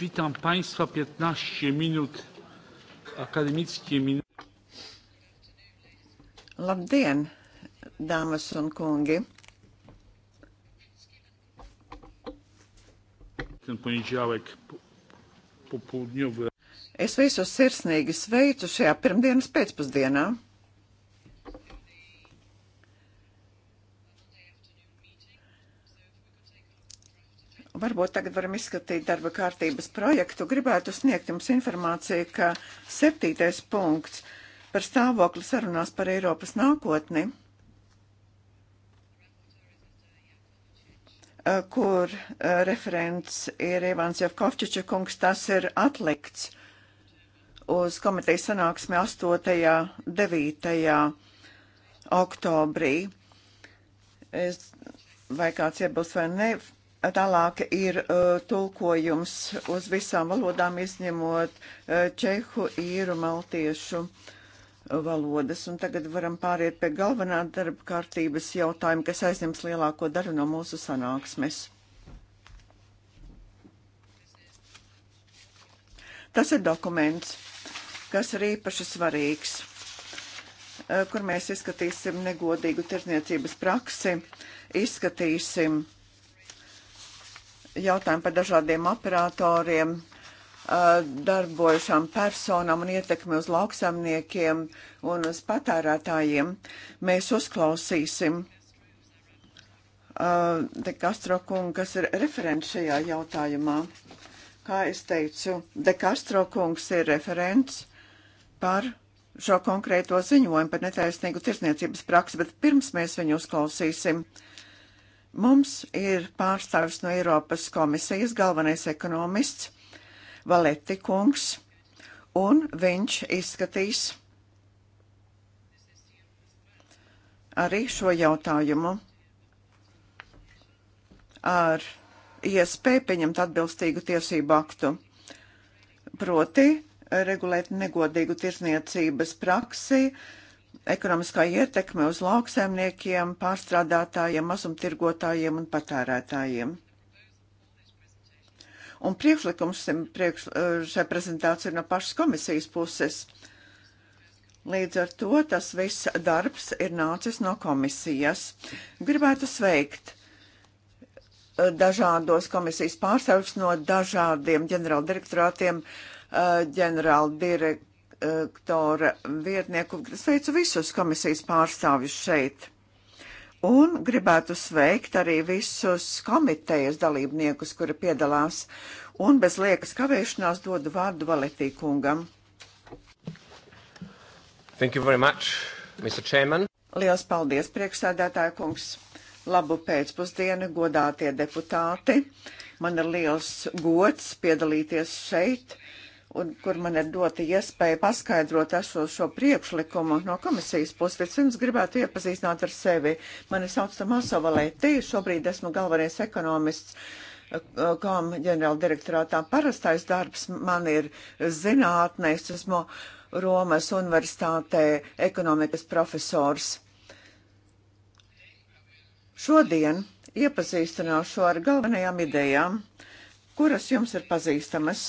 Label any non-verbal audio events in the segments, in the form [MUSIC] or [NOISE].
Witam Państwa. 15 minut akademickie minūtes. Labdien, dāmas un kungi! Es visus sirsnīgi sveicu šajā pirmdienas pēcpusdienā. varbūt tagad varam izskatīt darba kārtības projektu. Gribētu sniegt jums informāciju, ka septītais punkts par stāvokli sarunās par Eiropas nākotni, kur referents ir Ivans Jevkovčiča kungs, tas ir atlikts uz komitejas sanāksmi 8. 9. oktobrī. Es, vai kāds iebilst vai ne, Tālāk ir uh, tulkojums uz visām valodām, izņemot uh, čehu, īru, maltiešu uh, valodas. Un tagad varam pāriet pie galvenā darba kārtības jautājuma, kas aizņems lielāko daļu no mūsu sanāksmes. Tas ir dokuments, kas ir īpaši svarīgs, uh, kur mēs izskatīsim negodīgu tirzniecības praksi, izskatīsim uh, jautājumi par dažādiem operatoriem, eh, darbojušām personām un ietekmi uz lauksamniekiem un uz patērētājiem. Mēs uzklausīsim eh, De Castro kungu, kas ir referents šajā jautājumā. Kā es teicu, De Castro kungs ir referents par šo konkrēto ziņojumu par netaisnīgu tirsniecības praksi, bet pirms mēs viņu uzklausīsim. Uh, Mums ir pārstāvis no Eiropas komisijas, galvenais ekonomists Valeti kungs, un viņš izskatīs arī šo jautājumu ar iespēju pieņemt atbilstīgu tiesību aktu, proti regulēt negodīgu tirsniecības praksi, uh, ekonomiskā ietekme uz lauksaimniekiem, pārstrādātājiem, mazumtirgotājiem un patērētājiem. Un priekšlikums priekš, šai prezentācijai no pašas komisijas puses. Līdz ar to tas viss darbs ir nācis no komisijas. Gribētu sveikt eh, dažādos komisijas pārstāvjus no dažādiem ģenerāldirektorātiem, eh, ģenerāldirek direktora vietnieku. Sveicu visus komisijas pārstāvjus šeit. Un gribētu sveikt arī visus komitejas dalībniekus, kuri piedalās. Un bez liekas kavēšanās dodu vārdu Valetī kungam. Thank you very much, Mr. Chairman. Lielas paldies, priekšsēdētāja kungs. Labu pēcpusdienu, godātie deputāti. Man ir liels gods piedalīties šeit un kur man ir dota iespēja paskaidrot eso šo priekšlikumu no komisijas puses. Vispirms gribētu iepazīstināt ar sevi. Mani sauc Tomaso Valētī, šobrīd esmu galvenais ekonomists kom ģenerāldirektorātā. Parastais darbs man ir zinātnē, es esmu Romas universitātē ekonomikas profesors. Šodien iepazīstināšu ar galvenajām idejām, kuras jums ir pazīstamas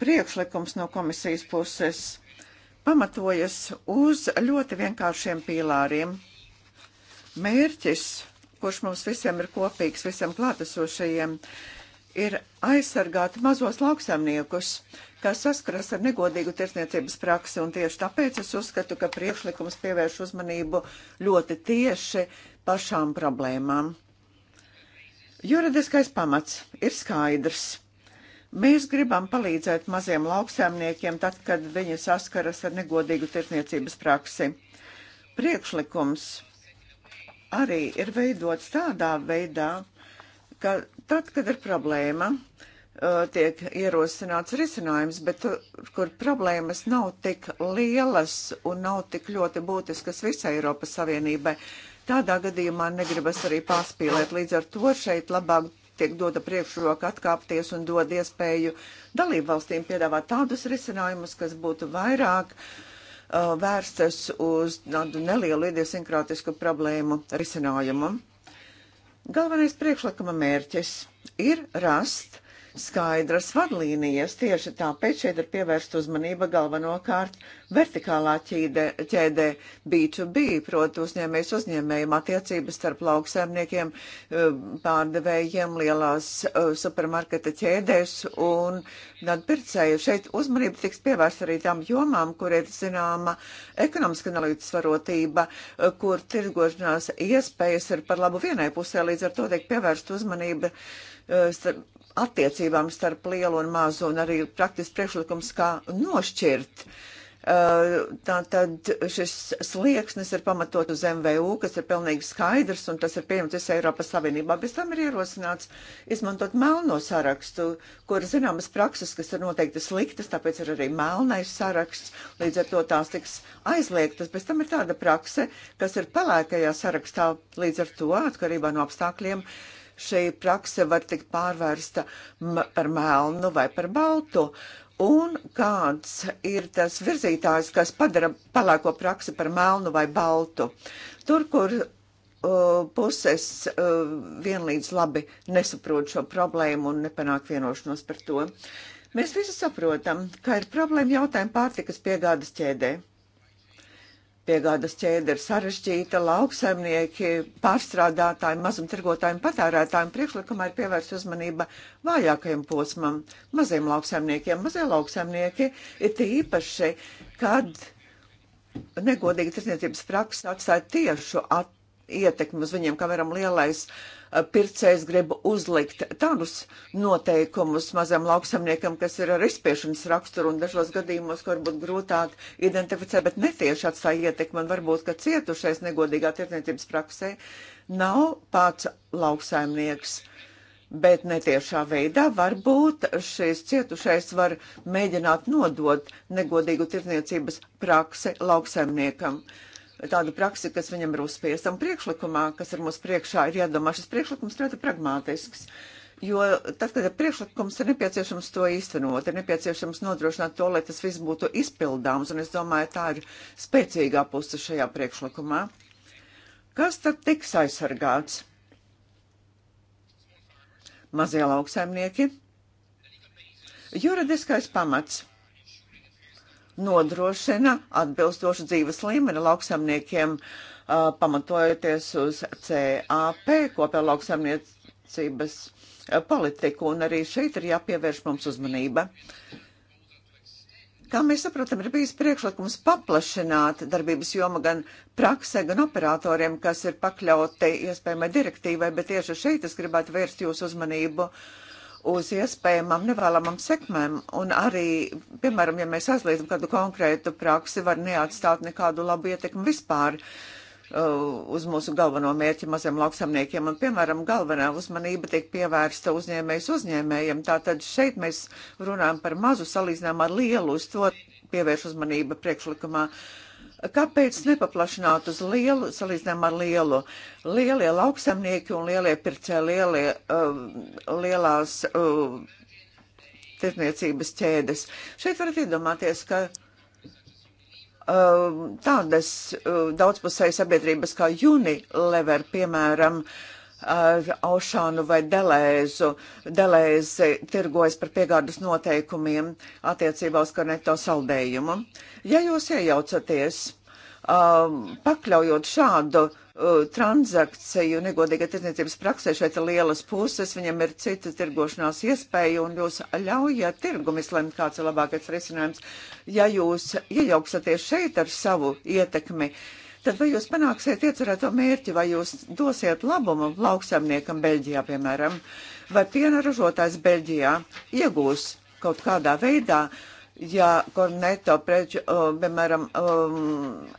priekšlikums no komisijas puses pamatojas uz ļoti vienkāršiem pīlāriem. Mērķis, kurš mums visiem ir kopīgs, visiem klātesošajiem, ir aizsargāt mazos lauksaimniekus, kas saskaras ar negodīgu tirsniecības praksi, un tieši tāpēc es uzskatu, ka priekšlikums pievērš uzmanību ļoti tieši pašām problēmām. Juridiskais pamats ir skaidrs. Mēs gribam palīdzēt maziem lauksaimniekiem tad, kad viņi saskaras ar negodīgu tirsniecības praksi. Priekšlikums arī ir veidots tādā veidā, ka tad, kad ir problēma, tiek ierosināts risinājums, bet tur, kur problēmas nav tik lielas un nav tik ļoti būtiskas visai Eiropas Savienībai, tādā gadījumā negribas arī pārspīlēt. Līdz ar to šeit labāk tiek dota priekšroka atkāpties un dod iespēju dalību valstīm piedāvāt tādus risinājumus, kas būtu vairāk uh, vērstas uz tādu nelielu idiosinkrātisku problēmu risinājumu. Galvenais priekšlikuma mērķis ir rast skaidras vadlīnijas. Tieši tāpēc šeit ir pievērsta uzmanība galvenokārt vertikālā ķīde, ķēdē B2B, proti uzņēmējs uzņēmējiem attiecības starp lauksēmniekiem, eh, pārdevējiem lielās eh, supermarketa ķēdēs un pircēju. Šeit uzmanība tiks pievērsta arī tām jomām, kur ir zināma ekonomiska nelīdzsvarotība, eh, kur tirgošanās iespējas ir par labu vienai pusē, līdz ar to tiek pievērsta uzmanība starp attiecībām starp lielu un mazu un arī praktiski priekšlikums, kā nošķirt. Uh, Tātad šis slieksnis ir pamatot uz MVU, kas ir pilnīgi skaidrs, un tas ir pieņemts visā Eiropas Savienībā. Bez tam ir ierosināts izmantot melno sarakstu, kur zināmas prakses, kas ir noteikti sliktas, tāpēc ir arī melnais saraksts, līdz ar to tās tiks aizliegtas. Bez tam ir tāda prakse, kas ir pelēkajā sarakstā, līdz ar to atkarībā no apstākļiem. Uh, šī prakse var tikt pārvērsta par melnu vai par baltu. Un kāds ir tas virzītājs, kas padara palēko praksi par melnu vai baltu? Tur, kur uh, puses uh, vienlīdz labi nesaprot šo problēmu un nepanāk vienošanos par to. Mēs visi saprotam, ka ir problēma jautājuma pārtikas piegādas ķēdē. Uh, piegādas ķēde ir sarežģīta, lauksaimnieki, pārstrādātāji, mazumtirgotājiem, patērētājiem priekšlikumā ir pievērsta uzmanība vājākajam posmam, maziem lauksaimniekiem. Mazie lauksaimnieki ir tīpaši, kad negodīga tirsniecības praksa atstāja tiešu at, ietekmi uz viņiem, kā varam lielais pircējs grib uzlikt tādus noteikumus mazam lauksamniekam, kas ir ar izspiešanas raksturu un dažos gadījumos, kur būtu grūtāk identificēt, bet netieši atstāja ietekmi un varbūt, ka cietušais negodīgā tirdzniecības praksē nav pats lauksaimnieks. Bet netiešā veidā varbūt šis cietušais var mēģināt nodot negodīgu tirdzniecības praksi lauksaimniekam. Uh, tādu praksi, kas viņam ir uzspiesta. Un priekšlikumā, kas ir mums priekšā, ir jādomā, šis priekšlikums ļoti pragmātisks. Jo tad, kad ir priekšlikums, ir nepieciešams to īstenot, ir nepieciešams nodrošināt to, lai tas viss būtu izpildāms, un es domāju, tā ir spēcīgā puse šajā priekšlikumā. Kas tad tiks aizsargāts? Mazie lauksaimnieki. Juridiskais pamats nodrošina atbilstošu dzīves līmeni lauksamniekiem, uh, pamatojoties uz CAP, kopējā lauksamniecības politiku, un arī šeit ir jāpievērš mums uzmanība. Kā mēs saprotam, ir bijis priekšlikums paplašināt darbības jomu gan praksē, gan operatoriem, kas ir pakļauti iespējamai direktīvai, bet tieši šeit es gribētu vērst jūsu uzmanību uh, uz iespējamām nevēlamām sekmēm. Un arī, piemēram, ja mēs aizliedzam kādu konkrētu praksi, var neatstāt nekādu labu ietekmi vispār uh, uz mūsu galveno mērķi maziem lauksamniekiem. Un, piemēram, galvenā uzmanība tiek pievērsta uzņēmējs uzņēmējiem. Tātad šeit mēs runājam par mazu salīdzinājumu ar lielu, uz to pievērš uzmanība priekšlikumā. Uh, Kāpēc nepaplašināt uz lielu, salīdzinām ar lielu? Lielie lauksamnieki un lielie pircē, lielie, uh, lielās uh, um, tirniecības ķēdes. Šeit varat iedomāties, ka um, tādas daudzpusējas sabiedrības kā Unilever, piemēram, uh, ar Aušanu vai Delēzu. Delēzi tirgojas par piegādas noteikumiem attiecībā uz korneto saldējumu. Ja jūs iejaucaties, um, pakļaujot šādu uh, transakciju negodīga tirdzniecības praksē šeit ir lielas puses, viņam ir cita tirgošanās iespēja un jūs ļaujat tirgum izlemt, kāds ir labākais risinājums. Ja jūs iejauksaties šeit ar savu ietekmi, uh, tad vai jūs panāksiet iecerēto mērķi, vai jūs dosiet labumu lauksaimniekam Beļģijā, piemēram, vai piena ražotājs Beļģijā iegūs kaut kādā veidā, ja korneto preču, piemēram, um,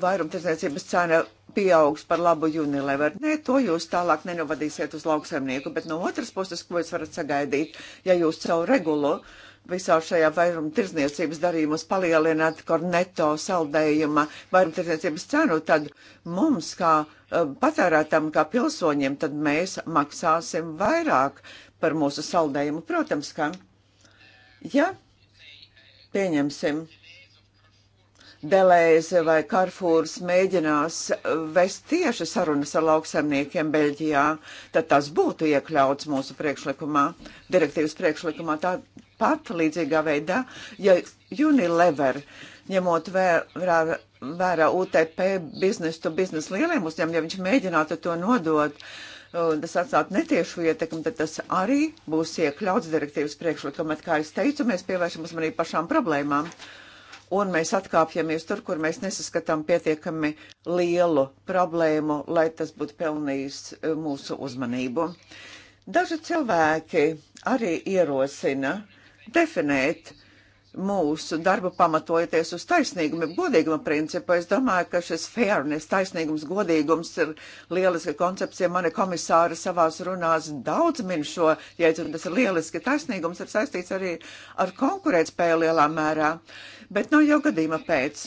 vairumtirdzniecības cena pieaugs par labu Unilever. Nē, to jūs tālāk nenovadīsiet uz lauksaimnieku, bet no otras puses, ko jūs varat sagaidīt, ja jūs savu regulu uh, visā šajā vairumtirdzniecības darījumos palielināt korneto saldējuma vairumtirdzniecības cenu, tad mums kā eh, patērētam, kā pilsoņiem, tad mēs maksāsim vairāk par mūsu saldējumu. Protams, ka, ja pieņemsim Belēs vai Karfūrs mēģinās vest tieši sarunas ar lauksaimniekiem Beļģijā, tad tas būtu iekļauts mūsu priekšlikumā, direktīvas priekšlikumā tāpat līdzīgā veidā, ja Unilever, ņemot vērā vērā UTP biznesu, to biznesu lieliem uzņēmumiem, ja viņš mēģinātu to nodot, uh, tas atstāt netiešu ietekmi, tad tas arī būs iekļauts direktīvas priekšlikumā. Kā es teicu, mēs pievēršam uzmanību pašām problēmām un mēs atkāpjamies tur, kur mēs nesaskatām pietiekami lielu problēmu, lai tas būtu pelnījis eh, mūsu uzmanību. Daži cilvēki arī ierosina definēt mūsu darbu pamatojoties uz taisnīgumu, godīguma principu. Es domāju, ka šis fairness, taisnīgums, godīgums ir lieliska koncepcija. Mani komisāri savās runās daudz min šo jēdzienu. Tas ir lieliski. Taisnīgums ir saistīts arī ar konkurētspēju lielā mērā. Uh, bet nav nu, jau gadījuma pēc,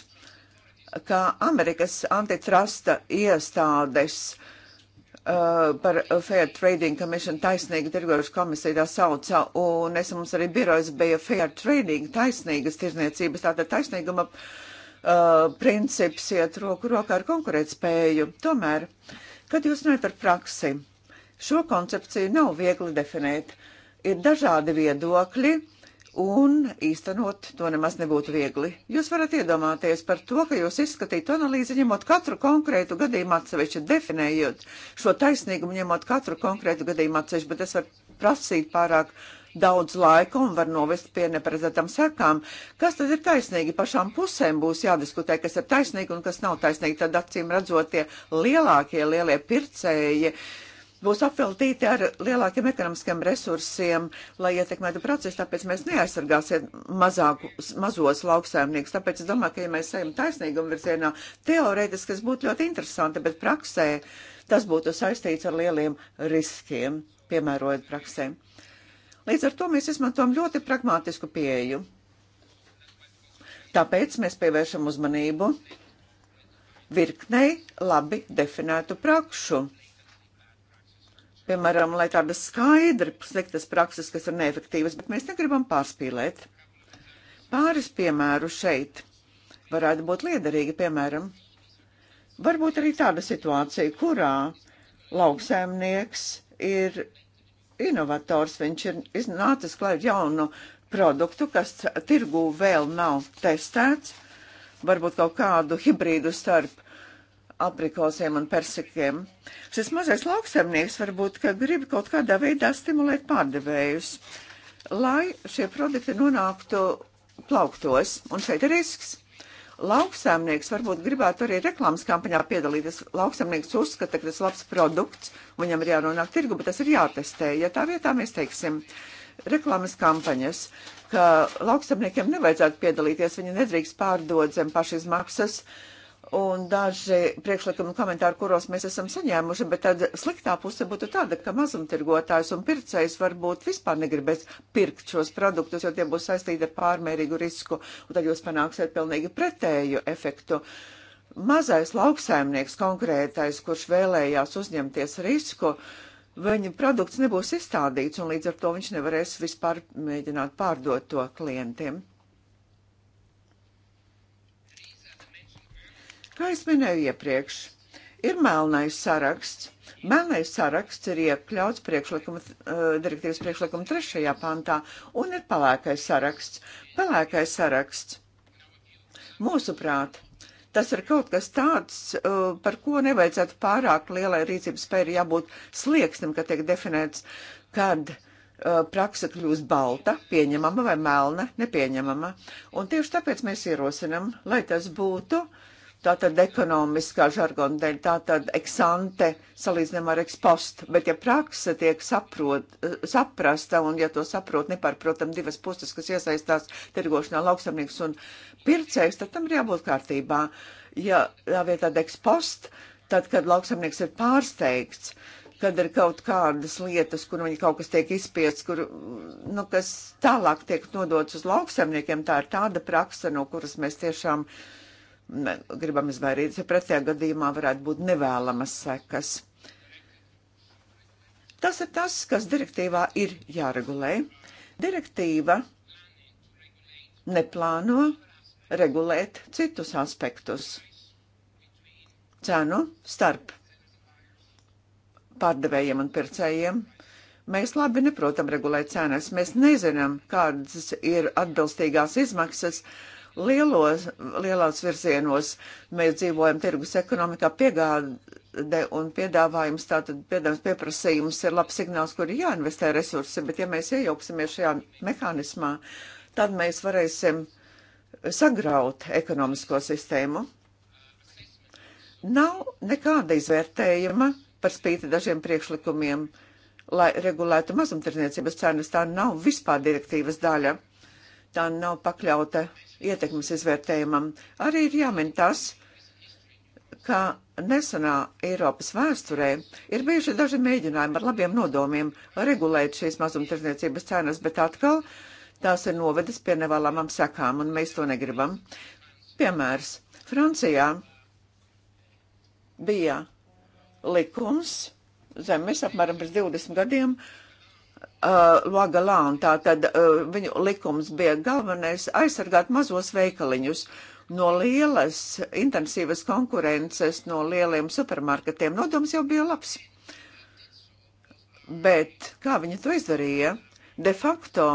ka Amerikas antitrusta iestādes uh, par Fair Trading Commission taisnīgu tirgojušu komisiju tā sauca, un es mums arī birojas bija Fair Trading taisnīgas tirzniecības, tātad taisnīguma uh, princips iet roku rokā ar konkurētspēju. Tomēr, kad jūs runājat par praksi, šo koncepciju nav viegli definēt. Ir dažādi viedokļi, un īstenot to nemaz nebūtu viegli. Jūs varat iedomāties par to, ka jūs izskatītu analīzi, ņemot katru konkrētu gadījumu atsevišķi, definējot šo taisnīgumu, ņemot katru konkrētu gadījumu atsevišķi, bet tas var prasīt pārāk daudz laika un var novest pie neparedzētām sekām. Kas tad ir taisnīgi? Pašām pusēm būs jādiskutē, kas ir taisnīgi un kas nav taisnīgi. Tad acīm redzot tie lielākie, lielie pircēji. Uh, būs apveltīti ar lielākiem ekonomiskiem resursiem, lai ietekmētu procesu, tāpēc mēs neaizsargāsim mazākus, mazos lauksaimniekus. Tāpēc es domāju, ka, ja mēs ejam taisnīgumu virzienā, teorētiski tas būtu ļoti interesanti, bet praksē tas būtu saistīts ar lieliem riskiem, piemērojot praksē. Līdz ar to mēs izmantojam ļoti pragmātisku pieeju. Tāpēc mēs pievēršam uzmanību virknei labi definētu prakšu piemēram, lai tādas skaidri sliktas prakses, kas ir neefektīvas, bet mēs negribam pārspīlēt. Pāris piemēru šeit varētu būt liederīgi, piemēram, varbūt arī tāda situācija, kurā lauksēmnieks ir inovators, viņš ir iznācis klāt jaunu produktu, kas tirgū vēl nav testēts, varbūt kaut kādu hibrīdu starp aprikosiem un persikiem. Šis mazais lauksemnieks varbūt, ka grib kaut kādā veidā stimulēt pārdevējus, lai šie produkti nonāktu plauktos. Un šeit ir risks. Lauksaimnieks varbūt gribētu arī reklāmas kampaņā piedalīties. Lauksaimnieks uzskata, ka tas ir labs produkts, viņam ir jānonāk tirgu, bet tas ir jātestē. Ja tā vietā mēs teiksim, reklāmas kampaņas, ka lauksaimniekiem nevajadzētu piedalīties, viņi nedrīkst pārdot zem pašizmaksas. Uh, un daži priekšlikumi komentāri, kuros mēs esam saņēmuši, bet tad sliktā puse būtu tāda, ka mazumtirgotājs un pircējs varbūt vispār negribēs pirkt šos produktus, jo tie būs saistīti ar pārmērīgu risku, un tad jūs panāksiet pilnīgi pretēju efektu. Mazais lauksaimnieks konkrētais, kurš vēlējās uzņemties risku, viņa produkts nebūs izstādīts, un līdz ar to viņš nevarēs vispār mēģināt pārdot to klientiem. Kā es minēju iepriekš, ir melnais saraksts. Melnais saraksts ir iekļauts priekšlikuma, eh, direktīvas priekšlikuma trešajā pantā un ir pelēkais saraksts. Pelēkais saraksts. Mūsuprāt, tas ir kaut kas tāds, eh, par ko nevajadzētu pārāk lielai rīcības spēju jābūt slieksnim, kad tiek definēts, kad eh, praksa kļūst balta, pieņemama vai melna, nepieņemama. Un tieši tāpēc mēs ierosinam, lai tas būtu uh, tātad ekonomiskā žargona dēļ, tātad eksante salīdzinām ar ekspost, bet ja praksa tiek saprot, saprasta, un ja to saprot nepārprotam divas puses, kas iesaistās tirgošanā lauksamnieks un pircējs, tad tam ir jābūt kārtībā. Ja tā vietā ekspost, tad, kad lauksamnieks ir pārsteigts, kad ir kaut kādas lietas, kur viņi kaut kas tiek izspiests, kur, nu, kas tālāk tiek nodots uz lauksamniekiem, tā ir tāda praksa, no kuras mēs tiešām uh, gribam izvairīties, jo pretējā gadījumā varētu būt nevēlamas sekas. Tas ir tas, kas direktīvā ir jāregulē. Direktīva neplāno regulēt citus aspektus. Cenu starp pārdevējiem un pircējiem. Mēs labi neprotam regulēt cenas, mēs nezinām, kādas ir atbilstīgās izmaksas, uh, lielos, lielās virzienos. Mēs dzīvojam tirgus ekonomikā piegāde un piedāvājums, tātad piedāvājums pieprasījums ir labs signāls, kur ir jāinvestē resursi, bet ja mēs iejauksimies šajā mehānismā, tad mēs varēsim sagraut ekonomisko sistēmu. Nav nekāda izvērtējuma par spīti dažiem priekšlikumiem, lai regulētu mazumtirdzniecības cenas. Tā nav vispār direktīvas daļa. Tā nav pakļauta ietekmes izvērtējumam. Arī ir jāmin tas, ka nesenā Eiropas vēsturē ir bijuši daži mēģinājumi ar labiem nodomiem regulēt šīs mazumtirdzniecības cenas, bet atkal tās ir novedis pie nevēlamām sekām, un mēs to negribam. Piemērs. Francijā bija likums zemes apmēram pirms 20 gadiem, uh, uh, Lagalānu. Tātad uh, viņu likums bija galvenais aizsargāt mazos veikaliņus no lielas intensīvas konkurences, no lieliem supermarketiem. Nodoms jau bija labs. Bet kā viņi to izdarīja? De facto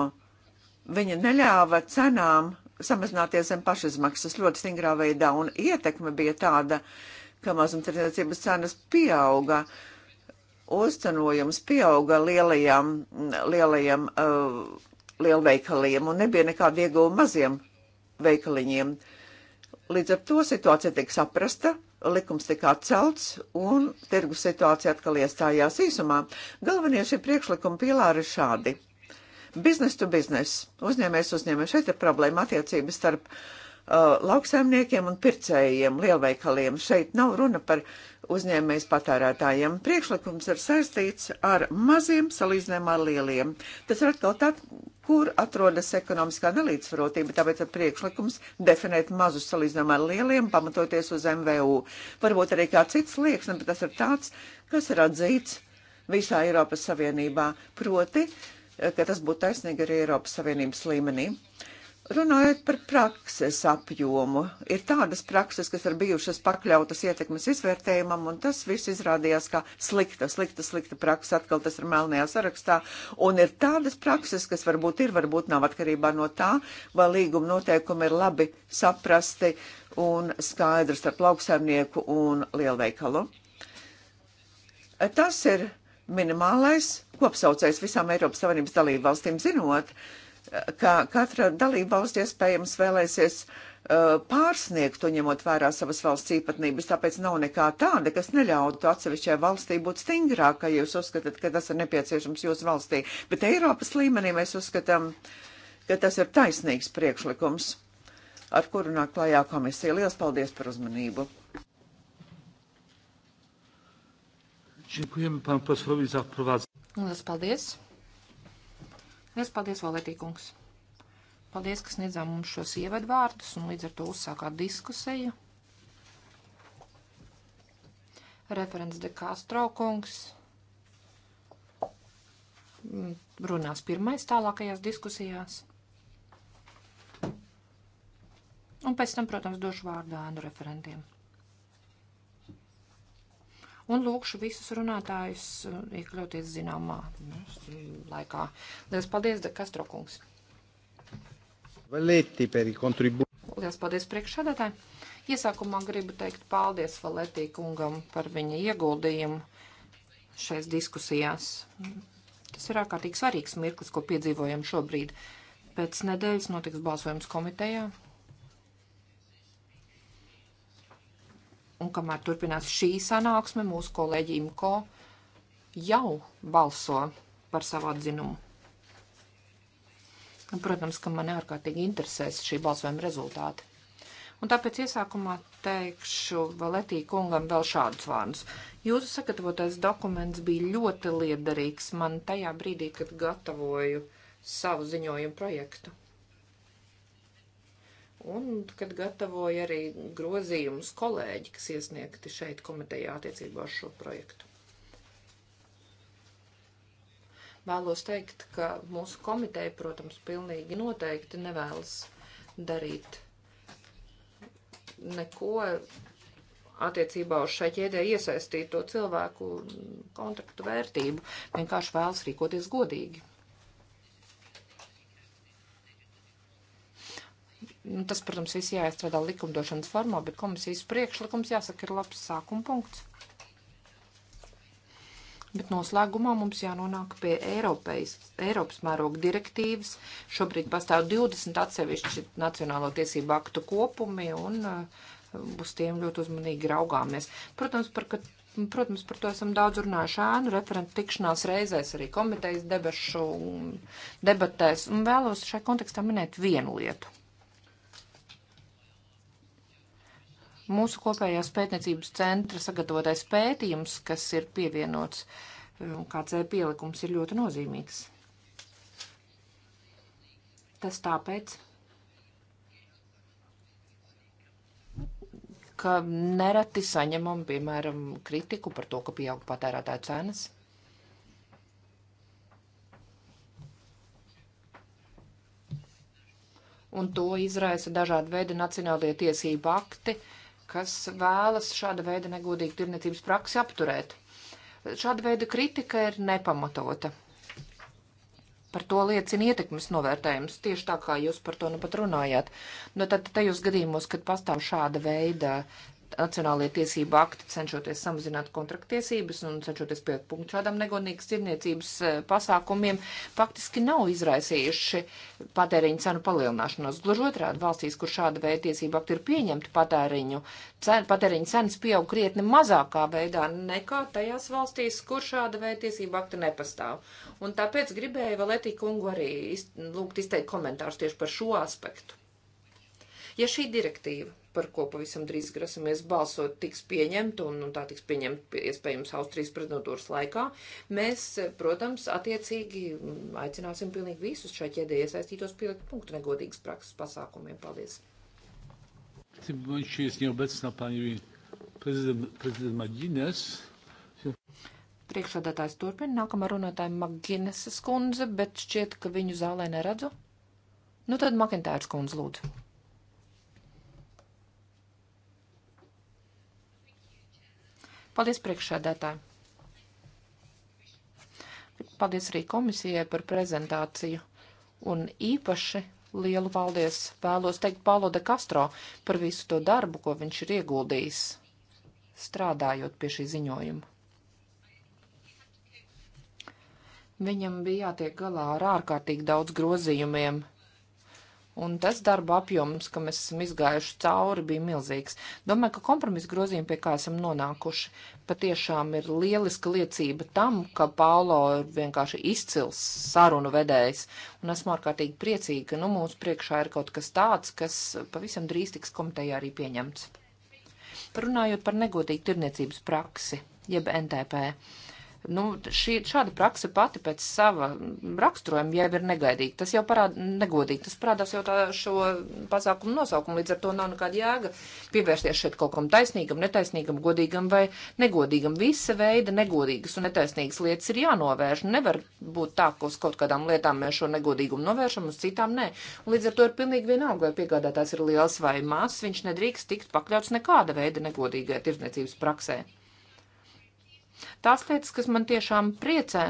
viņi neļāva cenām samazināties zem pašizmaksas ļoti stingrā veidā, un ietekme bija tāda, ka mazumtirdzniecības cenas pieauga. Uh, uzcenojums pieauga lielajām, lielajām uh, lielveikaliem un nebija nekāda ieguvuma maziem veikaliņiem. Līdz ar to situācija tika saprasta, likums tika atcelts un tirgus situācija atkal iestājās īsumā. Galvenie šie priekšlikumi pīlāri ir šādi. Biznes to biznes, uzņēmējs uzņēmējs, šeit ir problēma attiecības starp uh, Uh, lauksaimniekiem un pircējiem, lielveikaliem. Šeit nav runa par uzņēmējs patērētājiem. Priekšlikums ir saistīts ar maziem salīdzinājumā ar lieliem. Tas ir atkal tāds, kur atrodas ekonomiskā nelīdzsvarotība, tāpēc ir priekšlikums definēt mazus salīdzinājumā ar lieliem, pamatoties uz MVU. Varbūt arī kā cits lieks, bet tas ir tāds, kas ir atzīts visā Eiropas Savienībā, proti, ka tas būtu taisnīgi arī Eiropas Savienības līmenī. Uh, Runājot par prakses apjomu, ir tādas prakses, kas ir bijušas pakļautas ietekmes izvērtējumam, un tas viss izrādījās kā slikta, slikta, slikta praksa, atkal tas ir melnajā sarakstā, un ir tādas prakses, kas varbūt ir, varbūt nav atkarībā no tā, vai līguma noteikumi ir labi saprasti un skaidri starp lauksaimnieku un lielveikalu. Tas ir minimālais kopsaucējs visām Eiropas Savienības dalību valstīm zinot, uh, ka katra dalība valsts iespējams vēlēsies uh, pārsniegt to ņemot vērā savas valsts īpatnības, tāpēc nav nekā tāda, kas neļautu atsevišķai valstī būt stingrākai, ja jūs uzskatāt, ka tas ir nepieciešams jūsu valstī. Bet Eiropas līmenī mēs uzskatām, ka tas ir taisnīgs priekšlikums, ar kuru nāk klajā komisija. Lielas paldies par uzmanību! Dziękujemy panu posłowi za wprowadzenie. Paldies. Liels paldies, Valētīkungs! Paldies, ka sniedzām mums šos ievadvārdus un līdz ar to uzsākāt diskusiju. Referents de Castro kungs mm, runās pirmais tālākajās diskusijās. Un pēc tam, protams, došu vārdu ēnu referentiem un lūkšu visus runātājus uh, iekļauties zināmā laikā. Lielas paldies, De Castro kungs! Valetti per i contributi. Lielas paldies priekšsādātāji. Iesākumā gribu teikt paldies Valetī kungam par viņa ieguldījumu šais diskusijās. Tas ir ārkārtīgi svarīgs mirklis, ko piedzīvojam šobrīd. Pēc nedēļas notiks balsojums komitejā, Un kamēr turpinās šī sanāksme, mūsu kolēģi Imko jau balso par savu atzinumu. Un, protams, ka man ārkārtīgi interesēs šī balsojuma rezultāti. Un tāpēc iesākumā teikšu Valetī kungam vēl šādus vārdus. Jūsu sagatavotais dokuments bija ļoti liederīgs man tajā brīdī, kad gatavoju savu ziņojumu projektu un kad gatavoja arī grozījumus kolēģi, kas iesniegti šeit komitejā attiecībā ar šo projektu. Vēlos teikt, ka mūsu komiteja, protams, pilnīgi noteikti nevēlas darīt neko attiecībā uz šai ķēdē iesaistīto cilvēku kontraktu vērtību, vienkārši vēlas rīkoties godīgi. Nu, tas, protams, viss jāiestrādā likumdošanas formā, bet komisijas priekšlikums, jāsaka, ir labs sākuma punkts. Bet noslēgumā mums jānonāk pie Eiropas, Eiropas mēroga direktīvas. Šobrīd pastāv 20 atsevišķi nacionālo tiesību aktu kopumi un uh, uz tiem ļoti uzmanīgi raugāmies. Protams, par, ka, protams, par to esam daudz runājuši ēnu referentu tikšanās reizēs, arī komitejas debašu debatēs. Un vēlos šai kontekstā minēt vienu lietu. Mūsu kopējās pētniecības centra sagatavotais pētījums, kas ir pievienots, kāds ir e pielikums, ir ļoti nozīmīgs. Tas tāpēc, ka nereti saņemam, piemēram, kritiku par to, ka pieaug patērētāju cenas. Un to izraisa dažādi veidi nacionālie tiesību akti, uh, kas vēlas šāda veida negodīgu tirniecības praksi apturēt. Šāda veida kritika ir nepamatota. Par to liecina ietekmes novērtējums, tieši tā kā jūs par to nu pat runājāt. Nu, tad tajos gadījumos, kad pastāv šāda veida nacionālajie tiesību akti, cenšoties samazināt kontraktiesības un cenšoties pie punktu šādam negodīgas tirniecības eh, pasākumiem, faktiski nav izraisījuši patēriņu cenu palielināšanos. Gluži otrādi valstīs, kur šāda veida tiesību akti ir pieņemti, patēriņu, cen, patēriņu cenas pieaug krietni mazākā veidā nekā tajās valstīs, kur šāda veida tiesību akti nepastāv. Un tāpēc gribēju vēl etikungu arī iz, lūgt izteikt komentārus tieši par šo aspektu. Ja šī direktīva par ko pavisam drīz grasamies balsot, tiks pieņemta un, un tā tiks pieņemta iespējams Austrijas prezidentūras laikā, mēs, protams, attiecīgi aicināsim pilnīgi visus šai ķēdē iesaistītos pielikt punktu negodīgas prakses pasākumiem. Paldies! Priekšsādātājs turpina, nākamā runātāja Magineses kundze, bet šķiet, ka viņu zālē neredzu. Nu tad Makintājas kundze lūdzu. Paldies priekšsēdētāji. Paldies arī komisijai par prezentāciju un īpaši lielu paldies vēlos teikt Paulo de Castro par visu to darbu, ko viņš ir ieguldījis strādājot pie šī ziņojuma. Viņam bija jātiek galā ar ārkārtīgi daudz grozījumiem un tas darba apjoms, kam mēs esam izgājuši cauri, bija milzīgs. Domāju, ka kompromisa grozījumi, pie kā esam nonākuši, patiešām ir lieliska liecība tam, ka Paulo ir vienkārši izcils sarunu vedējs, un esmu ārkārtīgi priecīga, ka nu mūsu priekšā ir kaut kas tāds, kas pavisam drīz tiks komitejā arī pieņemts. Parunājot par negodīgu tirniecības praksi, jeb NTP. Nu, šī, šāda praksa pati pēc sava raksturojuma jau ir negaidīga. Tas jau parāda negodīgi. Tas parādās jau tā šo pasākumu nosaukumu. Līdz ar to nav nekāda jēga pievērsties šeit kaut kam taisnīgam, netaisnīgam, godīgam vai negodīgam. Visa veida negodīgas un netaisnīgas lietas ir jānovērš. Nevar būt tā, ka uz kaut kādām lietām mēs šo negodīgumu novēršam, uz citām nē. Līdz ar to ir pilnīgi vienalga, vai piegādātājs ir liels vai mazs. Viņš nedrīkst tikt pakļauts nekāda veida negodīgai tirdzniecības praksē. Tās lietas, kas man tiešām priecē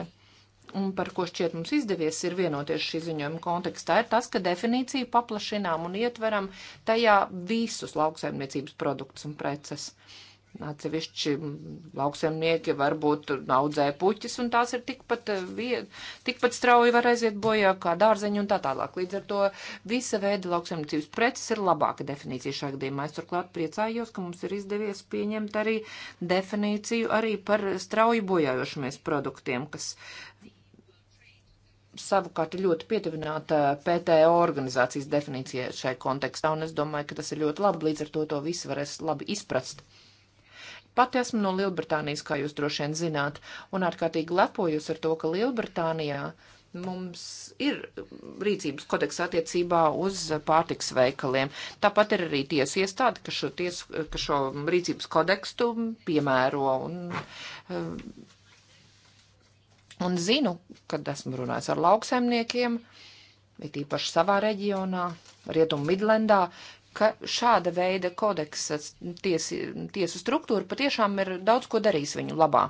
un par ko šķiet mums izdevies ir vienoties šī ziņojuma kontekstā, ir tas, ka definīciju paplašinām un ietveram tajā visus lauksaimniecības produktus un preces. Uh, Atsevišķi lauksemnieki varbūt audzē puķis, un tās ir tikpat, eh, tikpat strauji var aiziet bojā kā dārzeņi un tā tālāk. Līdz ar to visa veida lauksemniecības preces ir labāka definīcija šajā gadījumā. Es turklāt priecājos, ka mums ir izdevies pieņemt arī definīciju arī par strauji bojājošamies produktiem, kas savukārt ir ļoti pietuvināta PTO organizācijas definīcijai šai kontekstā, un es domāju, ka tas ir ļoti labi, līdz ar to to visu varēs labi izprast. Pat esmu no Lielbritānijas, kā jūs droši vien zināt, un ārkārtīgi lepojos ar to, ka Lielbritānijā mums ir rīcības kodeks attiecībā uz pārtiks veikaliem. Tāpat ir arī tiesa iestāde, ka šo, ties, ka šo rīcības kodekstu piemēro un. Eh, un zinu, kad esmu runājis ar lauksaimniekiem, it īpaši savā reģionā, Rietumu Midlendā, ka šāda veida kodeksa tiesi, tiesu struktūra patiešām ir daudz ko darījis viņu labā.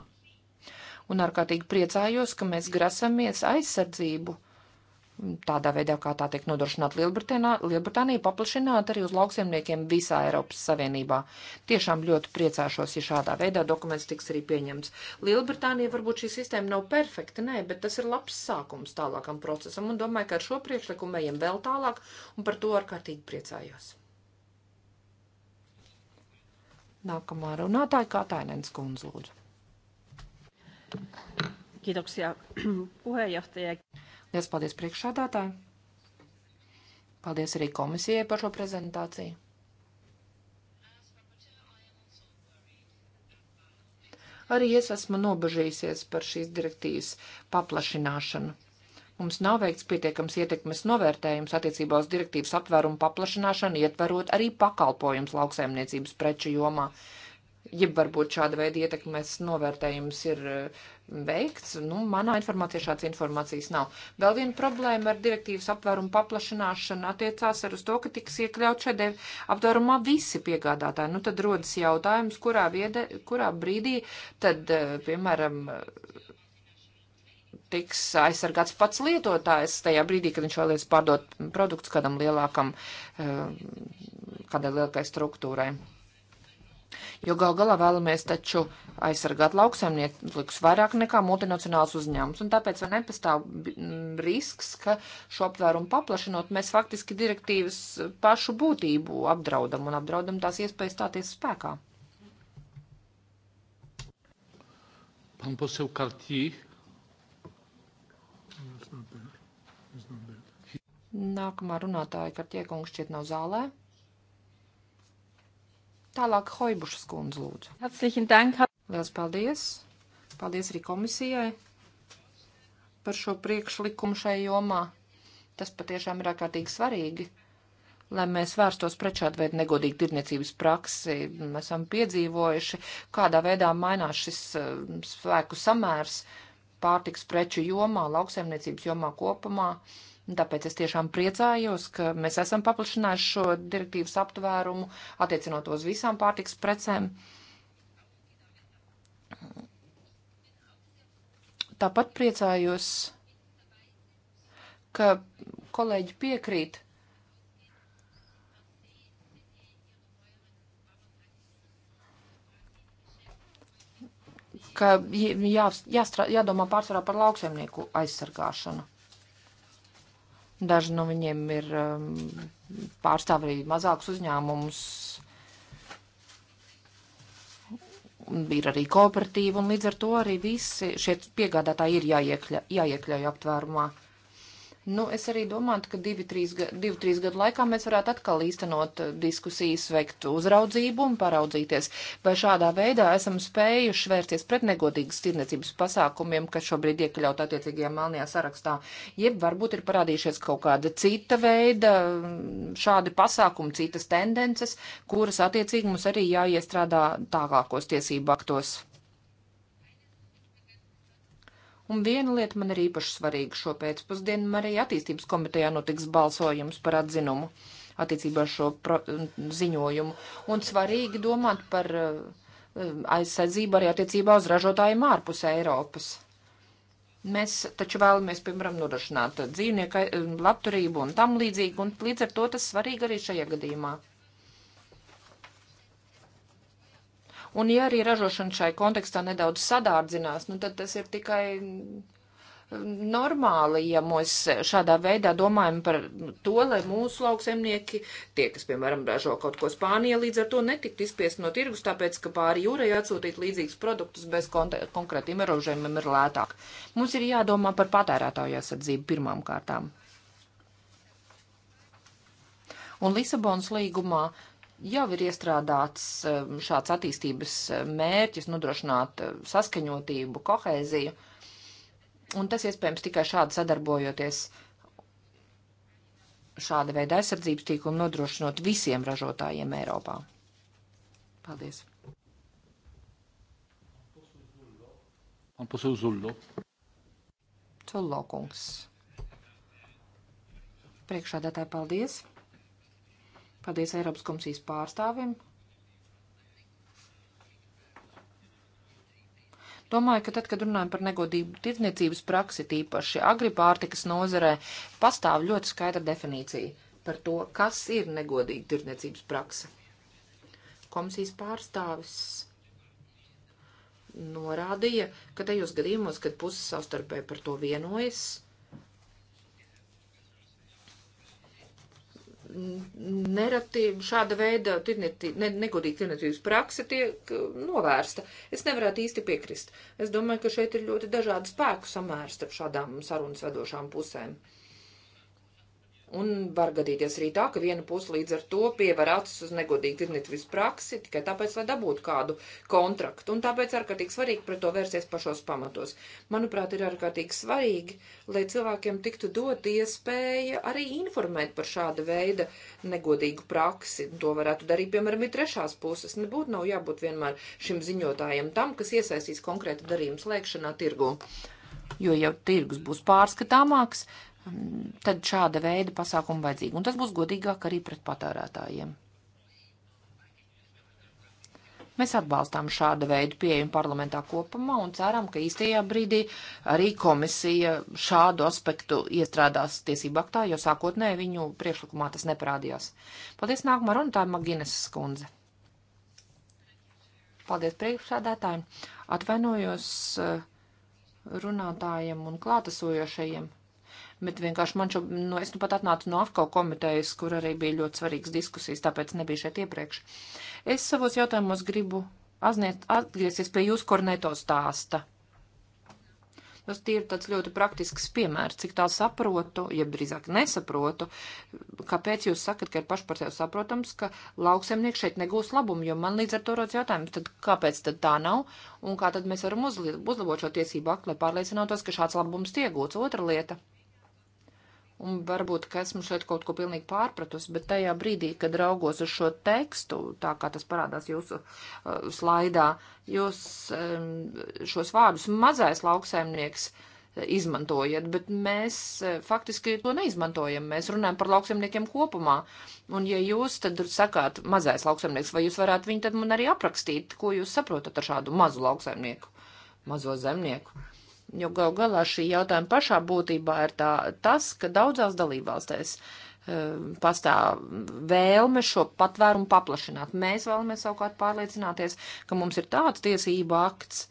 Un ārkārtīgi priecājos, ka mēs grasamies aizsardzību tādā veidā, kā tā tiek nodrošināta Lielbritānija, paplašināt arī uz lauksiemniekiem visā Eiropas Savienībā. Tiešām ļoti priecāšos, ja šādā veidā dokuments tiks arī pieņemts. Lielbritānija varbūt šī sistēma nav perfekta, nē, bet tas ir labs sākums tālākam procesam, un domāju, ka ar šo priekšlikumu ejam vēl tālāk, un par to ārkārtīgi priecājos. Nākamā runātāja Katainens kundze lūdzu. Kiitoksia [CLEARS THROAT] puheenjohtaja. Liels paldies priekšādātāji. Paldies arī komisijai par šo prezentāciju. Arī es esmu nobežījusies par šīs direktīvas paplašināšanu Mums nav veikts pietiekams ietekmes novērtējums attiecībā uz direktīvas apvērumu paplašināšanu, ietverot arī pakalpojums lauksaimniecības preču jomā. Ja varbūt šāda veida ietekmes novērtējums ir eh, veikts, nu, manā informācijā šāds informācijas nav. Vēl viena problēma ar direktīvas apvērumu paplašināšanu attiecās ar uz to, ka tiks iekļaut šeit aptvērumā visi piegādātāji. Nu, tad rodas jautājums, kurā, viede, kurā brīdī tad, eh, piemēram, tiks aizsargāts pats lietotājs tajā brīdī, kad viņš vēlies pārdot produktus kādam lielākam, eh, kādai lielākai struktūrai. Jo gal galā vēlamies taču aizsargāt lauksaimniekus vairāk nekā multinacionāls uzņēmums, un tāpēc vai nepastāv mm, risks, ka šo apvērumu paplašinot, mēs faktiski direktīvas pašu būtību apdraudam un apdraudam tās iespējas stāties spēkā. Pan poseł Cartier Nākamā runātāja Kartiekungs šķiet nav zālē. Tālāk Hoibušas kundze lūdzu. Herzlichen Dank. Liels paldies. Paldies arī komisijai par šo priekšlikumu šai jomā. Tas patiešām ir ārkārtīgi svarīgi lai mēs vērstos pret šādu veidu negodīgu tirniecības praksi. Mēs esam piedzīvojuši, kādā veidā mainās šis eh, spēku samērs pārtiks preču jomā, lauksaimniecības jomā kopumā. Uh, Tāpēc es tiešām priecājos, ka mēs esam paplašinājuši šo direktīvas aptvērumu attiecinot uz visām pārtiks precēm. Tāpat priecājos, ka kolēģi piekrīt. ka jā, jāstrā, jādomā pārsvarā par lauksaimnieku aizsargāšanu. Daži no viņiem ir um, pārstāv arī mazākus uzņēmumus. Ir arī kooperatīva, un līdz ar to arī visi šie piegādātāji ir jāiekļa, jāiekļauj aptvērumā. Uh, Nu, es arī domāju, ka divi trīs, divi, trīs gadu laikā mēs varētu atkal īstenot uh, diskusijas, veikt uzraudzību un paraudzīties, vai šādā veidā esam spējuši vērsties pret negodīgas tirniecības pasākumiem, kas šobrīd iekļaut attiecīgajā melnajā sarakstā, jeb varbūt ir parādījušies kaut kāda cita veida mm, šādi pasākumi, citas tendences, kuras attiecīgi mums arī jāiestrādā tālākos tiesību aktos. Un viena lieta man ir īpaši svarīga šo pēcpusdienu, arī attīstības komitejā notiks balsojums par atzinumu attiecībā ar šo pro, ziņojumu. Un svarīgi domāt par aizsardzību arī attiecībā uz ražotājiem ārpus Eiropas. Mēs taču vēlamies, piemēram, nodrošināt dzīvnieku labturību un tam līdzīgi, un līdz ar to tas svarīgi arī šajā gadījumā. Un ja arī ražošana šai kontekstā nedaudz sadārdzinās, nu tad tas ir tikai mm, normāli, ja mēs šādā veidā domājam par to, lai mūsu lauksemnieki, tie, kas, piemēram, ražo kaut ko Spānijā, līdz ar to netikt izspiest no tirgus, tāpēc, ka pāri jūrai atsūtīt līdzīgus produktus bez konkrētiem ierobežojumiem ir lētāk. Mums ir jādomā par patērētāju aizsardzību pirmām kārtām. Un Lisabonas līgumā jau ir iestrādāts um, šāds attīstības um, mērķis nodrošināt um, saskaņotību, kohēziju, un tas iespējams tikai šādi sadarbojoties šāda veida aizsardzības tīklumu nodrošinot visiem ražotājiem Eiropā. Paldies! Un pusi uz Ullo. Cullo kungs. Priekšādātāji, paldies! Paldies Eiropas komisijas pārstāvim. Domāju, ka tad, kad runājam par negodību tirdzniecības praksi, tīpaši agripārtikas nozarē, pastāv ļoti skaidra definīcija par to, kas ir negodīga tirdzniecības praksa. Komisijas pārstāvis norādīja, ka tajos gadījumos, kad puses savstarpēji par to vienojas, nereti šāda veida negodīga tirnetības praksa tiek uh, novērsta. Es nevarētu īsti piekrist. Es domāju, ka šeit ir ļoti dažādi spēku samērs starp šādām sarunas vedošām pusēm. Uh, Un var gadīties arī tā, ka viena puse līdz ar to pievēr acis uz negodīgu tirnitvis praksi tikai tāpēc, lai dabūtu kādu kontraktu. Un tāpēc ārkārtīgi svarīgi pret to vērsties pašos pamatos. Manuprāt, ir ārkārtīgi svarīgi, lai cilvēkiem tiktu dot iespēja arī informēt par šāda veida negodīgu praksi. To varētu darīt, piemēram, ir trešās puses. Nebūtu nav jābūt vienmēr šim ziņotājam tam, kas iesaistīs konkrēta darījuma slēgšanā tirgu jo jau tirgus būs pārskatāmāks, tad šāda veida pasākumu vajadzīgi. Un tas būs godīgāk arī pret patērētājiem. Mēs atbalstām šādu veidu pieejumu parlamentā kopumā un ceram, ka īstajā brīdī arī komisija šādu aspektu iestrādās tiesību aktā, jo sākotnēji viņu priekšlikumā tas neparādījās. Paldies nākamā runātāja Maginas skundze. Paldies priekšsādātājiem. Atvainojos eh, runātājiem un klātesojošajiem bet vienkārši man šo, nu, es nu pat atnācu no AFKO komitejas, kur arī bija ļoti svarīgas diskusijas, tāpēc nebija šeit iepriekš. Es savos jautājumos gribu azniet, atgriezties pie jūsu korneto stāsta. Tas ir tāds ļoti praktisks piemērs, cik tā saprotu, jeb ja drīzāk nesaprotu, kāpēc jūs sakat, ka ir paši par sevi saprotams, ka lauksemnieks šeit negūs labumu, jo man līdz ar to rodas jautājums, tad kāpēc tad tā nav un kā tad mēs varam uzlabot šo tiesību aktu, lai pārliecinātos, ka šāds labums tiek gūts. Otra lieta un varbūt, ka esmu šeit kaut ko pilnīgi pārpratusi, bet tajā brīdī, kad raugos uz šo tekstu, tā kā tas parādās jūsu uh, slaidā, jūs um, šos vārdus mazais lauksaimnieks uh, izmantojat, bet mēs uh, faktiski to neizmantojam. Mēs runājam par lauksaimniekiem kopumā. Un ja jūs tad sakāt mazais lauksaimnieks, vai jūs varētu viņu tad man arī aprakstīt, ko jūs saprotat ar šādu mazu lauksaimnieku, mazo zemnieku? jo gal galā šī jautājuma pašā būtībā ir tā, tas, ka daudzās dalībvalstēs e, pastāv vēlme šo patvērumu paplašināt. Mēs vēlamies savukārt pārliecināties, ka mums ir tāds tiesību akts,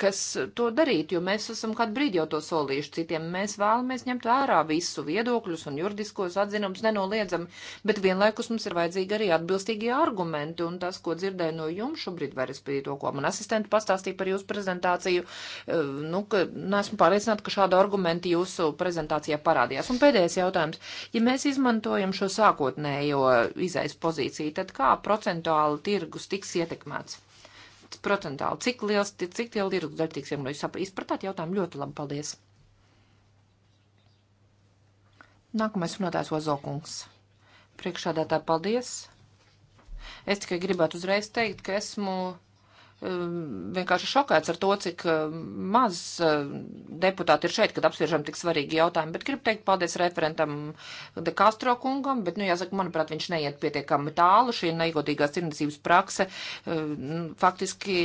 kas to darītu, jo mēs esam kādu brīdi jau to solījuši citiem. Mēs vēlamies ņemt vērā visu viedokļus un juridiskos atzinumus nenoliedzami, bet vienlaikus mums ir vajadzīgi arī atbilstīgie argumenti, un tas, ko dzirdēju no jums šobrīd, var izpildīt to, ko man asistenti pastāstīja par jūsu prezentāciju, eh, nu, ka neesmu pārliecināta, ka šāda argumenta jūsu prezentācijā parādījās. Un pēdējais jautājums. Ja mēs izmantojam šo sākotnējo izaisa pozīciju, tad kā procentuāli tirgus tiks ietekmēts? procentāli. Cik liels, cik liela tirgus daļa tiks iemūžīta? Jūs izpratāt jautājumu ļoti labi, paldies. Nākamais runātājs Ozokungs. Priekšādā tā paldies. Es tikai gribētu uzreiz teikt, ka esmu Um, vienkārši šokēts ar to, cik um, maz um, deputāti ir šeit, kad apsviežam tik svarīgi jautājumi. Bet gribu teikt paldies referentam De Castro kungam, bet, nu, jāsaka, manuprāt, viņš neiet pietiekami tālu. Šī neigodīgās tirdzniecības prakse faktiski,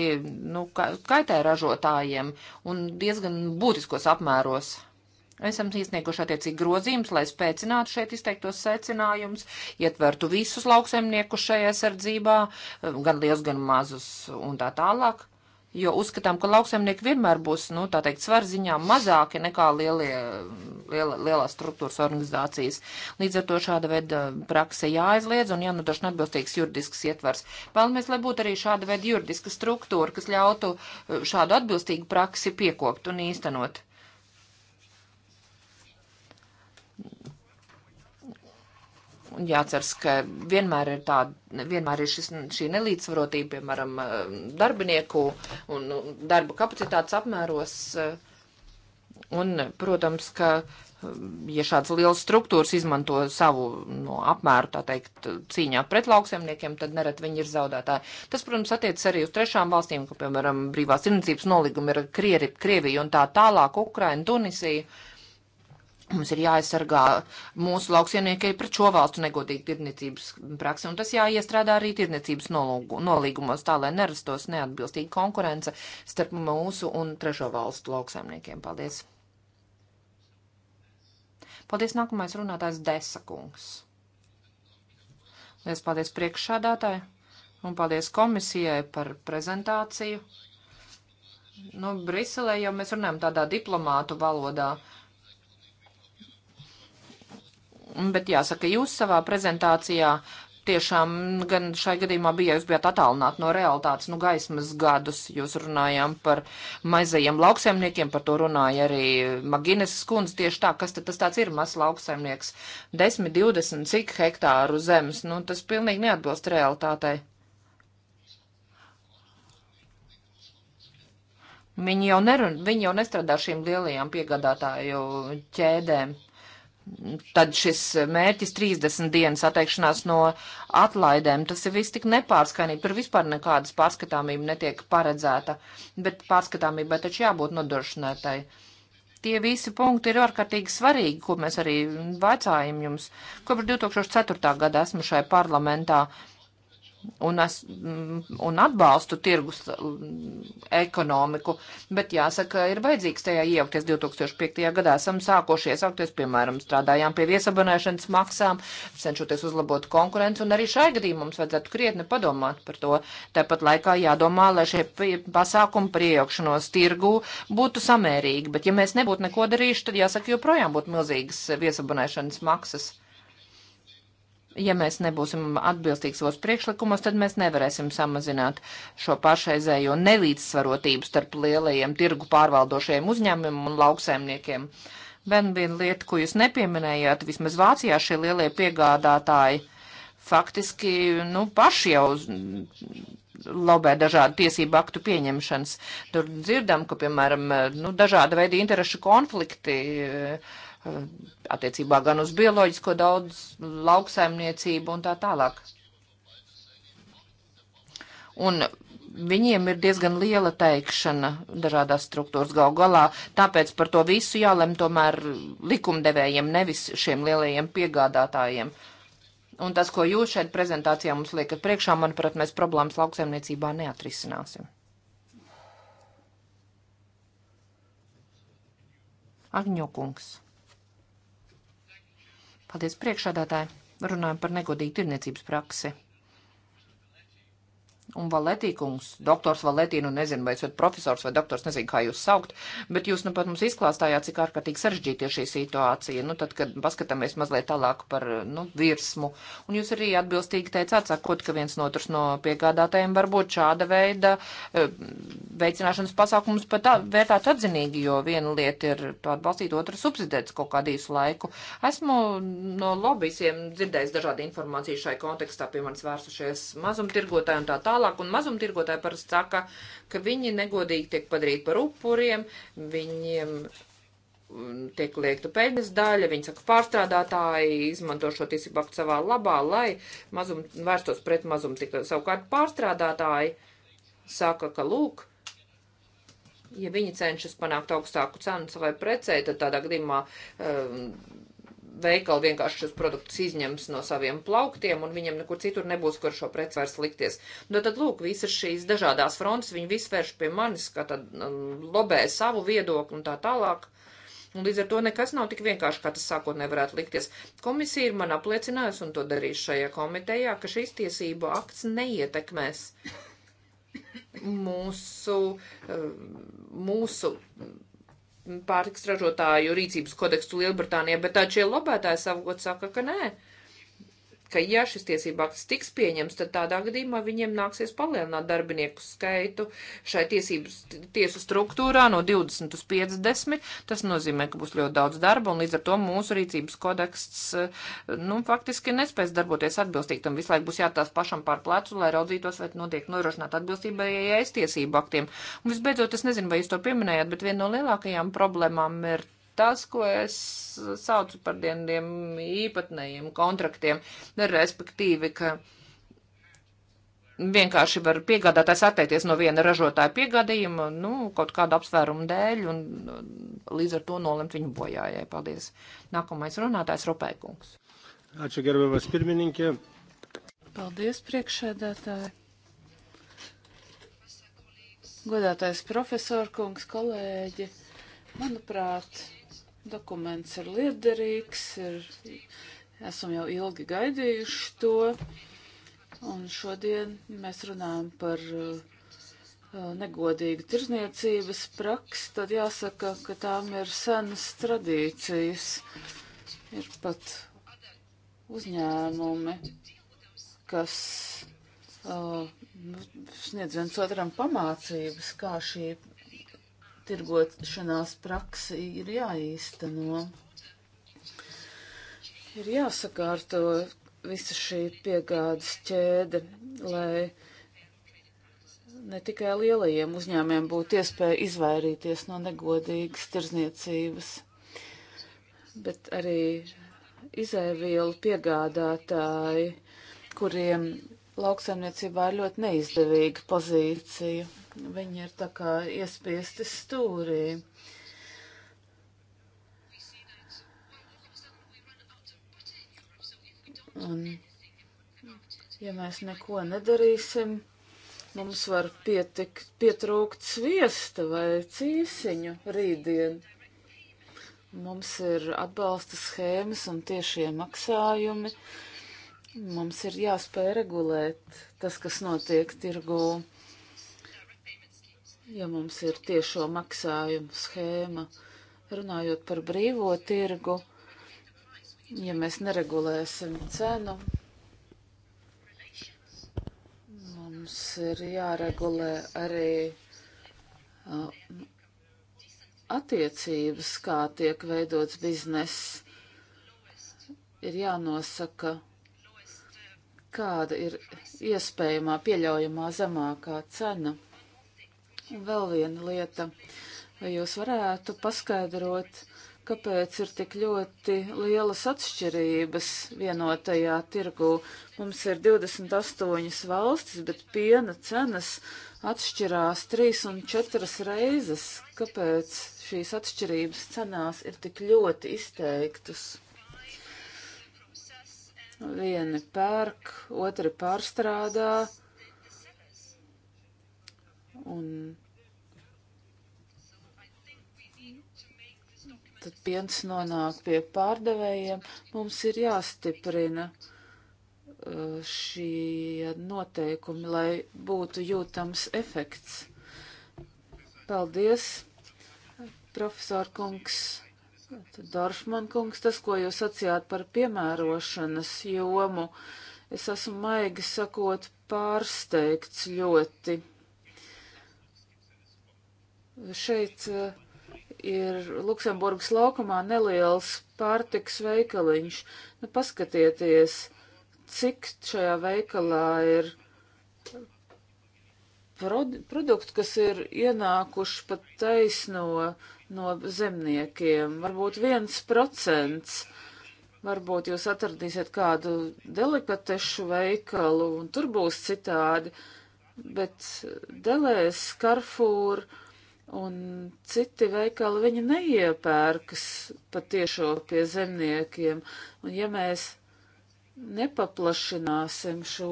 nu, kaitē ražotājiem un diezgan būtiskos apmēros. Esam iesnieguši attiecīgi grozījumus, lai spēcinātu šeit izteiktos secinājumus, ietvertu visus lauksaimniekus šajā sardzībā, gan liels, gan mazus un tā tālāk. Jo uzskatām, ka lauksaimnieki vienmēr būs, nu, tā teikt, svarziņā mazāki nekā lielie, liela, lielās struktūras organizācijas. Līdz ar to šāda veida prakse jāaizliedz un jānodrošina atbilstīgs juridisks ietvars. Vēlamies, lai būtu arī šāda veida juridiska struktūra, kas ļautu šādu atbilstīgu praksi piekopt un īstenot. Un jāceras, ka vienmēr ir tāda, vienmēr ir šis, šī nelīdzsvarotība, piemēram, darbinieku un nu, darba kapacitātes apmēros. Eh, un, protams, ka, eh, ja šāds liels struktūras izmanto savu no, apmēru, tā teikt, cīņā pret lauksaimniekiem, tad nerad viņi ir zaudētāji. Tas, protams, attiecas arī uz trešām valstīm, ka, piemēram, brīvās tirdzniecības noligumi ir Krievi, Krievija un tā tālāk, Ukraina, Tunisija. Uh, Mums ir jāaizsargā mūsu lauksienieki pret šo valstu negodīgu tirdzniecības praksi, un tas jāiestrādā arī tirdzniecības nolīgumos, tā lai nerastos neatbilstīga konkurence starp mūsu un trešo valstu lauksaimniekiem. Paldies! Paldies, nākamais runātājs Desakungs. Lies paldies priekšsādātāji un paldies komisijai par prezentāciju. Nu, Briselē jau mēs runājam tādā diplomātu valodā. Uh, Un, bet jāsaka, jūs savā prezentācijā tiešām gan šai gadījumā bija, jūs bijāt attālināti no realitātes, nu gaismas gadus, jūs runājām par maizajiem lauksaimniekiem, par to runāja arī Magines skundze tieši tā, kas tad tas tāds ir mazs lauksaimnieks, 10, 20, cik hektāru zemes, nu tas pilnīgi neatbilst realitātei. Viņi jau, nerun, viņi jau nestrādā šīm lielajām piegādātāju ķēdēm tad šis mērķis 30 dienas atteikšanās no atlaidēm, tas ir viss tik nepārskaņīgi, tur vispār nekādas pārskatāmība netiek paredzēta, bet pārskatāmībai taču jābūt nodrošinātai. Tie visi punkti ir ārkārtīgi svarīgi, ko mēs arī vaicājam jums. Kopš 2004. gada esmu šai parlamentā un, es, mm, un atbalstu tirgus mm, ekonomiku, bet jāsaka, ir vajadzīgs tajā iejaukties. 2005. gadā esam sākoši iesaukties, piemēram, strādājām pie viesabonēšanas maksām, cenšoties uzlabot konkurenci, un arī šai gadījumā mums vajadzētu krietni padomāt par to. Tāpat laikā jādomā, lai šie pasākumi par iejaukšanos tirgu būtu samērīgi, bet ja mēs nebūtu neko darījuši, tad jāsaka, joprojām būtu milzīgas viesabonēšanas maksas ja mēs nebūsim atbilstīgi savos priekšlikumos, tad mēs nevarēsim samazināt šo pašreizējo nelīdzsvarotību starp lielajiem tirgu pārvaldošajiem uzņēmumiem un lauksaimniekiem. Vēl viena lieta, ko jūs nepieminējāt, vismaz Vācijā šie lielie piegādātāji faktiski nu, paši jau lobē dažādu tiesību aktu pieņemšanas. Tur dzirdam, ka, piemēram, nu, dažāda veida interešu konflikti uh, Eh, attiecībā gan uz bioloģisko daudz lauksaimniecību un tā tālāk. Un viņiem ir diezgan liela teikšana dažādās struktūras gal galā, tāpēc par to visu jālem tomēr likumdevējiem, nevis šiem lielajiem piegādātājiem. Un tas, ko jūs šeit prezentācijā mums liekat priekšā, manuprāt, mēs problēmas lauksaimniecībā neatrisināsim. Agņokungs. Paldies priekšādātāji. Runājam par negodīgu tirniecības praksi. Un Valetīkungs, doktors Valetī, nu nezinu, vai esat profesors vai doktors, nezinu, kā jūs saukt, bet jūs nu pat mums izklāstājāt, cik ārkārtīgi sarežģīta ir šī situācija, nu tad, kad paskatāmies mazliet tālāk par, nu, virsmu. Un jūs arī atbilstīgi teicāt, sakot, ka viens no otrs no piegādātājiem varbūt šāda veida eh, veicināšanas pasākums pat vērtāt atzinīgi, jo viena lieta ir to atbalstīt, otra subsidēts kaut kādu īsu laiku. Esmu no lobbyisiem dzirdējis dažādu informāciju šai kontekstā, pie manis vērsušies mazumtirgotāji un tā tālāk tālāk, un mazumtirgotāji parasti saka, ka viņi negodīgi tiek padarīti par upuriem, viņiem mm, tiek liekta peļņas daļa, viņi saka, pārstrādātāji izmanto šo tiesību aktu savā labā, lai mazum, vērstos pret mazumu. Tika savukārt pārstrādātāji saka, ka lūk, ja viņi cenšas panākt augstāku cenu savai precei, tad tādā gadījumā um, veikali vienkārši šos produktus izņems no saviem plauktiem un viņam nekur citur nebūs, kur šo preci vairs likties. Nu, tad, lūk, visas šīs dažādās frontes, viņi visi vērš pie manis, ka tad um, lobē savu viedokli un tā tālāk. Un līdz ar to nekas nav tik vienkārši, kā tas sākotnēji varētu likties. Komisija ir man apliecinājusi, un to darīs šajā komitejā, ka šīs tiesību akts neietekmēs mūsu, um, mūsu pārtiks ražotāju rīcības kodeksu Lielbritānijā, bet tā šie lobētāji savukārt saka, ka nē ka ja šis tiesība akts tiks pieņems, tad tādā gadījumā viņiem nāksies palielināt darbinieku skaitu šai tiesības, tiesu struktūrā no 20 uz 50. Tas nozīmē, ka būs ļoti daudz darba, un līdz ar to mūsu rīcības kodeksts, eh, nu, faktiski nespēs darboties atbilstīgi. Tam visu laiku būs jātās pašam pār plecu, lai raudzītos, vai notiek norošināta atbilstība ES tiesību aktiem. Un visbeidzot, es nezinu, vai jūs to pieminējāt, bet viena no lielākajām problēmām ir tas, ko es saucu par dieniem īpatnējiem kontraktiem, nu, respektīvi, ka vienkārši var piegādātājs atteikties no viena ražotāja piegādījuma, nu, kaut kādu apsvērumu dēļ, un uh, līdz ar to nolemt viņu bojājai. Paldies. Nākamais runātājs Ropēkungs. Ačiū, gerbēvas pirmininkė. Paldies, priekšēdētāji. Godātais profesorkungs, kolēģi, manuprāt, Dokuments ir liederīgs, ir, esam jau ilgi gaidījuši to, un šodien mēs runājam par uh, negodīgu tirzniecības praksi, tad jāsaka, ka tām ir senas tradīcijas. Ir pat uzņēmumi, kas uh, sniedz viens otram pamācības, kā šī tirgošanās praksi ir jāīsteno. Ir jāsakārto visa šī piegādes ķēde, lai ne tikai lielajiem uzņēmiem būtu iespēja izvairīties no negodīgas tirzniecības, bet arī izēvielu piegādātāji, kuriem lauksaimniecībā ir ļoti neizdevīga pozīcija. Viņi ir tā kā iespiesti stūrī. Un, ja mēs neko nedarīsim, mums var pietikt, pietrūkt sviesta vai cīsiņu rītdien. Mums ir atbalsta schēmas un tiešie maksājumi. Mums ir jāspēj regulēt tas, kas notiek tirgū ja mums ir tiešo maksājumu schēma, runājot par brīvo tirgu, ja mēs neregulēsim cenu, mums ir jāregulē arī uh, attiecības, kā tiek veidots bizness. Ir jānosaka, kāda ir iespējamā pieļaujamā zemākā cena. Vēl viena lieta. Vai jūs varētu paskaidrot, kāpēc ir tik ļoti lielas atšķirības vienotajā tirgū? Mums ir 28 valstis, bet piena cenas atšķirās trīs un četras reizes. Kāpēc šīs atšķirības cenās ir tik ļoti izteiktas? Vieni pērk, otri pārstrādā Un tad piens nonāk pie pārdevējiem. Mums ir jāstiprina uh, šie noteikumi, lai būtu jūtams efekts. Paldies, profesor kungs. Dorfman kungs, tas, ko jūs sacījāt par piemērošanas jomu, es esmu maigi sakot pārsteigts ļoti. Šeit eh, ir Luksemburgas laukumā neliels pārtiks veikaliņš. Nu, paskatieties, cik šajā veikalā ir produktu, kas ir ienākuši pat taisno no zemniekiem. Varbūt viens procents. Varbūt jūs atradīsiet kādu delikatešu veikalu un tur būs citādi. Bet eh, Delēs, Karfūra un citi veikali viņi neiepērkas patiešo pie zemniekiem. Un ja mēs nepaplašināsim šo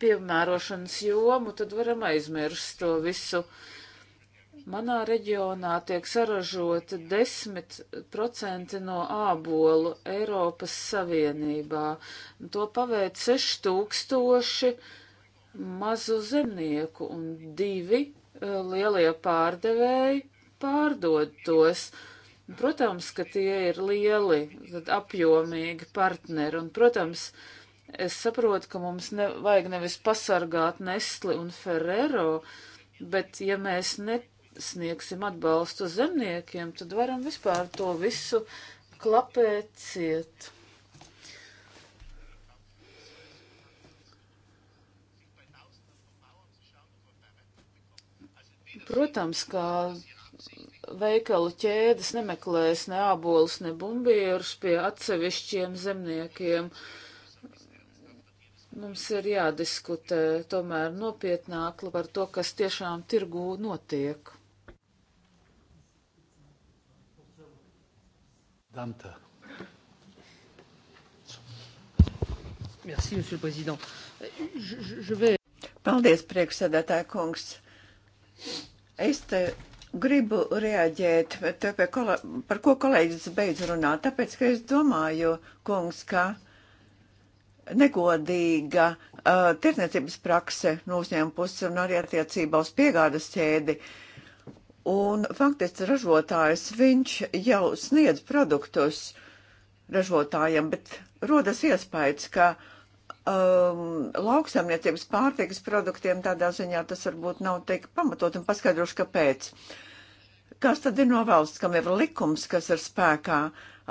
piemērošanas jomu, tad varam aizmirst to visu. Manā reģionā tiek saražota 10% no ābolu Eiropas Savienībā. To paveic 6000 mazu zemnieku un divi lielie pārdevēji pārdod tos. Protams, ka tie ir lieli, apjomīgi partneri, un, protams, es saprotu, ka mums ne, vajag nevis pasargāt Nesli un Ferrero, bet ja mēs nesniegsim atbalstu zemniekiem, tad varam vispār to visu klapēt ciet. Protams, ka veikalu ķēdes nemeklēs ne ābolus, ne bumbierus pie atsevišķiem zemniekiem. Mums ir jādiskutē tomēr nopietnāk par to, kas tiešām tirgū notiek. Dante. Merci, Monsieur le Président. Je, je, je vais... Paldies, priekšsēdētāja kungs. Es te gribu reaģēt te, par ko kolēģis beidz runāt, tāpēc, ka es domāju, kungs, ka negodīga uh, tirniecības prakse no uzņēmuma puses un arī attiecībā uz piegādas ķēdi. Un faktiski ražotājs, viņš jau sniedz produktus ražotājiem, bet rodas iespējas, ka uh, um, lauksaimniecības pārtikas produktiem tādā ziņā tas varbūt nav tik pamatot un paskaidrošu, kāpēc. Kas tad ir novēlsts, kam ir likums, kas ir spēkā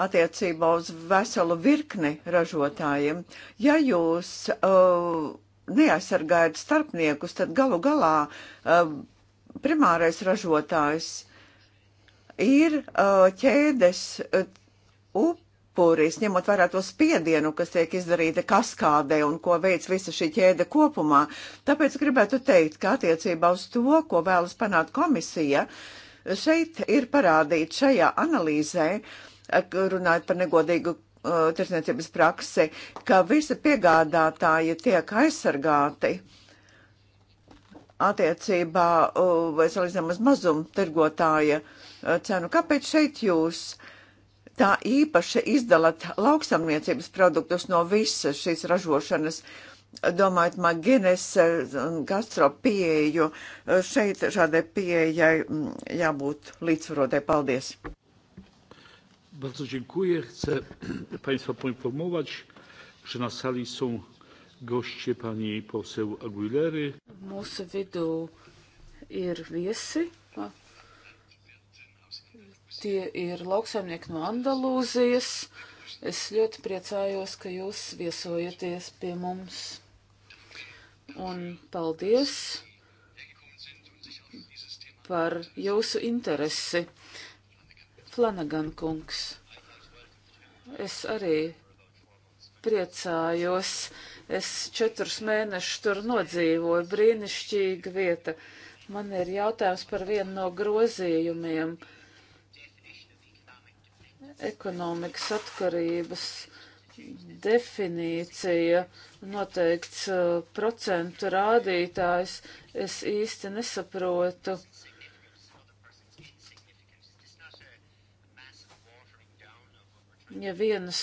attiecībā uz veselu virkni ražotājiem? Ja jūs uh, neaizsargājat starpniekus, tad galu galā uh, primārais ražotājs ir uh, ķēdes uh, up upuris, ņemot vērā to spiedienu, kas tiek izdarīta kaskādē un ko veids visa šī ķēde kopumā. Tāpēc gribētu teikt, ka attiecībā uz to, ko vēlas panākt komisija, šeit ir parādīts šajā analīzē, runājot par negodīgu uh, tirsniecības praksi, ka visi piegādātāji tiek aizsargāti attiecībā, uh, vai salīdzinām uz mazumu tirgotāja uh, cenu. Kāpēc šeit jūs? Tā īpaši izdalat lauksamniecības produktus no visas šīs ražošanas, domājot maģines eh, un gastro pieeju. Eh, šeit šādai pieejai mm, jābūt līdzsvarotai. Paldies! Bardzo dziękuję. Chcę [CLEARS THROAT] Państwa poinformować, że na sali są goście pani poseł Aguilery. Mūsu vidū ir viesi Tie ir lauksaimnieki no Andalūzijas. Es ļoti priecājos, ka jūs viesojaties pie mums. Un paldies par jūsu interesi. Flanagan kungs, es arī priecājos. Es četrus mēnešus tur nodzīvoju. Brīnišķīga vieta. Man ir jautājums par vienu no grozījumiem. Uh, ekonomikas atkarības definīcija, noteikts uh, procentu rādītājs, es īsti nesaprotu. Ja vienas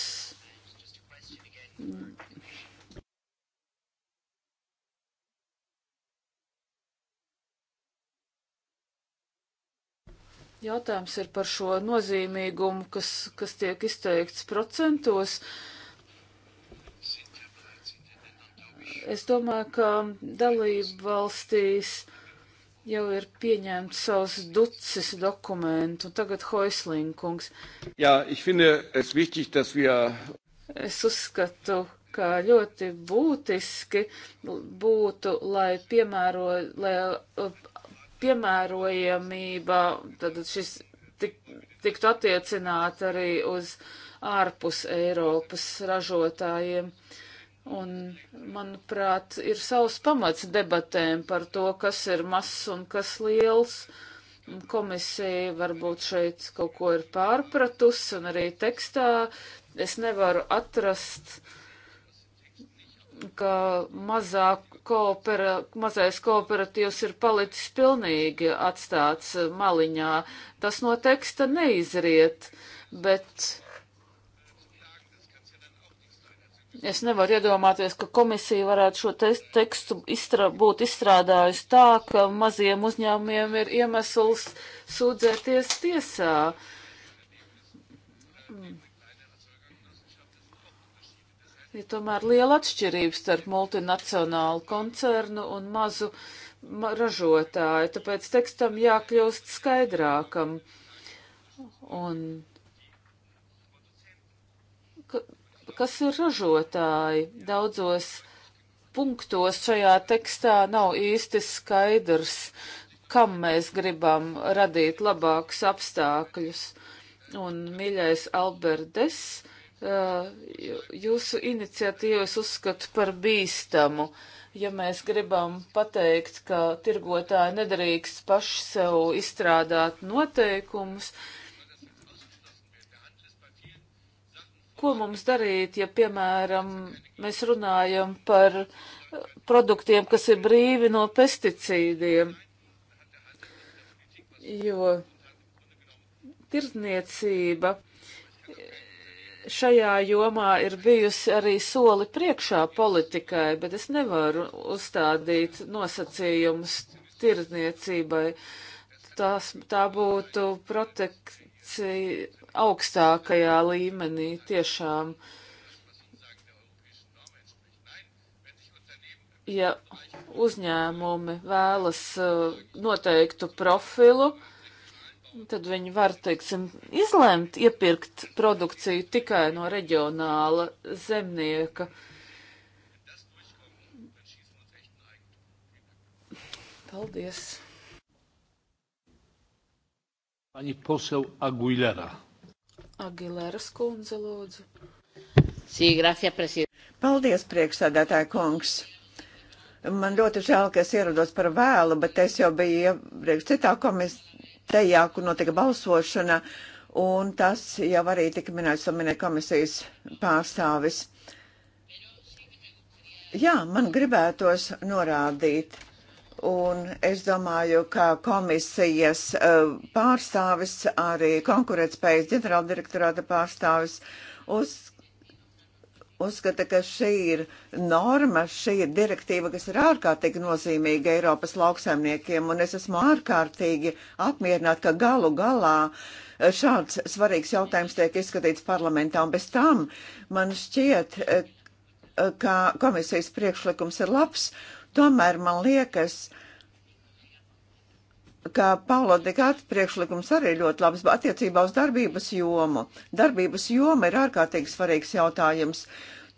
Jautājums ir par šo nozīmīgumu, kas, kas tiek izteikts procentos. Es domāju, ka dalību valstīs jau ir pieņemts savs ducis dokumentu, un tagad Hoislinkungs. Jā, ich finde es wichtig, dass wir. Es uzskatu, ka ļoti būtiski būtu, lai piemēro, lai piemērojamība, tad šis tik, tiktu attiecināt arī uz ārpus Eiropas ražotājiem. Un, manuprāt, ir savs pamats debatēm par to, kas ir mazs un kas liels. Komisija varbūt šeit kaut ko ir pārpratusi un arī tekstā es nevaru atrast, ka mazāk koopera, mazais kooperatīvs ir palicis pilnīgi atstāts maliņā. Tas no teksta neizriet, bet es nevaru iedomāties, ka komisija varētu šo te tekstu izstrā, būt izstrādājusi tā, ka maziem uzņēmumiem ir iemesls sūdzēties tiesā. Uh, ir tomēr liela atšķirība starp multinacionālu koncernu un mazu ma ražotāju, tāpēc tekstam jākļūst skaidrākam. Un ka, kas ir ražotāji? Daudzos punktos šajā tekstā nav īsti skaidrs, kam mēs gribam radīt labākus apstākļus. Un, mīļais Albertes, Uh, jūsu iniciatīvas uzskatu par bīstamu. Ja mēs gribam pateikt, ka tirgotāji nedrīkst paši sev izstrādāt noteikumus, ko mums darīt, ja, piemēram, mēs runājam par produktiem, kas ir brīvi no pesticīdiem? Jo tirdzniecība šajā jomā ir bijusi arī soli priekšā politikai, bet es nevaru uzstādīt nosacījumus tirdzniecībai. Tās, tā būtu protekcija augstākajā līmenī tiešām. Ja uzņēmumi vēlas uh, noteiktu profilu, uh, tad viņi var, teiksim, izlemt iepirkt produkciju tikai no reģionāla zemnieka. Paldies. Pani poseł Aguilera. Aguileras kundze, lūdzu. Sī, grafija presija. Paldies, priekšsādātāja kungs. Man ļoti žēl, ka es ierados par vēlu, bet es jau biju iepriekš citā komisijā komitejā, kur notika balsošana, un tas jau arī tika minēts, un minēja komisijas pārstāvis. Jā, man gribētos norādīt, un es domāju, ka komisijas eh, pārstāvis, arī konkurētspējas ģenerāldirektorāta pārstāvis, uz uzskata, ka šī ir norma, šī ir direktīva, kas ir ārkārtīgi nozīmīga Eiropas lauksaimniekiem, un es esmu ārkārtīgi apmierināta, ka galu galā e, šāds svarīgs jautājums tiek izskatīts parlamentā, un bez tam man šķiet, e, e, ka komisijas priekšlikums ir labs, tomēr man liekas, ka ka Paulo Degāta priekšlikums arī ļoti labs, bet attiecībā uz darbības jomu. Darbības joma ir ārkārtīgi svarīgs jautājums.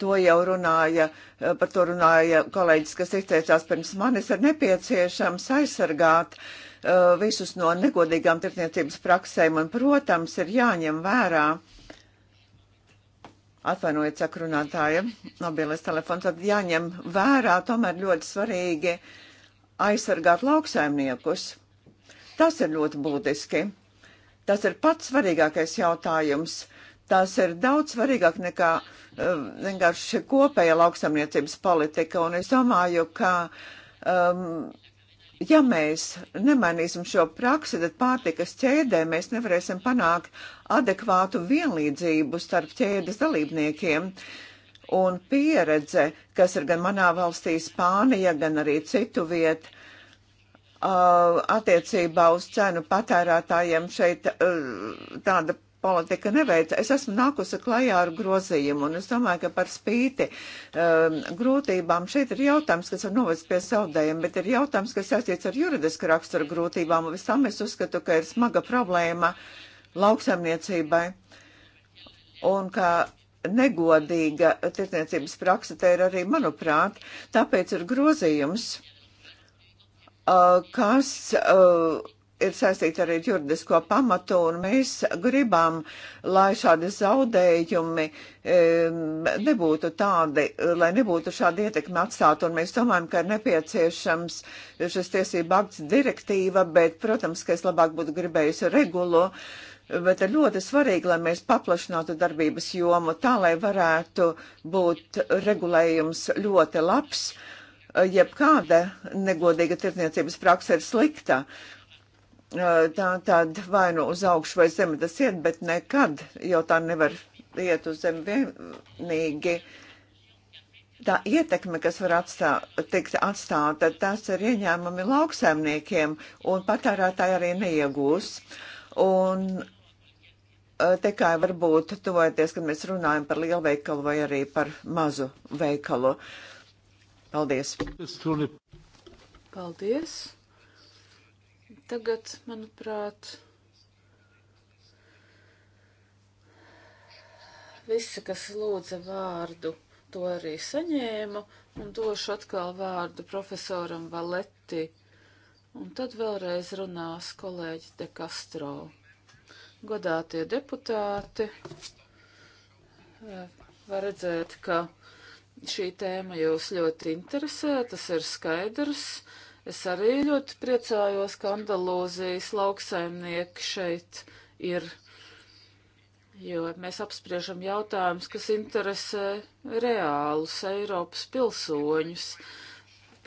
To jau runāja, eh, par to runāja kolēģis, kas izteicās pirms manis, ir nepieciešams aizsargāt uh, visus no negodīgām tirtniecības praksēm, un, protams, ir jāņem vērā, atvainojiet sakrunātāja, mobilais telefons, tad jāņem vērā tomēr ļoti svarīgi aizsargāt lauksaimniekus Tas ir ļoti būtiski. Tas ir pats svarīgākais jautājums. Tas ir daudz svarīgāk nekā eh, vienkārši kopēja lauksamniecības politika, un es domāju, ka um, ja mēs nemainīsim šo praksi, tad pārtikas ķēdē mēs nevarēsim panākt adekvātu vienlīdzību starp ķēdes dalībniekiem. Un pieredze, kas ir gan manā valstī, Spānija, gan arī citu vietu, Uh, attiecībā uz cenu patērētājiem šeit uh, tāda politika neveica. Es esmu nākusi klajā ar grozījumu, un es domāju, ka par spīti um, grūtībām šeit ir jautājums, kas var novest pie zaudējuma, bet ir jautājums, kas saistīts ar juridisku raksturu grūtībām, un visam es uzskatu, ka ir smaga problēma lauksaimniecībai, un ka negodīga tirtniecības praksa te ir arī, manuprāt, tāpēc ir grozījums Uh, kas uh, ir saistīta arī ar juridisko pamatu, un mēs gribam, lai šādi zaudējumi um, nebūtu tādi, lai nebūtu šādi ietekmi atstāt, un mēs domājam, ka ir nepieciešams šis tiesība akts direktīva, bet, protams, ka es labāk būtu gribējusi regulu, bet ir ļoti svarīgi, lai mēs paplašinātu darbības jomu tā, lai varētu būt regulējums ļoti labs Eh, jebkāda negodīga tirdzniecības praksa ir slikta. Eh, tā tad vai nu uz augšu vai zemi tas iet, bet nekad jau tā nevar iet uz zemi vienīgi. Tā ietekme, kas var atstā, tikt atstāta, tas ir ieņēmumi lauksaimniekiem un patērētāji arī neiegūs. Un eh, tikai varbūt tuvojoties, kad mēs runājam par lielveikalu vai arī par mazu veikalu. Uh, Paldies! Paldies! Tagad, manuprāt, visi, kas lūdza vārdu, to arī saņēma, un došu atkal vārdu profesoram Valetti, un tad vēlreiz runās kolēģi De Castro. Godātie deputāti, var redzēt, ka šī tēma jūs ļoti interesē, tas ir skaidrs. Es arī ļoti priecājos, ka Andalūzijas lauksaimnieki šeit ir, jo mēs apspriežam jautājumus, kas interesē reālus Eiropas pilsoņus.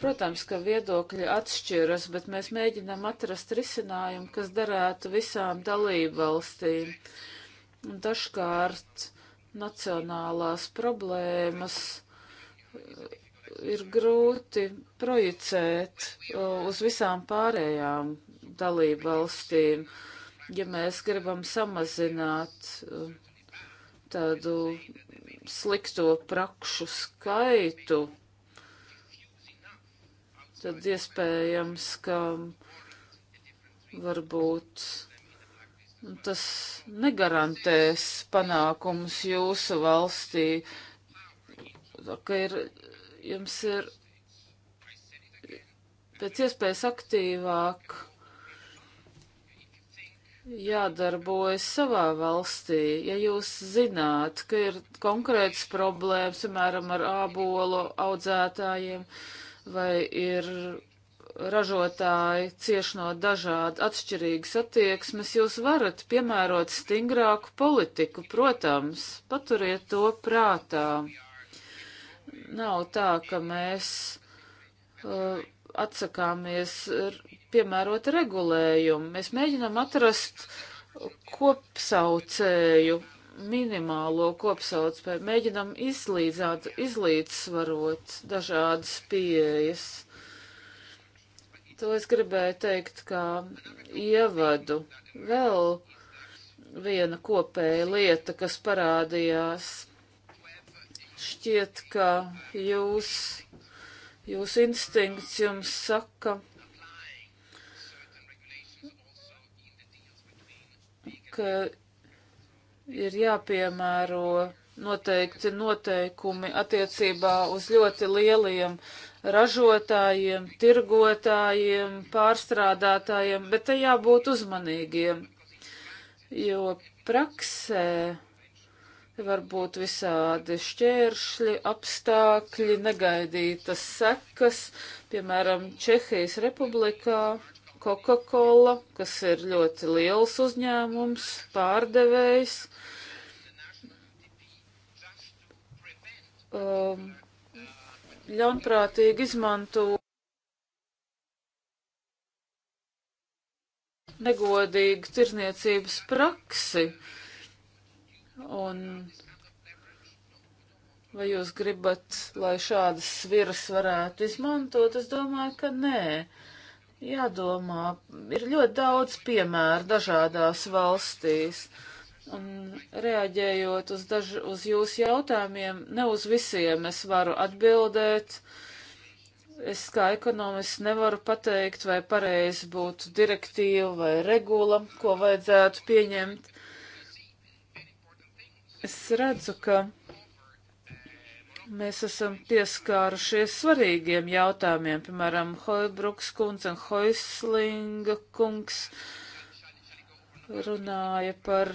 Protams, ka viedokļi atšķiras, bet mēs mēģinām atrast risinājumu, kas derētu visām dalībvalstīm. Dažkārt nacionālās problēmas ir grūti projicēt uh, uz visām pārējām dalību valstīm, ja mēs gribam samazināt uh, tādu slikto prakšu skaitu, tad iespējams, ka varbūt tas negarantēs panākumus jūsu valstī. Uh, ka ir, jums ir pēc iespējas aktīvāk jādarbojas savā valstī. Ja jūs zināt, ka ir konkrēts problēmas, piemēram, ar ābolu audzētājiem, vai ir ražotāji cieši no dažādi atšķirīgas attieksmes, jūs varat piemērot stingrāku politiku, protams, paturiet to prātā nav tā, ka mēs uh, atsakāmies piemērot regulējumu. Mēs mēģinām atrast kopsaucēju, minimālo kopsaucēju, mēģinām izlīdzāt, izlīdzsvarot dažādas pieejas. To es gribēju teikt kā ievadu. Vēl viena kopēja lieta, kas parādījās Šķiet, ka jūs, jūs instinkts jums saka, ka ir jāpiemēro noteikti noteikumi attiecībā uz ļoti lieliem ražotājiem, tirgotājiem, pārstrādātājiem, bet te jābūt uzmanīgiem, jo praksē var būt visādi šķēršļi, apstākļi, negaidītas sekas, piemēram, Čehijas republikā Coca-Cola, kas ir ļoti liels uzņēmums, pārdevējs. Um, ļaunprātīgi izmanto negodīgu tirzniecības praksi. Uh, Un vai jūs gribat, lai šādas sviras varētu izmantot? Es domāju, ka nē. Jādomā, ir ļoti daudz piemēru dažādās valstīs. Un reaģējot uz, daž, uz jūsu jautājumiem, ne uz visiem es varu atbildēt. Es kā ekonomists nevaru pateikt, vai pareizi būtu direktīva vai regula, ko vajadzētu pieņemt. Es redzu, ka mēs esam pieskārušies svarīgiem jautājumiem, piemēram, Hoibruks kungs un Hoislinga kungs runāja par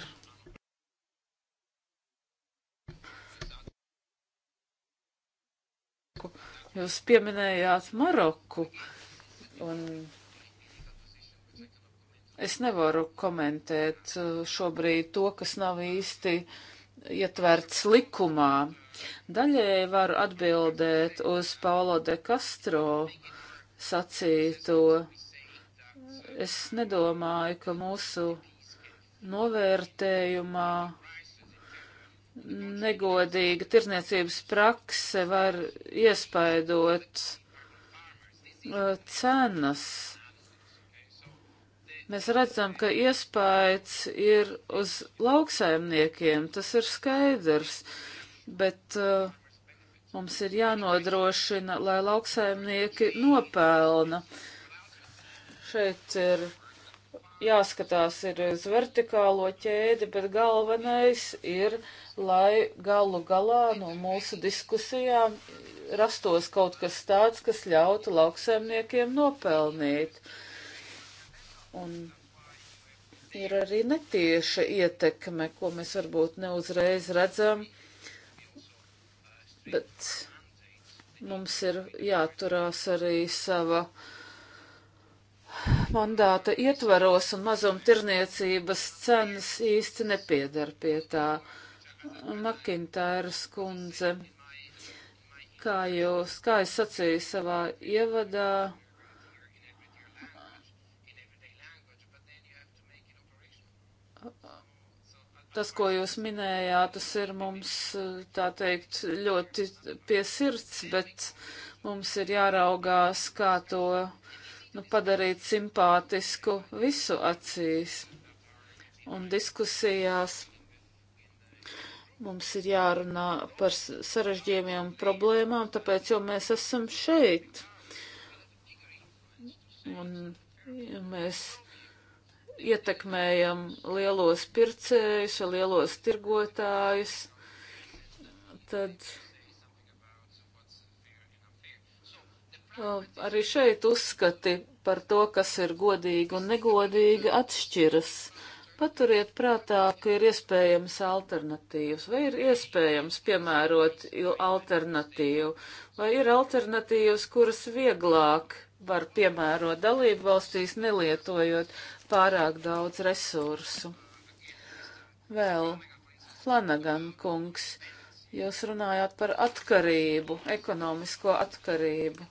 Maroku. Jūs pieminējāt Maroku, un es nevaru komentēt uh, šobrīd to, kas nav īsti ietverts likumā. Daļēji varu atbildēt uz Paulo de Castro sacīto. Es nedomāju, ka mūsu novērtējumā negodīga tirzniecības prakse var iespaidot uh, cenas Mēs redzam, ka iespējas ir uz lauksaimniekiem, tas ir skaidrs, bet uh, mums ir jānodrošina, lai lauksaimnieki nopelna. Šeit ir jāskatās ir uz vertikālo ķēdi, bet galvenais ir, lai galu galā no mūsu diskusijām rastos kaut kas tāds, kas ļautu lauksaimniekiem nopelnīt. Uh, Un ir arī netieša ietekme, ko mēs varbūt neuzreiz redzam, bet mums ir jāturās arī sava mandāta ietvaros, un mazumtirniecības cenas īsti nepiedar pie tā. Makintāras kundze, kā jūs, kā es sacīju savā ievadā, tas, ko jūs minējāt, tas ir mums, tā teikt, ļoti pie sirds, bet mums ir jāraugās, kā to nu, padarīt simpātisku visu acīs. Un diskusijās mums ir jārunā par sarežģījumiem problēmām, tāpēc jau mēs esam šeit. Un ja mēs ietekmējam lielos pircējus, lielos tirgotājus, tad uh, arī šeit uzskati par to, kas ir godīgi un negodīgi, atšķiras. Paturiet prātā, ka ir iespējams alternatīvas, vai ir iespējams piemērot alternatīvu, vai ir alternatīvas, kuras vieglāk var piemērot dalību valstīs, nelietojot pārāk daudz resursu. Vēl Flanagan kungs, jūs runājāt par atkarību, ekonomisko atkarību.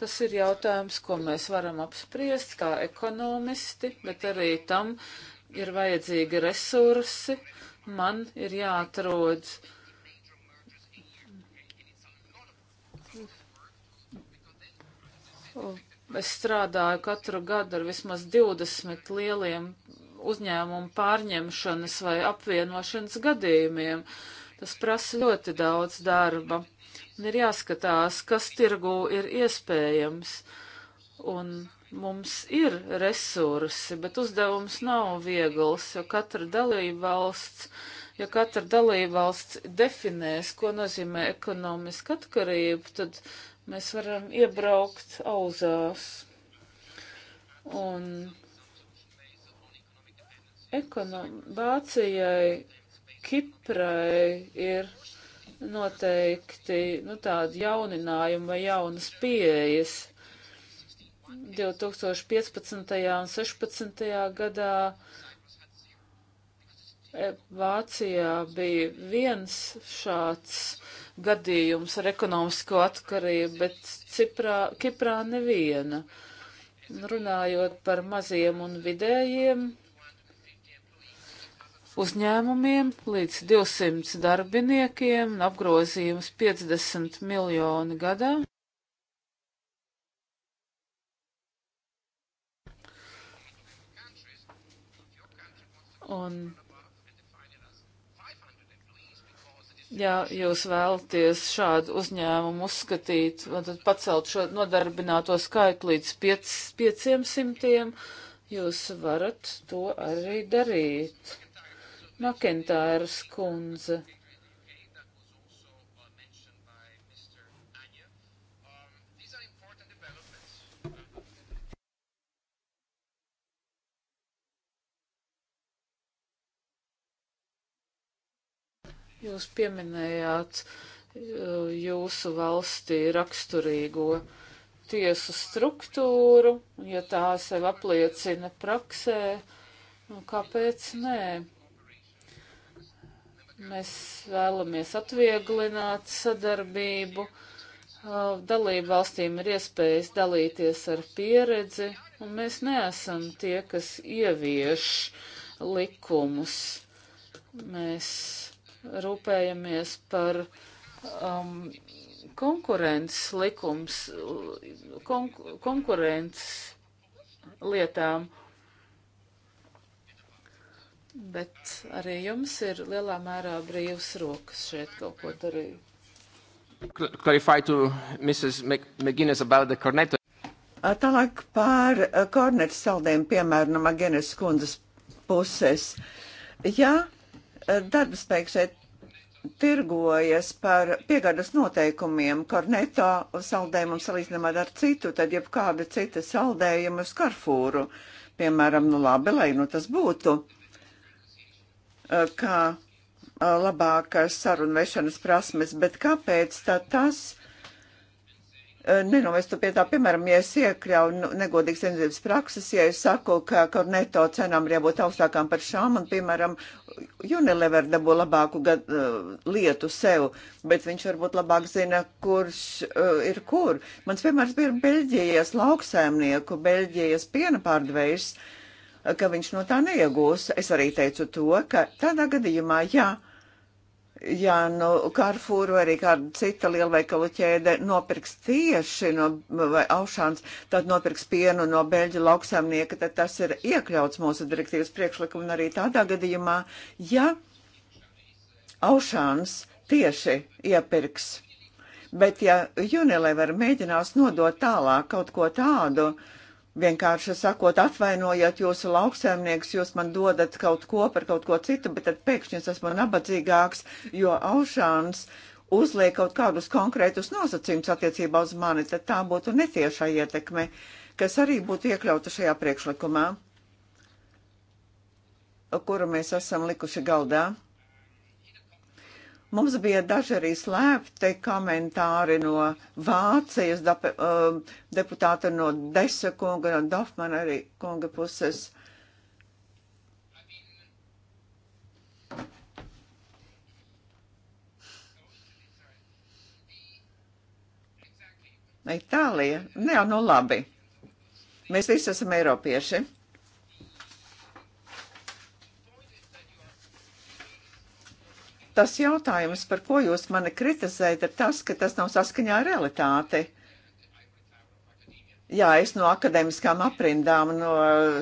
Tas ir jautājums, ko mēs varam apspriest kā ekonomisti, bet arī tam ir vajadzīgi resursi. Man ir jāatrod Es strādāju katru gadu ar vismaz 20 lieliem uzņēmumu pārņemšanas vai apvienošanas gadījumiem. Tas prasa ļoti daudz darba. Un ir jāskatās, kas tirgū ir iespējams. Un mums ir resursi, bet uzdevums nav viegls, jo katra dalībvalsts, ja katra dalībvalsts definēs, ko nozīmē ekonomiska atkarība, tad Mēs varam iebraukt auzās. Un ekonom, Vācijai, Kiprai ir noteikti nu, tādi jauninājumi vai jaunas pieejas. 2015. un 2016. gadā e, Vācijā bija viens šāds gadījums ar ekonomisko atkarību, bet Ciprā, Kiprā neviena. Runājot par maziem un vidējiem uzņēmumiem līdz 200 darbiniekiem, apgrozījums 50 miljoni gadā. Un Ja jūs vēlaties šādu uzņēmumu uzskatīt, tad pacelt šo nodarbināto skaitu līdz 5, 500, jūs varat to arī darīt. Makentāras kundze. Jūs pieminējāt eh, jūsu valstī raksturīgo tiesu struktūru, ja tā sev apliecina praksē, nu kāpēc nē? Mēs vēlamies atvieglināt sadarbību. Eh, dalību valstīm ir iespējas dalīties ar pieredzi, un mēs neesam tie, kas ievieš likumus. Mēs rūpējamies par um, konkurences likums, konkur konkurences lietām. Bet arī jums ir lielā mērā brīvas rokas šeit kaut ko darīt. Clarify to Mrs. McGuinness about the cornetto. Tālāk par kornetu saldēm, piemēram, no Magenes kundzes puses. Ja darba spēks šeit tirgojas par piegādas noteikumiem, korneto saldējumu salīdzinām ar citu, tad jebkāda cita saldējuma uz karfūru. Piemēram, nu labi, lai nu tas būtu, kā labākas sarunvešanas prasmes, bet kāpēc tad tas Eh, nenovestu pie tā, piemēram, ja es iekļauju nu, negodīgas tirdzniecības prakses, ja es saku, ka korneto cenām ir jābūt augstākām par šām, un, piemēram, Unilever dabū labāku gad, uh, lietu sev, bet viņš varbūt labāk zina, kurš uh, ir kur. Mans piemērs bija Beļģijas lauksēmnieku, Beļģijas piena pārdevējs, ka viņš no tā neiegūs. Es arī teicu to, ka tādā gadījumā, jā. Ja, ja nu Karfūru vai arī kāda cita lielveikalu ķēde nopirks tieši no vai aušāns, tad nopirks pienu no Beļģa lauksaimnieka, tad tas ir iekļauts mūsu direktīvas priekšlikumu un arī tādā gadījumā, ja aušāns tieši iepirks. Bet ja Unilever mēģinās nodot tālāk kaut ko tādu, uh, vienkārši sakot, atvainojiet jūsu lauksēmnieks, jūs man dodat kaut ko par kaut ko citu, bet tad pēkšņi es esmu nabadzīgāks, jo aušāns uzliek kaut kādus konkrētus nosacījumus attiecībā uz mani, tad tā būtu netiešā ietekme, kas arī būtu iekļauta šajā priekšlikumā, kuru mēs esam likuši galdā. Mums bija daži arī slēpti komentāri no Vācijas dape, uh, deputāta no Desa kunga, no Dafmana arī kunga puses. Itālija? Nu jā, nu labi. Mēs visi esam eiropieši. Tas jautājums, par ko jūs mani kritizējat, ir tas, ka tas nav saskaņā ar realitāti. Jā, es no akadēmiskām aprindām, no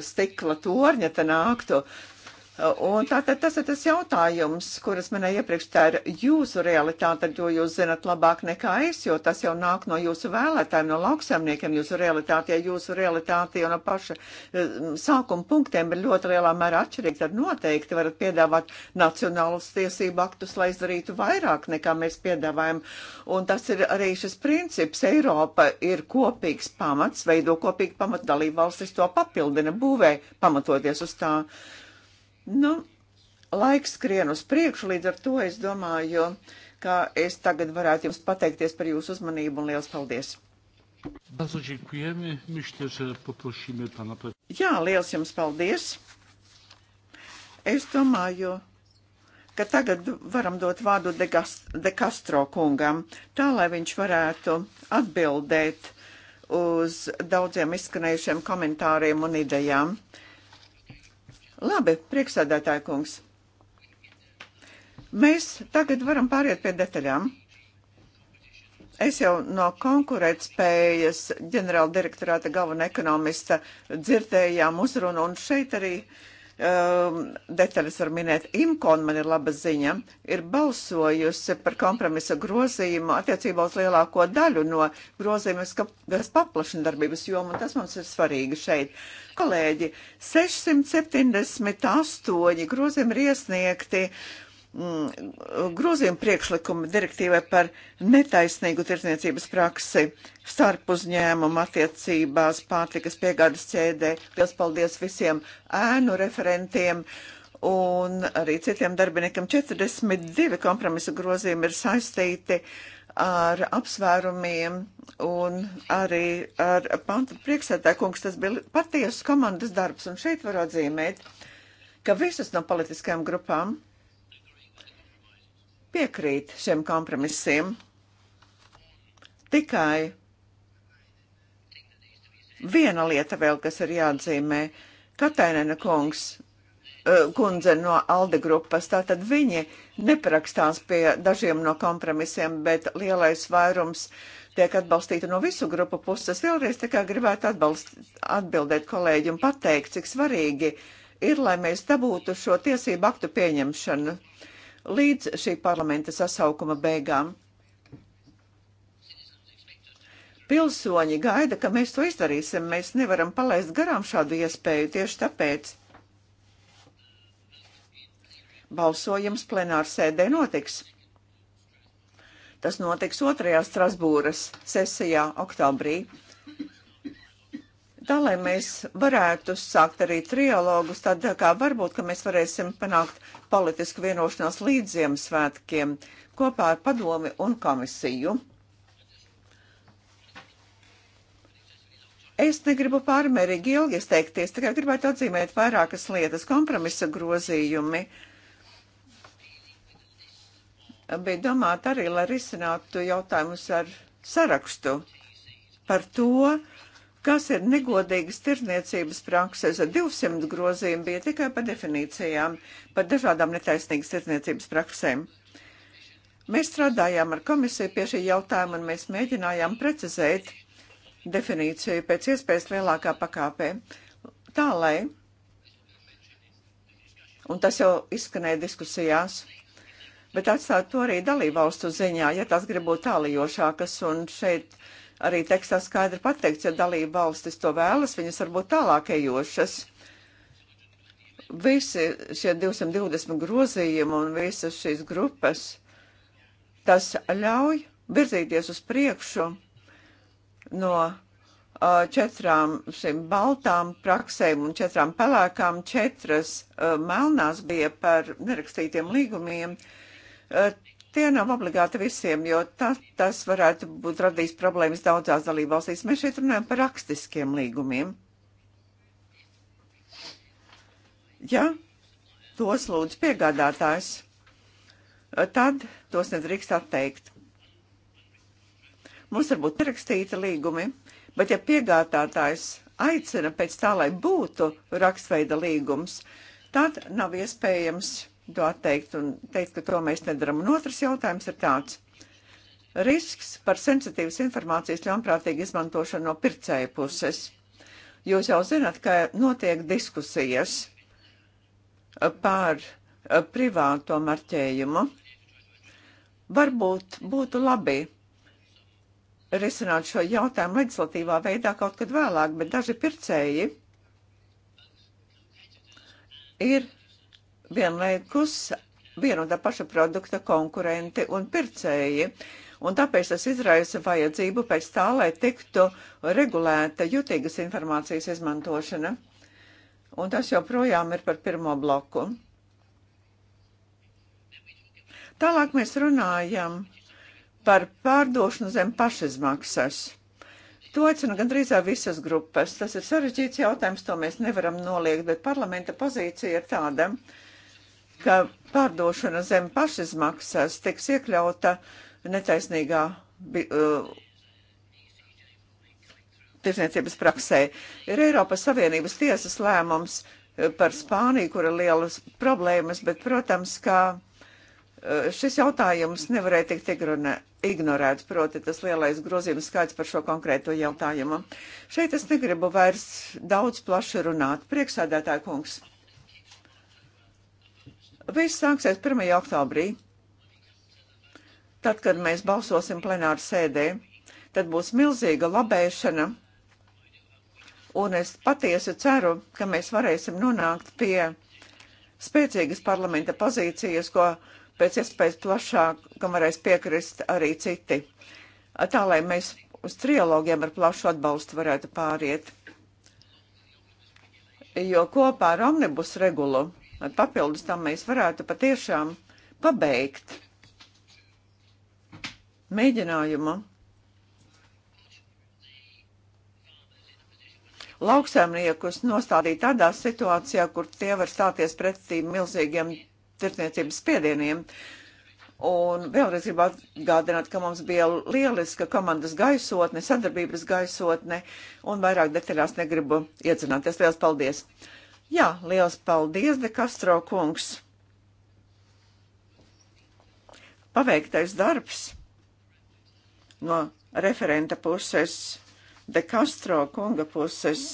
stikla torņa te nāktu, Un tātad tas ir tas jautājums, kuras minēju iepriekš, tā ir jūsu realitāte, jo jūs zinat labāk nekā es, jo tas jau nāk no jūsu vēlētājiem, no lauksaimniekiem jūsu realitāte, ja jūsu realitāte jau no paša eh, sākuma punktiem ir ļoti lielā mērā atšķirīga, tad noteikti varat piedāvāt nacionālus tiesību aktus, lai izdarītu vairāk nekā mēs piedāvājam. Un tas ir arī šis princips. Eiropa ir kopīgs pamats, veido kopīgu pamatu, dalībvalstis to papildina, būvē pamatoties uz tā. Uh, Nu, laiks skrien uz priekšu, līdz ar to es domāju, ka es tagad varētu jums pateikties par jūsu uzmanību un liels paldies! Bardzo dziękujemy. Myślę, że poprosimy pana Jā, liels jums paldies. Es domāju, ka tagad varam dot vārdu De, Gast De Castro kungam, tā lai viņš varētu atbildēt uz daudziem izskanējušiem komentāriem un idejām. Labi, priekšsēdētāja kungs. Mēs tagad varam pāriet pie detaļām. Es jau no konkurētspējas ģenerāla direktorāta galvena ekonomista dzirdējām uzrunu, un šeit arī uh, Ehm, detaļas var minēt. Imkon man ir laba ziņa, ir balsojusi par kompromisa grozījumu attiecībā uz lielāko daļu no grozījumu, kas paplašina darbības jomu, un tas mums ir svarīgi šeit. Kolēģi, 678 grozījumi ir iesniegti. Uh, Mm, grozījuma priekšlikuma direktīvai par netaisnīgu tirdzniecības praksi starp uzņēmumu attiecībās pārtikas piegādes ķēdē. Liels paldies visiem ēnu referentiem un arī citiem darbiniekam. 42 kompromisa grozījumi ir saistīti ar apsvērumiem un arī ar pantu priekšsētāju kungs. Tas bija patiesas komandas darbs, un šeit var atzīmēt, ka visas no politiskajām grupām piekrīt šiem kompromisiem. Tikai viena lieta vēl, kas ir jāatzīmē. Katainena kungs, eh, kundze no Alde grupas, tātad viņi neprakstās pie dažiem no kompromisiem, bet lielais vairums tiek atbalstīta no visu grupu puses. Vēlreiz tikai gribētu atbalst, atbildēt kolēģi un pateikt, cik svarīgi ir, lai mēs dabūtu šo tiesību aktu pieņemšanu. Uh, līdz šī parlamenta sasaukuma beigām. Pilsoņi gaida, ka mēs to izdarīsim. Mēs nevaram palaist garām šādu iespēju tieši tāpēc. Balsojums plenārsēdē notiks. Tas notiks otrajā Strasbūras sesijā oktobrī tā, lai mēs varētu sākt arī trialogus, tad kā varbūt, ka mēs varēsim panākt politisku vienošanās līdz Ziemassvētkiem kopā ar padomi un komisiju. Es negribu pārmērīgi ilgi izteikties, tikai gribētu atzīmēt vairākas lietas. Kompromisa grozījumi bija domāti arī, lai risinātu jautājumus ar sarakstu par to, uh, Kas ir negodīgas tirzniecības prakses? 200 grozījumi bija tikai par definīcijām, par dažādām netaisnīgas tirzniecības praksēm. Mēs strādājām ar komisiju pie šī jautājuma un mēs mēģinājām precizēt definīciju pēc iespējas lielākā pakāpē. Tā lai, un tas jau izskanēja diskusijās, bet atstāt to arī dalībvalstu ziņā, ja tās grib būt tālijošākas un šeit arī tekstā skaidri pateikts, ja dalība valstis to vēlas, viņas varbūt tālāk ejošas. Visi šie 220 grozījumi un visas šīs grupas, tas ļauj virzīties uz priekšu no četrām šīm baltām praksēm un četrām pelēkām, četras uh, melnās bija par nerakstītiem līgumiem. Uh, Tie nav obligāti visiem, jo tā, tas varētu būt radījis problēmas daudzās dalībvalstīs. Mēs šeit runājam par rakstiskiem līgumiem. Ja tos lūdz piegādātājs, tad tos nedrīkst atteikt. Mums var būt rakstīti līgumi, bet ja piegādātājs aicina pēc tā, lai būtu rakstveida līgums, tad nav iespējams to atteikt un teikt, ka to mēs nedaram. Un otrs jautājums ir tāds. Risks par sensitīvas informācijas ļaunprātīgu izmantošanu no pircēja puses. Jūs jau zināt, ka notiek diskusijas par eh, privāto marķējumu. Varbūt būtu labi risināt šo jautājumu legislatīvā veidā kaut kad vēlāk, bet daži pircēji ir vienlaikus vienu un tā paša produkta konkurenti un pircēji. Un tāpēc tas izraisa vajadzību pēc tā, lai tiktu regulēta jutīgas informācijas izmantošana. Un tas joprojām ir par pirmo bloku. Tālāk mēs runājam par pārdošanu zem pašizmaksas. To aicina gandrīz visas grupas. Tas ir sarežģīts jautājums, to mēs nevaram noliegt, bet parlamenta pozīcija ir tāda, ka ka pārdošana zem pašizmaksas tiks iekļauta netaisnīgā uh, tirsniecības praksē. Ir Eiropas Savienības tiesas lēmums uh, par Spāniju, kur ir lielas problēmas, bet, protams, ka uh, šis jautājums nevarēja tikt ignorēts, proti tas lielais grozījums skaits par šo konkrēto jautājumu. Šeit es negribu vairs daudz plaši runāt. Prieksādētāja kungs. Viss sāksies 1. oktobrī. Tad, kad mēs balsosim plenāru sēdē, tad būs milzīga labēšana. Un es patiesi ceru, ka mēs varēsim nonākt pie spēcīgas parlamenta pozīcijas, ko pēc iespējas plašāk, kam varēs piekrist arī citi. Tā, lai mēs uz trilogiem ar plašu atbalstu varētu pāriet. Jo kopā ar omnibus regulu lai papildus tam mēs varētu patiešām pabeigt mēģinājumu lauksaimniekus nostādīt tādā situācijā, kur tie var stāties pretī milzīgiem tirdzniecības spiedieniem. Un vēlreiz gribu atgādināt, ka mums bija lieliska komandas gaisotne, sadarbības gaisotne, un vairāk detaļās negribu iedzināties. Lielas paldies! Jā, liels paldies, De Castro kungs! Paveiktais darbs no referenta puses, De Castro kunga puses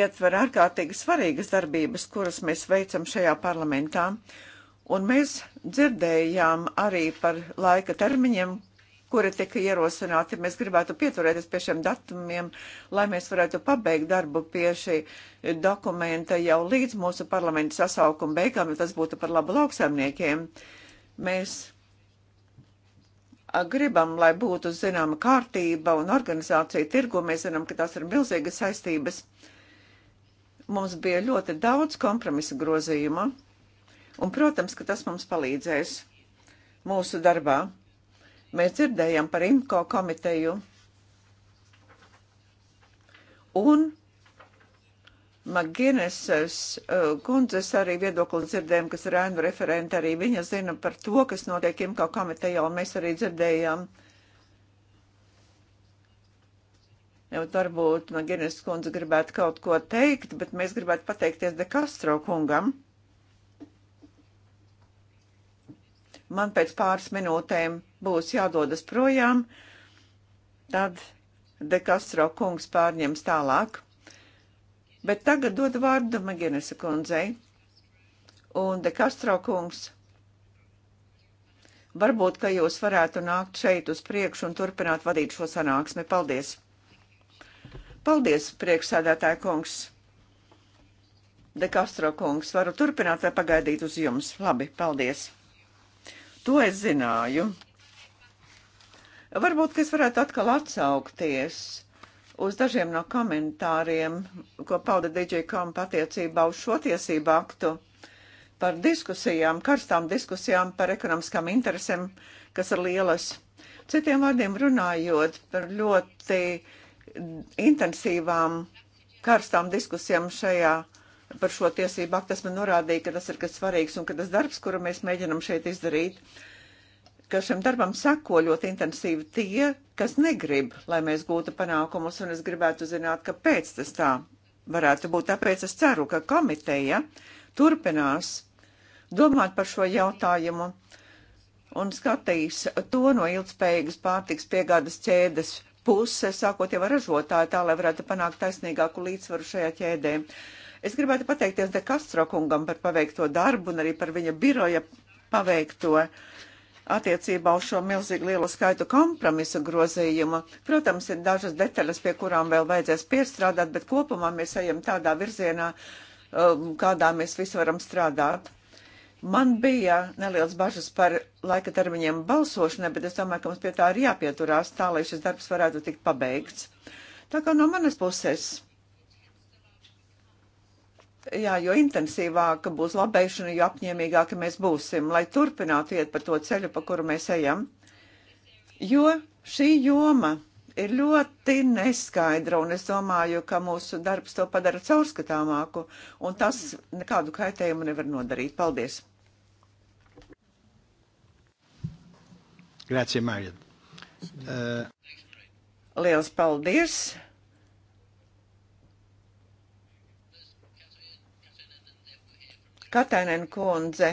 ietver ārkārtīgi svarīgas darbības, kuras mēs veicam šajā parlamentā. Un mēs dzirdējām arī par laika termiņiem, kura tika ierosināta. Mēs gribētu pieturēties pie šiem datumiem, lai mēs varētu pabeigt darbu pie šī dokumenta jau līdz mūsu parlamenta sasaukuma beigām, jo tas būtu par labu lauksaimniekiem. Mēs gribam, lai būtu zināma kārtība un organizācija tirgu. Mēs zinām, ka tās ir milzīgas saistības. Mums bija ļoti daudz kompromisa grozījuma, un, protams, ka tas mums palīdzēs mūsu darbā. Mēs dzirdējam par IMCO komiteju. Un Magineses uh, kundzes arī viedokli dzirdējām, kas ir ēnu referenta, arī viņa zina par to, kas notiek IMCO komitejā, un mēs arī dzirdējām. Jau varbūt Magineses kundze gribētu kaut ko teikt, bet mēs gribētu pateikties De Castro kungam. Man pēc pāris minūtēm būs jādodas projām, tad De Castro kungs pārņems tālāk. Bet tagad dod vārdu Maginesa kundzei. Un De Castro kungs, varbūt, ka jūs varētu nākt šeit uz priekšu un turpināt vadīt šo sanāksmi. Paldies! Paldies, priekšsēdētāja kungs! De Castro kungs, varu turpināt vai pagaidīt uz jums? Labi, paldies! To es zināju. Varbūt, ka es varētu atkal atsaukties uz dažiem no komentāriem, ko pauda DigiCom patiecībā uz šo tiesību aktu par diskusijām, karstām diskusijām par ekonomiskām interesēm, kas ir lielas. Citiem vārdiem runājot par ļoti intensīvām karstām diskusijām šajā par šo tiesību aktu, tas man norādīja, ka tas ir kas svarīgs un ka tas darbs, kuru mēs mēģinam šeit izdarīt, uh, ka šim darbam seko ļoti intensīvi tie, kas negrib, lai mēs gūtu panākumus, un es gribētu zināt, kāpēc tas tā varētu būt. Tāpēc es ceru, ka komiteja turpinās domāt par šo jautājumu un skatīs to no ilgspējīgas pārtiks piegādas ķēdes puses, sākot jau ar ražotāju, tā lai varētu panākt taisnīgāku līdzsvaru šajā ķēdē. Es gribētu pateikties De Castro kungam par paveikto darbu un arī par viņa biroja paveikto darbu attiecībā uz šo milzīgi lielo skaitu kompromisu grozījumu. Protams, ir dažas detaļas, pie kurām vēl vajadzēs piestrādāt, bet kopumā mēs ejam tādā virzienā, um, kādā mēs visi varam strādāt. Man bija neliels bažas par laika termiņiem balsošanai, bet es domāju, ka mums pie tā ir jāpieturās tā, lai šis darbs varētu tikt pabeigts. Tā kā no manas puses Jā, jo intensīvāka būs labēšana, jo apņēmīgāki mēs būsim, lai turpinātu iet pa to ceļu, pa kuru mēs ejam. Jo šī joma ir ļoti neskaidra, un es domāju, ka mūsu darbs to padara caurskatāmāku, un tas nekādu kaitējumu nevar nodarīt. Paldies! Grācija, Mārija. Uh... Liels paldies! Katainen kundze.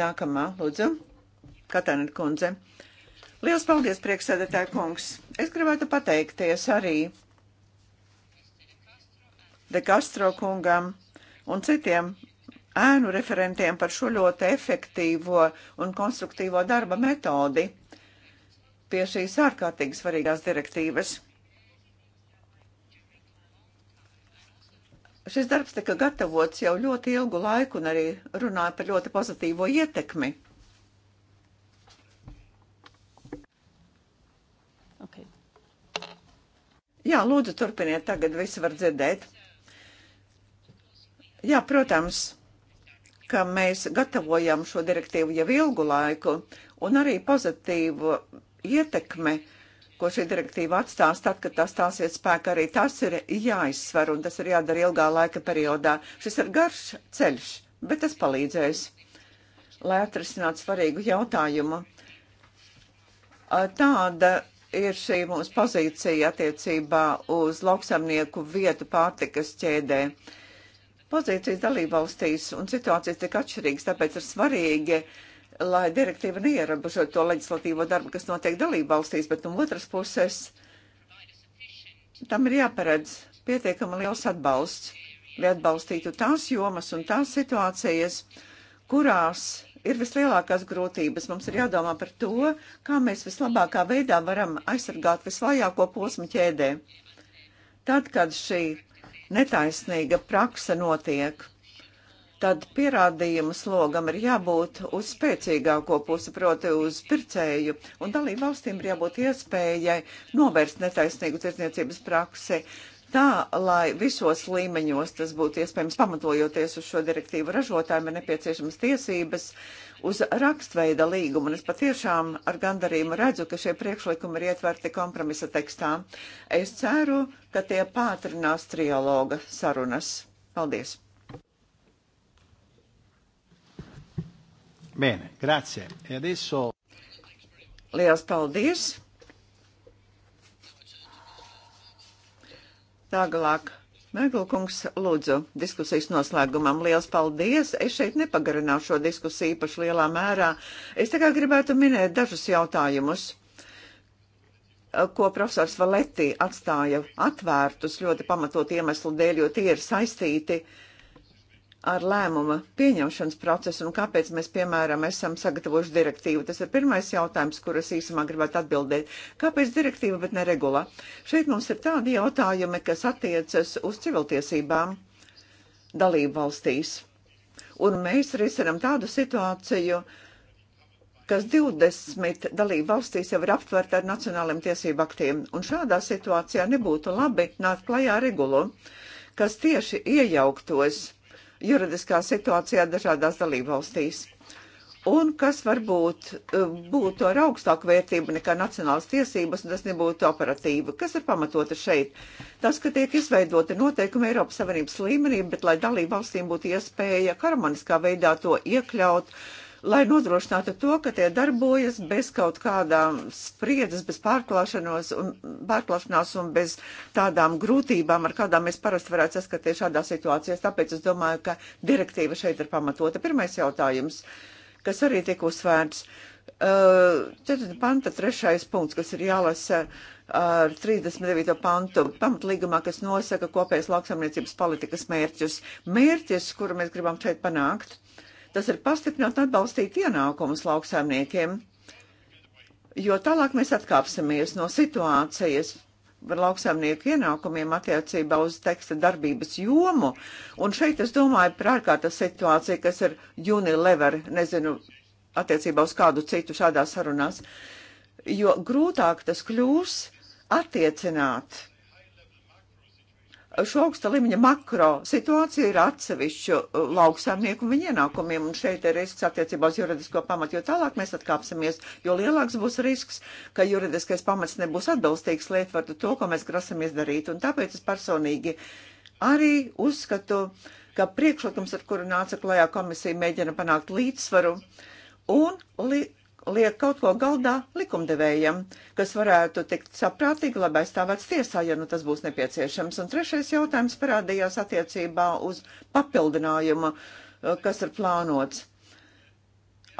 Nākamā, lūdzu. Katainen kundze. Liels paldies, priekšsēdētāja kungs. Es gribētu pateikties arī De Castro kungam un citiem ēnu referentiem par šo ļoti efektīvo un konstruktīvo darba metodi pie šīs ārkārtīgi svarīgās direktīvas. Šis darbs tika gatavots jau ļoti ilgu laiku un arī runāja par ļoti pozitīvo ietekmi. Okay. Jā, lūdzu, turpiniet, tagad visi var dzirdēt. Jā, protams, ka mēs gatavojam šo direktīvu jau ilgu laiku un arī pozitīvu ietekmi uh, ko šī direktīva atstās tad, kad tas stāsies spēkā, arī tas ir jāizsver un tas ir jādara ilgā laika periodā. Šis ir garš ceļš, bet tas palīdzēs, lai atrisinātu svarīgu jautājumu. Tāda ir šī mūsu pozīcija attiecībā uz lauksamnieku vietu pārtikas ķēdē. Pozīcijas dalībvalstīs un situācijas tik atšķirīgas, tāpēc ir svarīgi uh, lai direktīva neierobežot to leģislatīvo darbu, kas notiek dalība valstīs, bet no otras puses tam ir jāparedz pietiekama liels atbalsts, lai atbalstītu tās jomas un tās situācijas, kurās ir vislielākās grūtības. Mums ir jādomā par to, kā mēs vislabākā veidā varam aizsargāt vislajāko posmu ķēdē. Tad, kad šī netaisnīga praksa notiek, tad pierādījumu slogam ir jābūt uz spēcīgāko pusi, proti uz pircēju, un dalību valstīm ir jābūt iespējai novērst netaisnīgu tirdzniecības praksi. Tā, lai visos līmeņos tas būtu iespējams pamatojoties uz šo direktīvu ražotājiem, ir nepieciešamas tiesības uz rakstveida līgumu, un es patiešām ar gandarījumu redzu, ka šie priekšlikumi ir ietverti kompromisa tekstā. Es ceru, ka tie pātrinās trialoga sarunas. Paldies! Bene, grazie. E adesso... Lielas paldies! Tālāk, Mēglkungs, lūdzu, diskusijas noslēgumam liels paldies. Es šeit nepagarināšu šo diskusiju īpaši lielā mērā. Es tikai gribētu minēt dažus jautājumus, ko profesors Valetti atstāja atvērtus ļoti pamatot iemeslu dēļ, jo tie ir saistīti uh, ar lēmuma pieņemšanas procesu un kāpēc mēs, piemēram, esam sagatavojuši direktīvu. Tas ir pirmais jautājums, kuras īsumā gribētu atbildēt. Kāpēc direktīva, bet ne regula? Šeit mums ir tādi jautājumi, kas attiecas uz civiltiesībām dalību valstīs. Un mēs risinam tādu situāciju, kas 20 dalību valstīs jau ir aptverta ar nacionāliem tiesību aktiem. Un šādā situācijā nebūtu labi nākt klajā regulu, kas tieši iejauktos juridiskā situācijā dažādās dalībvalstīs. Un kas varbūt e, būtu ar augstāku vērtību nekā nacionālas tiesības, un tas nebūtu operatīva. Kas ir pamatota šeit? Tas, ka tiek izveidota noteikuma Eiropas Savienības līmenī, bet lai dalībvalstīm būtu iespēja harmoniskā veidā to iekļaut uh, lai nodrošinātu to, ka tie darbojas bez kaut kādām spriedzes, bez pārklāšanos un, pārklāšanās un bez tādām grūtībām, ar kādām mēs parasti varētu saskaties šādā situācijā. Tāpēc es domāju, ka direktīva šeit ir pamatota. Pirmais jautājums, kas arī tiek uzsvērts. Tātad uh, panta trešais punkts, kas ir jālasa ar 39. pantu pamatlīgumā, kas nosaka kopējas lauksamniecības politikas mērķus. Mērķis, kuru mēs gribam šeit panākt, uh, Tas ir pastiprināt un atbalstīt ienākumus lauksaimniekiem, jo tālāk mēs atkāpsimies no situācijas par lauksaimnieku ienākumiem attiecībā uz teksta darbības jomu. Un šeit es domāju par ārkārtas situāciju, kas ir Unilever, nezinu, attiecībā uz kādu citu šādās sarunās, jo grūtāk tas kļūs attiecināt Šo augsta līmeņa makro situācija ir atsevišķu uh, lauksaimnieku un viņa ienākumiem, un šeit ir risks attiecībā uz juridisko pamatu, jo tālāk mēs atkāpsimies, jo lielāks būs risks, ka juridiskais pamats nebūs atbilstīgs lietvardu to, ko mēs grasamies darīt, un tāpēc es personīgi arī uzskatu, ka priekšlikums, ar kuru nāca klajā komisija, mēģina panākt līdzsvaru un li liek kaut ko galdā likumdevējam, kas varētu tikt saprātīgi, labi aizstāvēts tiesā, ja nu tas būs nepieciešams. Un trešais jautājums parādījās attiecībā uz papildinājumu, eh, kas ir plānots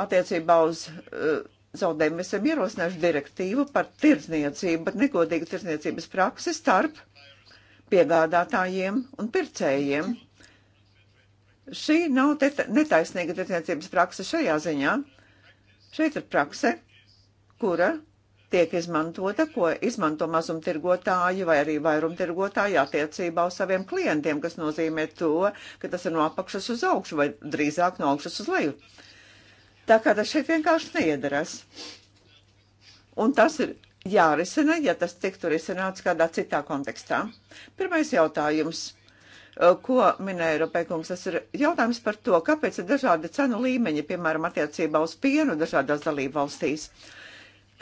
attiecībā uz uh, zaudējumu. Mēs esam ierosinājuši direktīvu par tirdzniecību, bet negodīgu tirdzniecības praksi starp piegādātājiem un pircējiem. Šī nav netaisnīga tirdzniecības praksa šajā ziņā Šeit ir prakse, kura tiek izmantota, ko izmanto mazumtirgotāji vai arī vairumtirgotāji attiecībā uz saviem klientiem, kas nozīmē to, ka tas ir no apakšas uz augšu vai drīzāk no augšas uz leju. Tā kā tas šeit vienkārši neiedarās. Un tas ir jārisina, ja tas tiktu risināts kādā citā kontekstā. Pirmais jautājums ko minēja Eiropēkums, tas ir jautājums par to, kāpēc ir dažādi cenu līmeņi, piemēram, attiecībā uz pienu dažādās dalību valstīs.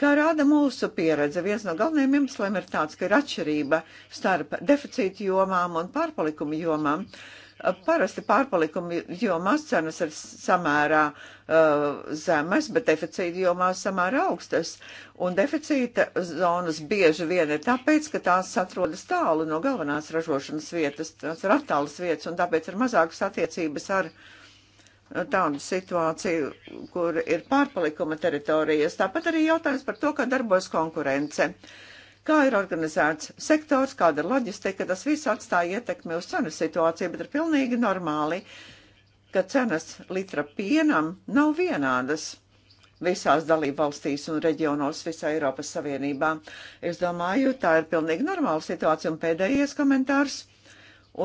Kā rāda mūsu pieredze, viens no galvenajiem iemesliem ir tāds, ka ir atšķirība starp deficītu jomām un pārpalikumu jomām. Uh, Parasti pārpalikumi jomās cenas ir samērā uh, zemes, bet deficīta jomās samērā augstas. Un deficīta zonas bieži vien ir tāpēc, ka tās atrodas tālu no galvenās ražošanas vietas, tās ir attālas vietas, un tāpēc ir mazākas attiecības ar uh, tādu situāciju, kur ir pārpalikuma teritorijas. Tāpat arī jautājums par to, kā darbojas konkurence. Uh, kā ir organizēts sektors, kāda ir loģistika, tas viss atstāja ietekmi uz cenu situāciju, bet ir pilnīgi normāli, ka cenas litra pienam nav vienādas visās dalību valstīs un reģionos visā Eiropas Savienībā. Es domāju, tā ir pilnīgi normāla situācija un pēdējais komentārs.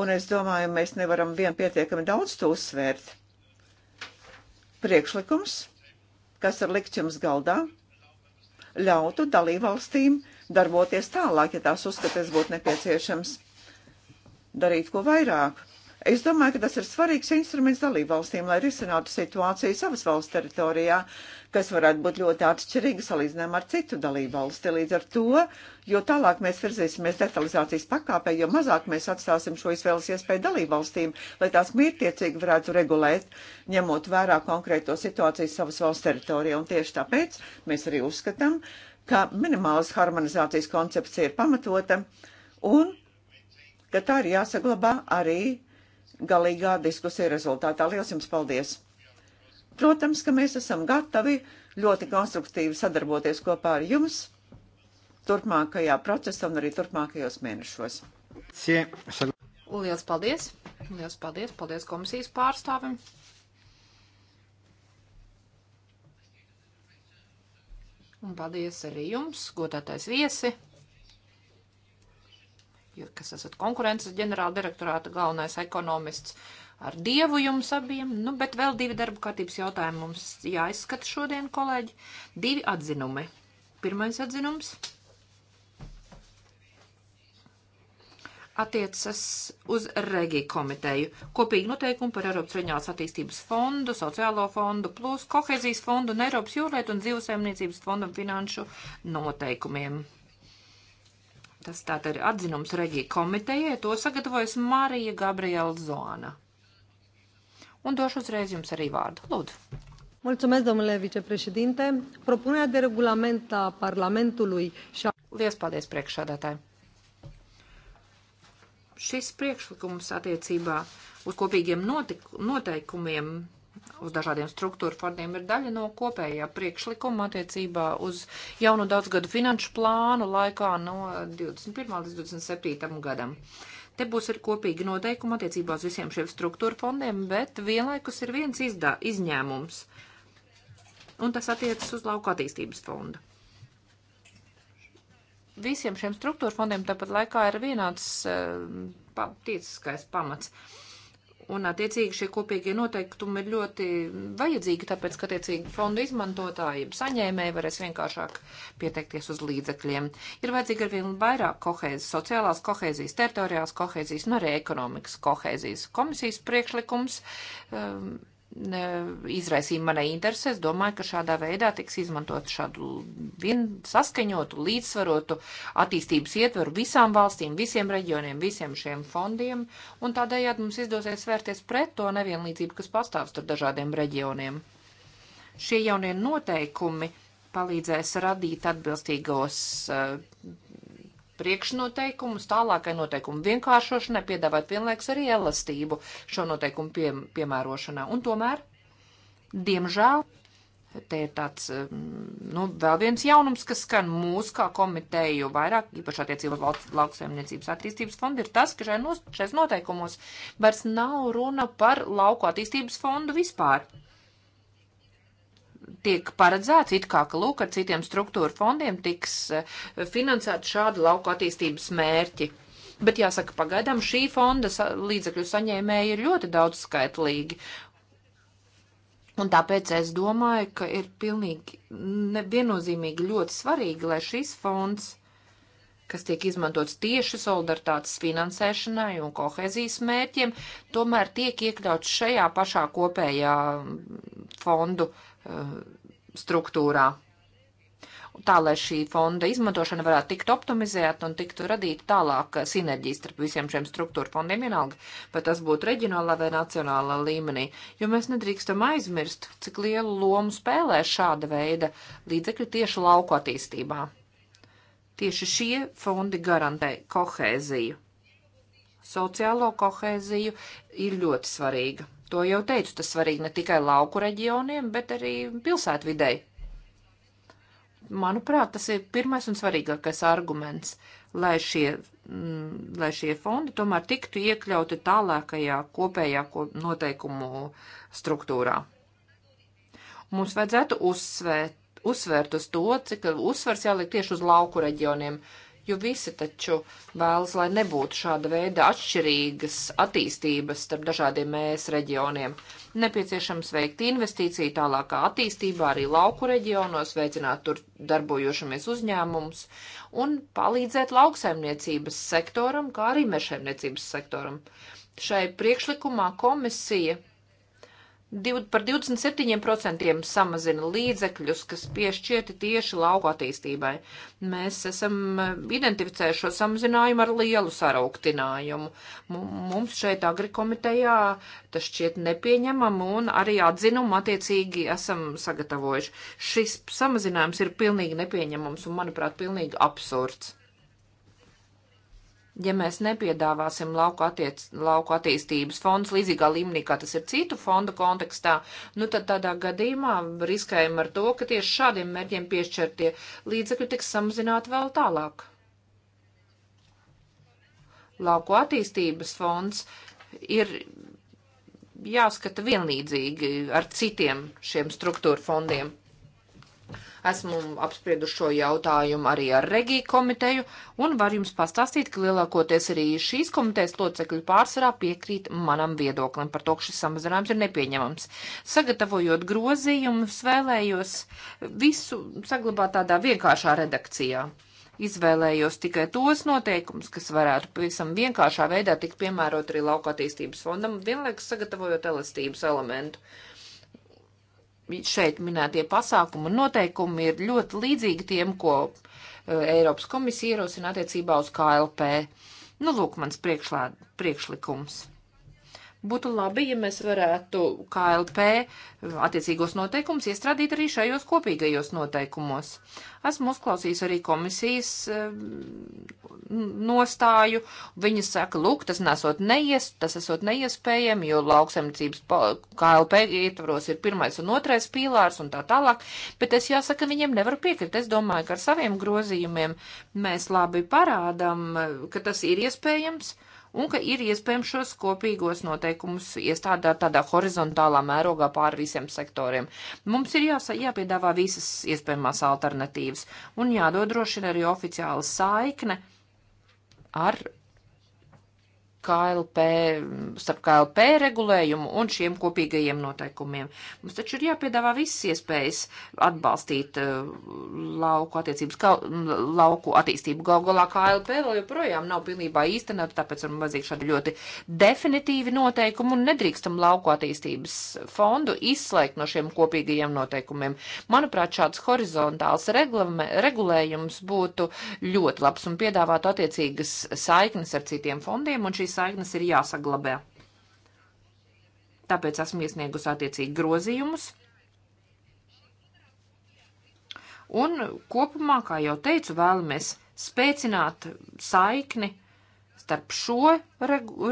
Un es domāju, mēs nevaram vien pietiekami daudz to uzsvērt. Priekšlikums, kas ir likts jums galdā, ļautu dalībvalstīm uh, darboties tālāk, ja tās uzskatēs būtu nepieciešams darīt ko vairāk. Es domāju, ka tas ir svarīgs instruments dalībvalstīm, lai risinātu situāciju savas valsts teritorijā, kas varētu būt ļoti atšķirīga salīdzinājumā ar citu dalībvalsti. Līdz ar to, jo tālāk mēs virzīsimies detalizācijas pakāpē, jo mazāk mēs atstāsim šo izvēles iespēju dalībvalstīm, lai tās mīrtiecīgi varētu regulēt, ņemot vērā konkrēto situāciju savas valsts teritorijā. Un tieši tāpēc mēs arī uzskatām, uh, ka minimālas harmonizācijas koncepcija ir pamatota un ka tā ir jāsaglabā arī galīgā diskusija rezultātā. Lielas jums paldies! Protams, ka mēs esam gatavi ļoti konstruktīvi sadarboties kopā ar jums turpmākajā procesā un arī turpmākajos mēnešos. Liels paldies! Liels paldies! Paldies komisijas pārstāvim! Un paldies arī jums, godātais viesi, kas esat konkurences ģenerāla direktorāta galvenais ekonomists. Ar dievu jums abiem, nu, bet vēl divi darba kārtības jautājumi mums jāizskata šodien, kolēģi. Divi atzinumi. Pirmais atzinums. attiecas uz Regi komiteju. Kopīgi noteikumi par Eiropas reģionālās attīstības fondu, sociālo fondu, plus kohezijas fondu un Eiropas jūrlietu un dzīvesaimniecības fondam finanšu noteikumiem. Tas tātad ir atzinums Regi komitejai, to sagatavojas Marija Gabriela Zona. Un došu uzreiz jums arī vārdu. Lūdzu. Mulțumesc, domnule vicepreședinte. Propunerea de regulament a Parlamentului și a... Lies paldies, priekšsādātāji šis priekšlikums attiecībā uz kopīgiem notik, noteikumiem, uz dažādiem struktūru fondiem ir daļa no kopējā priekšlikuma attiecībā uz jaunu daudzgadu finanšu plānu laikā no 21. līdz 27. gadam. Te būs ir kopīgi noteikumi attiecībā uz visiem šiem struktūru fondiem, bet vienlaikus ir viens izdā, izņēmums. Un tas attiecas uz lauka attīstības fondu visiem šiem struktūra fondiem tāpat laikā ir vienāds eh, pa, tiesiskais pamats. Un, attiecīgi, šie kopīgie noteikumi ir ļoti vajadzīgi, tāpēc, ka, attiecīgi, fondu izmantotāji, saņēmēji varēs vienkāršāk pieteikties uz līdzekļiem. Ir vajadzīga arvien vairāk kohēzijas, sociālās kohēzijas, teritoriālās kohēzijas un arī ekonomikas kohēzijas. Komisijas priekšlikums. Um, izraisīja manai interesi. Es domāju, ka šādā veidā tiks izmantot šādu vien saskaņotu, līdzsvarotu attīstības ietveru visām valstīm, visiem reģioniem, visiem šiem fondiem, un tādējādi mums izdosies vērties pret to nevienlīdzību, kas pastāv starp dažādiem reģioniem. Šie jaunie noteikumi palīdzēs radīt atbilstīgos uh, priekšnoteikumus tālākai noteikumu vienkāršošanai, piedāvāt vienlaiks arī elastību šo noteikumu pie, piemērošanā. Un tomēr, diemžēl, te ir tāds, um, nu, vēl viens jaunums, kas skan mūs kā komiteju vairāk, īpaši attiecībā valsts lauksaimniecības attīstības fondu, ir tas, ka šais noteikumos vairs nav runa par lauku attīstības fondu vispār tiek paredzēts, it kā, ka lūk, ar citiem struktūra fondiem tiks eh, finansēta šāda lauka attīstības mērķi. Bet jāsaka, pagaidām šī fonda līdzekļu saņēmēji ir ļoti daudz skaitlīgi. Un tāpēc es domāju, ka ir pilnīgi viennozīmīgi ļoti svarīgi, lai šis fonds, kas tiek izmantots tieši solidaritātes finansēšanai un kohezijas mērķiem, tomēr tiek iekļauts šajā pašā kopējā mm, fondu uh, Eh, struktūrā. Tā, lai šī fonda izmantošana varētu tikt optimizēta un tiktu radīta tālāk sinerģija starp visiem šiem struktūra fondiem vienalga, vai tas būtu reģionālā vai nacionālā līmenī, jo mēs nedrīkstam aizmirst, cik lielu lomu spēlē šāda veida līdzekļi tieši lauku attīstībā. Tieši šie fondi garantē kohēziju. Sociālo kohēziju ir ļoti svarīga. To jau teicu, tas svarīgi ne tikai lauku reģioniem, bet arī pilsētvidei. Manuprāt, tas ir pirmais un svarīgākais arguments, lai šie, m, mm, lai šie fondi tomēr tiktu iekļauti tālākajā kopējā noteikumu struktūrā. Mums vajadzētu uzsvērt, uzsvērt uz to, cik uzsvars jāliek tieši uz lauku reģioniem, uh, jo visi taču vēlas, lai nebūtu šāda veida atšķirīgas attīstības starp dažādiem mēs reģioniem. Nepieciešams veikt investīciju tālākā attīstībā arī lauku reģionos, veicināt tur darbojošamies uzņēmumus un palīdzēt lauksaimniecības sektoram, kā arī mešaimniecības sektoram. Šai priekšlikumā komisija par 27% samazina līdzekļus, kas piešķieti tieši lauku attīstībai. Mēs esam e, identificējuši šo samazinājumu ar lielu sarauktinājumu. Mums šeit agrikomitejā tas šķiet nepieņemam un arī atzinumu attiecīgi esam sagatavojuši. Šis samazinājums ir pilnīgi nepieņemams un, manuprāt, pilnīgi absurds ja mēs nepiedāvāsim lauku, attiec, lauku attīstības fonds līdzīgā līmenī, kā tas ir citu fondu kontekstā, nu tad tādā gadījumā riskējam ar to, ka tieši šādiem mērķiem piešķirtie līdzekļi tiks samazināti vēl tālāk. Lauku attīstības fonds ir jāskata vienlīdzīgi ar citiem šiem struktūra fondiem. Esmu apsprieduši šo jautājumu arī ar Regiju komiteju un varu jums pastāstīt, ka lielākoties arī šīs komitejas locekļu pārsvarā piekrīt manam viedoklim par to, ka šis samazinājums ir nepieņemams. Sagatavojot grozījumus, vēlējos visu saglabāt tādā vienkāršā redakcijā izvēlējos tikai tos noteikumus, kas varētu pavisam vienkāršā veidā tikt piemērot arī lauka attīstības fondam, vienlaikus sagatavojot elastības elementu šeit minētie pasākumi un noteikumi ir ļoti līdzīgi tiem, ko e, Eiropas komisija ierosina attiecībā uz KLP. Nu, lūk, mans priekšlā, priekšlikums. Būtu labi, ja mēs varētu KLP attiecīgos noteikumus iestrādīt arī šajos kopīgajos noteikumos. Esmu uzklausījis arī komisijas ehm, nostāju. Viņa saka, lūk, tas nesot neies, tas esot neiespējami, jo lauksaimniecības KLP ietvaros ir pirmais un otrais pīlārs un tā tālāk, bet es jāsaka, viņiem nevaru piekrist. Es domāju, ka ar saviem grozījumiem mēs labi parādām, ka tas ir iespējams un ka ir iespējams šos kopīgos noteikumus iestādāt tādā horizontālā mērogā pār visiem sektoriem. Mums ir jāsa, jāpiedāvā visas iespējamās alternatīvas un jādodrošina arī oficiāla saikne ar KLP, starp KLP regulējumu un šiem kopīgajiem noteikumiem. Mums taču ir jāpiedāvā visas iespējas atbalstīt uh, lauku attiecības, ka, lauku attīstību. Gal galā KLP vēl joprojām nav pilnībā īstenot, tāpēc ir vajadzīgi šādi ļoti definitīvi noteikumi un nedrīkstam lauku attīstības fondu izslēgt no šiem kopīgajiem noteikumiem. Manuprāt, šāds horizontāls regulējums būtu ļoti labs un piedāvātu attiecīgas saiknes ar citiem fondiem, un šīs saiknes ir jāsaglabē. Tāpēc esmu iesniegusi attiecīgi grozījumus. Un kopumā, kā jau teicu, vēlamies spēcināt saikni starp šo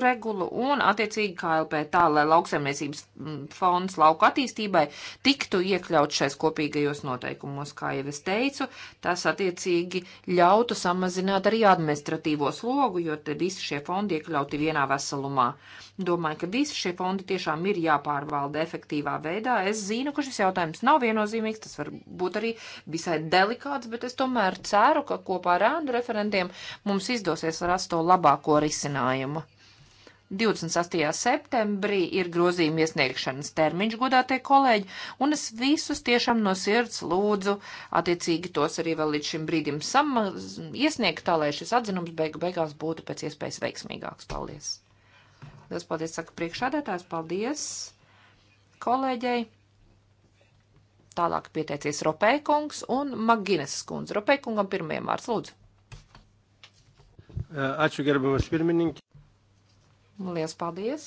regulu un attiecīgi KLP tā, lai lauksaimniecības mm, fonds lauka attīstībai tiktu iekļaut šais kopīgajos noteikumos, kā jau es teicu, tas attiecīgi ļautu samazināt arī administratīvo slogu, jo te visi šie fondi iekļauti vienā veselumā. Domāju, ka visi šie fondi tiešām ir jāpārvalda efektīvā veidā. Es zinu, ka šis jautājums nav viennozīmīgs, tas var būt arī visai delikāts, bet es tomēr ceru, ka kopā ar ēnu referentiem mums izdosies rast to labāko labāko risinājumu. 28. septembrī ir grozījuma iesniegšanas termiņš, godātie kolēģi, un es visus tiešām no sirds lūdzu, attiecīgi tos arī vēl līdz šim brīdim sama, iesniegt tā, lai šis atzinums beigu beigās būtu pēc iespējas veiksmīgāks. Paldies! Liels paldies, saka priekšādētājs, paldies kolēģei! Tālāk pieteicies Ropēkungs un Maginas skundze. Ropēkungam pirmajam vārds lūdzu. Ačiū gerbiamas pirmininkė. Lielas paldies.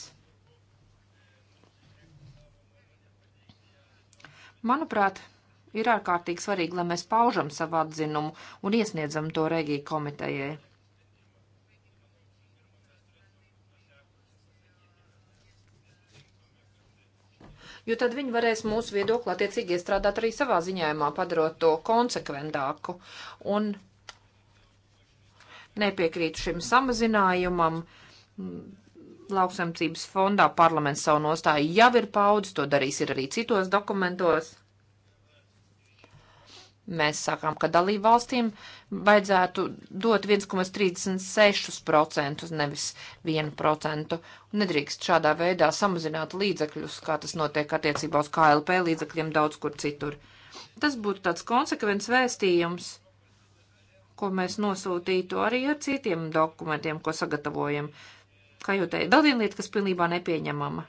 Manuprāt, ir ārkārtīgi svarīgi, lai mēs paužam savu atzinumu un iesniedzam to Regija komitejai. Jo tad viņi varēs mūsu viedokli attiecīgi iestrādāt arī savā ziņājumā, padarot to konsekventāku. Un nepiekrītu šim samazinājumam. Lauksaimniecības fondā parlaments savu nostāju jau ir paudis, to darīs ir arī citos dokumentos. Mēs sakām, ka dalību valstīm vajadzētu dot 1,36%, nevis 1%. Nedrīkst šādā veidā samazināt līdzekļus, kā tas notiek attiecībā uz KLP līdzekļiem daudz kur citur. Tas būtu tāds konsekvents vēstījums ko mēs nosūtītu arī ar citiem dokumentiem, ko sagatavojam. Kā jau teicu, vēl viena lieta, kas pilnībā nepieņemama,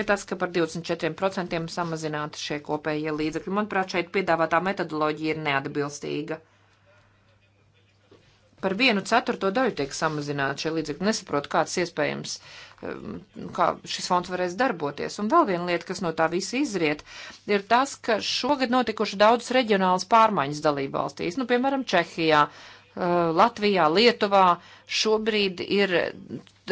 ir tas, ka par 24% samazināti šie kopējie līdzekļi. Manuprāt, šeit piedāvātā metodoloģija ir neatbilstīga par vienu ceturto daļu tiek samazināti šie līdzekļi. Nesaprotu, kāds iespējams, um, kā šis fonds varēs darboties. Un vēl viena lieta, kas no tā visa izriet, ir tas, ka šogad notikuši daudzas reģionālas pārmaiņas dalībvalstīs, nu, piemēram, Čehijā. Uh, Latvijā, Lietuvā šobrīd ir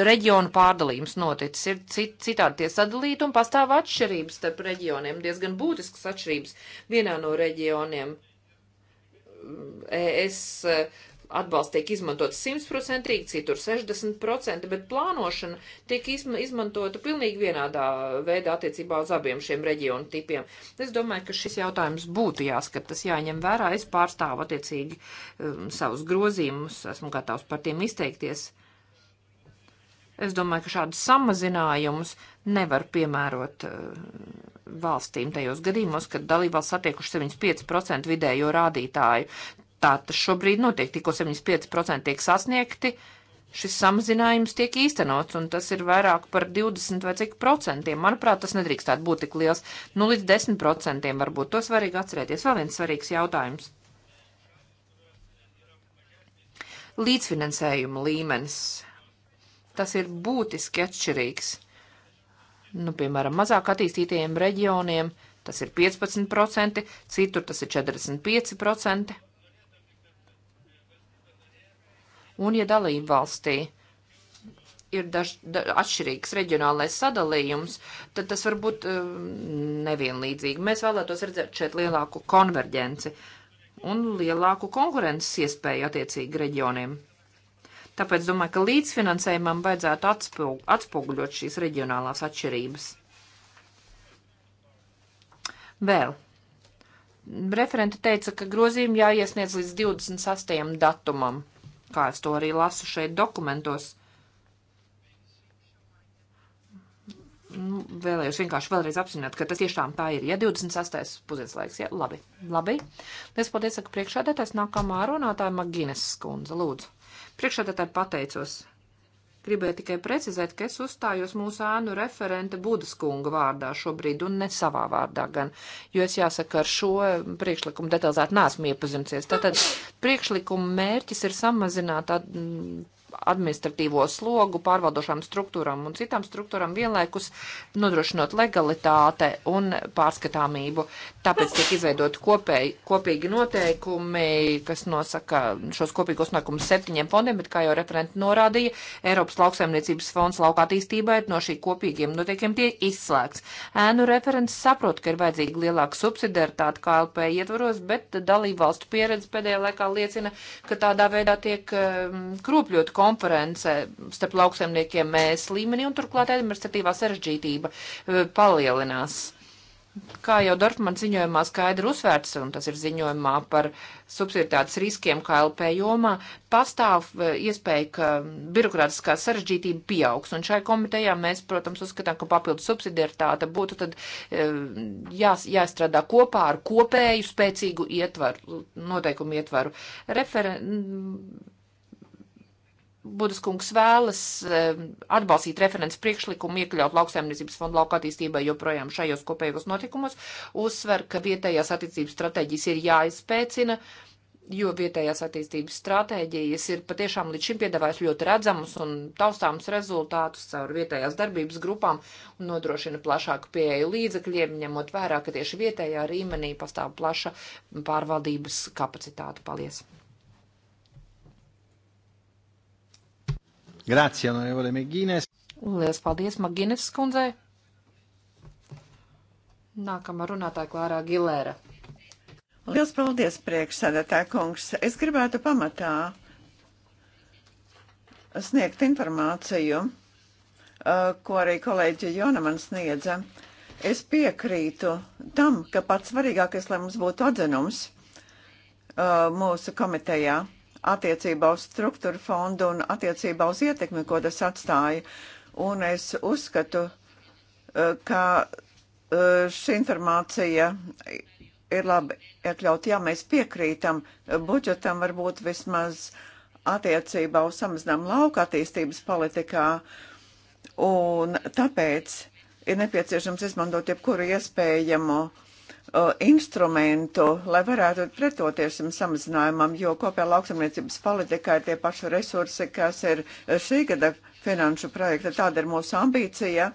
reģionu pārdalījums noticis. Ir cit, citādi tie sadalīti un pastāv atšķirības starp reģioniem, diezgan būtiskas atšķirības vienā no reģioniem. Mm, es atbalsts tiek izmantots simtprocentīgi, citur 60%, bet plānošana tiek izma izmantota pilnīgi vienādā veidā attiecībā uz abiem šiem reģionu tipiem. Es domāju, ka šis jautājums būtu jāskat, tas jāņem vērā. Es pārstāvu attiecīgi um, savus grozījumus, esmu gatavs par tiem izteikties. Es domāju, ka šādus samazinājumus nevar piemērot uh, valstīm tajos gadījumos, kad dalībvalsts attiekuši 75% vidējo rādītāju. Tā tas šobrīd notiek, tikko 75% tiek sasniegti, šis samazinājums tiek īstenots, un tas ir vairāk par 20 vai cik procentiem. Manuprāt, tas nedrīkstētu būt tik liels, nu līdz 10 procentiem varbūt. To svarīgi atcerēties. Vēl viens svarīgs jautājums. Līdzfinansējuma līmenis. Tas ir būtiski atšķirīgs. Nu, piemēram, mazāk attīstītajiem reģioniem tas ir 15%, citur tas ir 45%. Un, ja dalība valstī ir daž, da, atšķirīgs reģionālais sadalījums, tad tas var būt uh, nevienlīdzīgi. Mēs vēlētos redzēt šeit lielāku konverģenci un lielāku konkurences iespēju attiecīgi reģioniem. Tāpēc domāju, ka līdzfinansējumam vajadzētu atspūg, atspoguļot šīs reģionālās atšķirības. Vēl. Referente teica, ka grozījumi jāiesniedz līdz 28. datumam kā es to arī lasu šeit dokumentos. Nu, vēlējos vienkārši vēlreiz apzināt, ka tas tiešām tā ir. Ja 28. pusdienas laiks, ja? Labi. Labi. Es paldies, ka priekšādētājs nākamā runātāja Magines skundze. Lūdzu. Priekšādētāji pateicos. Gribēju tikai precizēt, ka es uzstājos mūsu ēnu referenta Budaskunga vārdā šobrīd un ne savā vārdā gan, jo es jāsaka, ar šo priekšlikumu detalizēti neesmu iepazincies. Tātad priekšlikuma mērķis ir samazināt administratīvo slogu pārvaldošām struktūram un citām struktūram vienlaikus nodrošinot legalitāte un pārskatāmību. Tāpēc tiek izveidot kopēji, kopīgi noteikumi, kas nosaka šos kopīgos noteikumus septiņiem fondiem, bet, kā jau referenti norādīja, Eiropas lauksaimniecības fonds lauka attīstībai no šī kopīgiem noteikumiem tiek izslēgts. Ēnu referents saprot, ka ir vajadzīga lielāka subsidiaritāte KLP ietvaros, bet dalību valstu pieredze pēdējā laikā liecina, ka tādā veidā tiek um, kropļot konkurence konferencē starp lauksaimniekiem mēs līmenī, un turklāt administratīvā sarežģītība eh, palielinās. Kā jau Dorfmans ziņojumā skaidri uzsvērts, un tas ir ziņojumā par subsidētātes riskiem KLP jomā, pastāv eh, iespēja, ka birokrātiskā sarežģītība pieaugs. Un šai komitejā mēs, protams, uzskatām, ka papildus subsidētāte būtu tad eh, jā, jāstrādā kopā ar kopēju spēcīgu ietvaru, noteikumu ietvaru. Referen Budaskungs vēlas ehm, atbalstīt referents priekšlikumu iekļaut lauksaimniecības fondu lauka attīstībai joprojām šajos kopējos notikumos, uzsver, ka vietējās attīstības stratēģijas ir jāizpēcina, jo vietējās attīstības stratēģijas ir patiešām līdz šim piedāvājis ļoti redzamus un taustāmus rezultātus caur vietējās darbības grupām un nodrošina plašāku pieeju līdzekļiem, ņemot vērā, ka tieši vietējā līmenī pastāv plaša pārvaldības kapacitāte. Paldies! Grācija, Norevole Megīnēs. Lielas paldies Magīnes skundzei. Nākamā runātāja Klārā Gilēra. Lielas paldies, priekšsēdētāja kungs. Es gribētu pamatā sniegt informāciju, eh, ko arī kolēģi Jona man sniedza. Es piekrītu tam, ka pats svarīgākais, lai mums būtu atzinums eh, mūsu komitejā attiecībā uz struktūra fondu un attiecībā uz ietekmi, ko tas atstāja. Un es uzskatu, eh, ka eh, šī informācija ir labi iekļaut. Jā, mēs piekrītam eh, budžetam varbūt vismaz attiecībā uz samazinām lauka attīstības politikā, un tāpēc ir nepieciešams izmantot jebkuru iespējamu uh, Uh, instrumentu, lai varētu pretoties šim samazinājumam, jo kopējā lauksamniecības politikā ir tie paši resursi, kas ir šī gada finanšu projekta. Tāda ir mūsu ambīcija.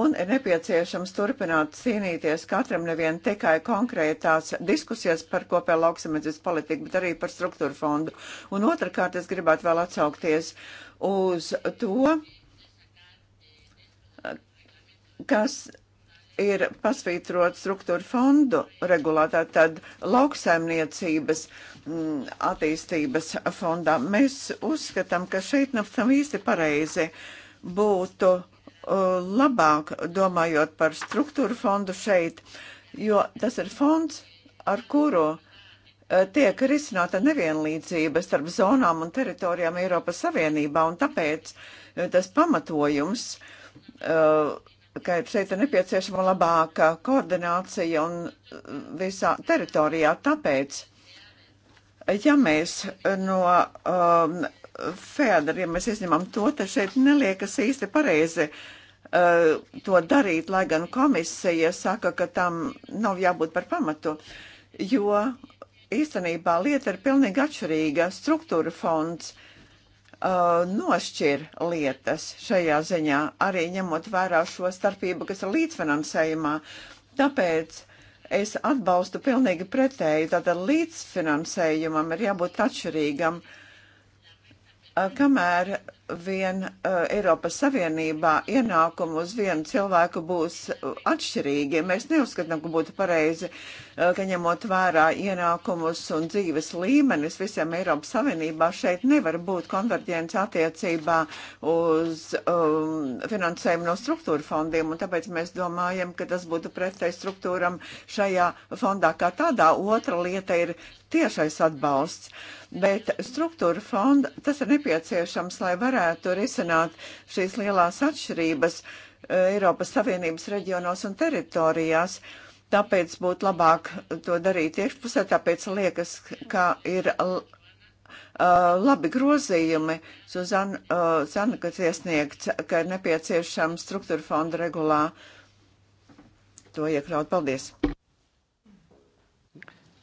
Un ir nepieciešams turpināt cīnīties katram nevien tikai konkrētās diskusijas par kopējā lauksamniecības politiku, bet arī par struktūru fondu. Un otrkārt, es gribētu vēl atsaukties uz to, kas ir pasvītrot struktūra fondu regulātā, tad lauksaimniecības m, mm, attīstības fondā. Mēs uzskatām, ka šeit nav nu, tam īsti pareizi būtu uh, labāk domājot par struktūra fondu šeit, jo tas ir fonds, ar kuru uh, tiek risināta nevienlīdzība starp zonām un teritorijām Eiropas Savienībā, un tāpēc uh, tas pamatojums uh, ka ir šeit nepieciešama labāka koordinācija un uh, visā teritorijā. Tāpēc, ja mēs no um, Fēdera, ja mēs izņemam to, tad šeit neliekas īsti pareizi uh, to darīt, lai gan komisija saka, ka tam nav jābūt par pamatu, jo īstenībā lieta ir pilnīgi atšķirīga. Struktūra fonds uh, uh, nošķir lietas šajā ziņā, arī ņemot vērā šo starpību, kas ir līdzfinansējumā. Tāpēc es atbalstu pilnīgi pretēju, tātad līdzfinansējumam ir jābūt atšķirīgam, uh, kamēr vien uh, Eiropas Savienībā ienākumu uz vienu cilvēku būs eh, atšķirīgi. Mēs neuzskatām, ka būtu pareizi, uh, ka ņemot vērā ienākumus un dzīves līmenis visiem Eiropas Savienībā, šeit nevar būt konverģents attiecībā uz um, finansējumu no struktūra fondiem, un tāpēc mēs domājam, ka tas būtu pretēji struktūram šajā fondā kā tādā. Otra lieta ir tiešais atbalsts, bet struktūra fonda tas ir nepieciešams, lai varētu varētu risināt šīs lielās atšķirības eh, Eiropas Savienības reģionos un teritorijās. Tāpēc būtu labāk to darīt iekšpusē, tāpēc liekas, ka ir eh, labi grozījumi, Suzana, eh, Zana, kas iesniegts, ka ir nepieciešams struktūra fonda regulā to iekļaut. Paldies!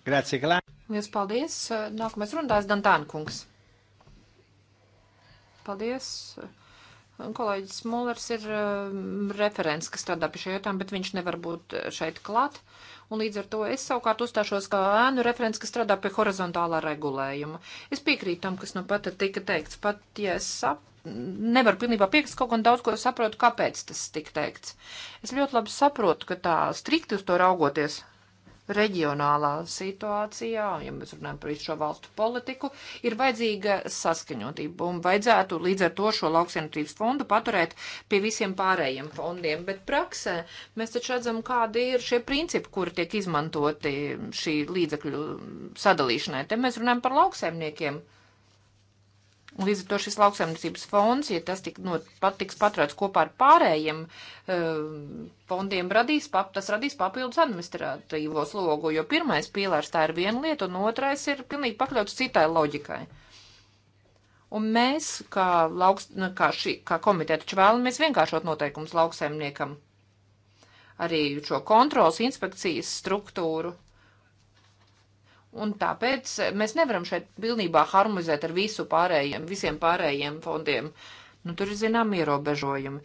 Grācija, Liels paldies! Nākamais runātājs Dantāna kungs. Paldies! Kolēģis Mullers ir um, referents, kas strādā pie šī jautājuma, bet viņš nevar būt uh, šeit klāt. Un līdz ar to es savukārt uzstāšos kā ēnu referents, kas strādā pie horizontālā regulējuma. Es piekrītu tam, kas nu pat tika teikts, pat, ja es sap, nevaru pilnībā piekrist kaut kam daudz, ko saprotu, kāpēc tas tika teikts. Es ļoti labi saprotu, ka tā strikti uz to raugoties, reģionālā situācijā, ja mēs runājam par visu šo valstu politiku, ir vajadzīga saskaņotība un vajadzētu līdz ar to šo lauksienotības fondu paturēt pie visiem pārējiem fondiem. Bet praksē mēs taču redzam, kādi ir šie principi, kuri tiek izmantoti šī līdzekļu sadalīšanai. Te mēs runājam par lauksaimniekiem. Un līdz ar to šis lauksaimniecības fonds, ja tas tik, no, pat, tiks paturēts kopā ar pārējiem eh, fondiem, radīs, pap, tas radīs papildus administratīvo slogu, jo pirmais pīlārs tā ir viena lieta, un otrais ir pilnīgi pakļauts citai loģikai. Un mēs, kā, lauks, nu, kā, šī, kā komiteja, taču vēlamies vienkāršot noteikumus lauksaimniekam. Arī šo kontrols, inspekcijas struktūru. Un tāpēc mēs nevaram šeit pilnībā harmonizēt ar visu pārējiem, visiem pārējiem fondiem. Nu, tur ir zinām ierobežojumi,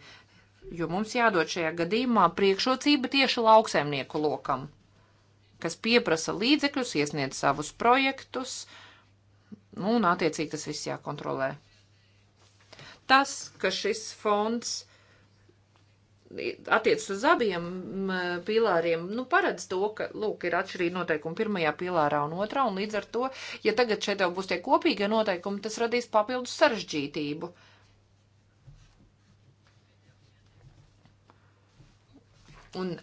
jo mums jādod šajā gadījumā priekšrocība tieši lauksaimnieku lokam, kas pieprasa līdzekļus, iesniedz savus projektus, nu, un attiecīgi tas viss jākontrolē. Tas, ka šis fonds attiecas uz abiem pilāriem, nu, paredz to, ka, lūk, ir atšķirīgi noteikumi pirmajā pilārā un otrā, un līdz ar to, ja tagad šeit jau būs tie kopīgie noteikumi, tas radīs papildus sarežģītību. Un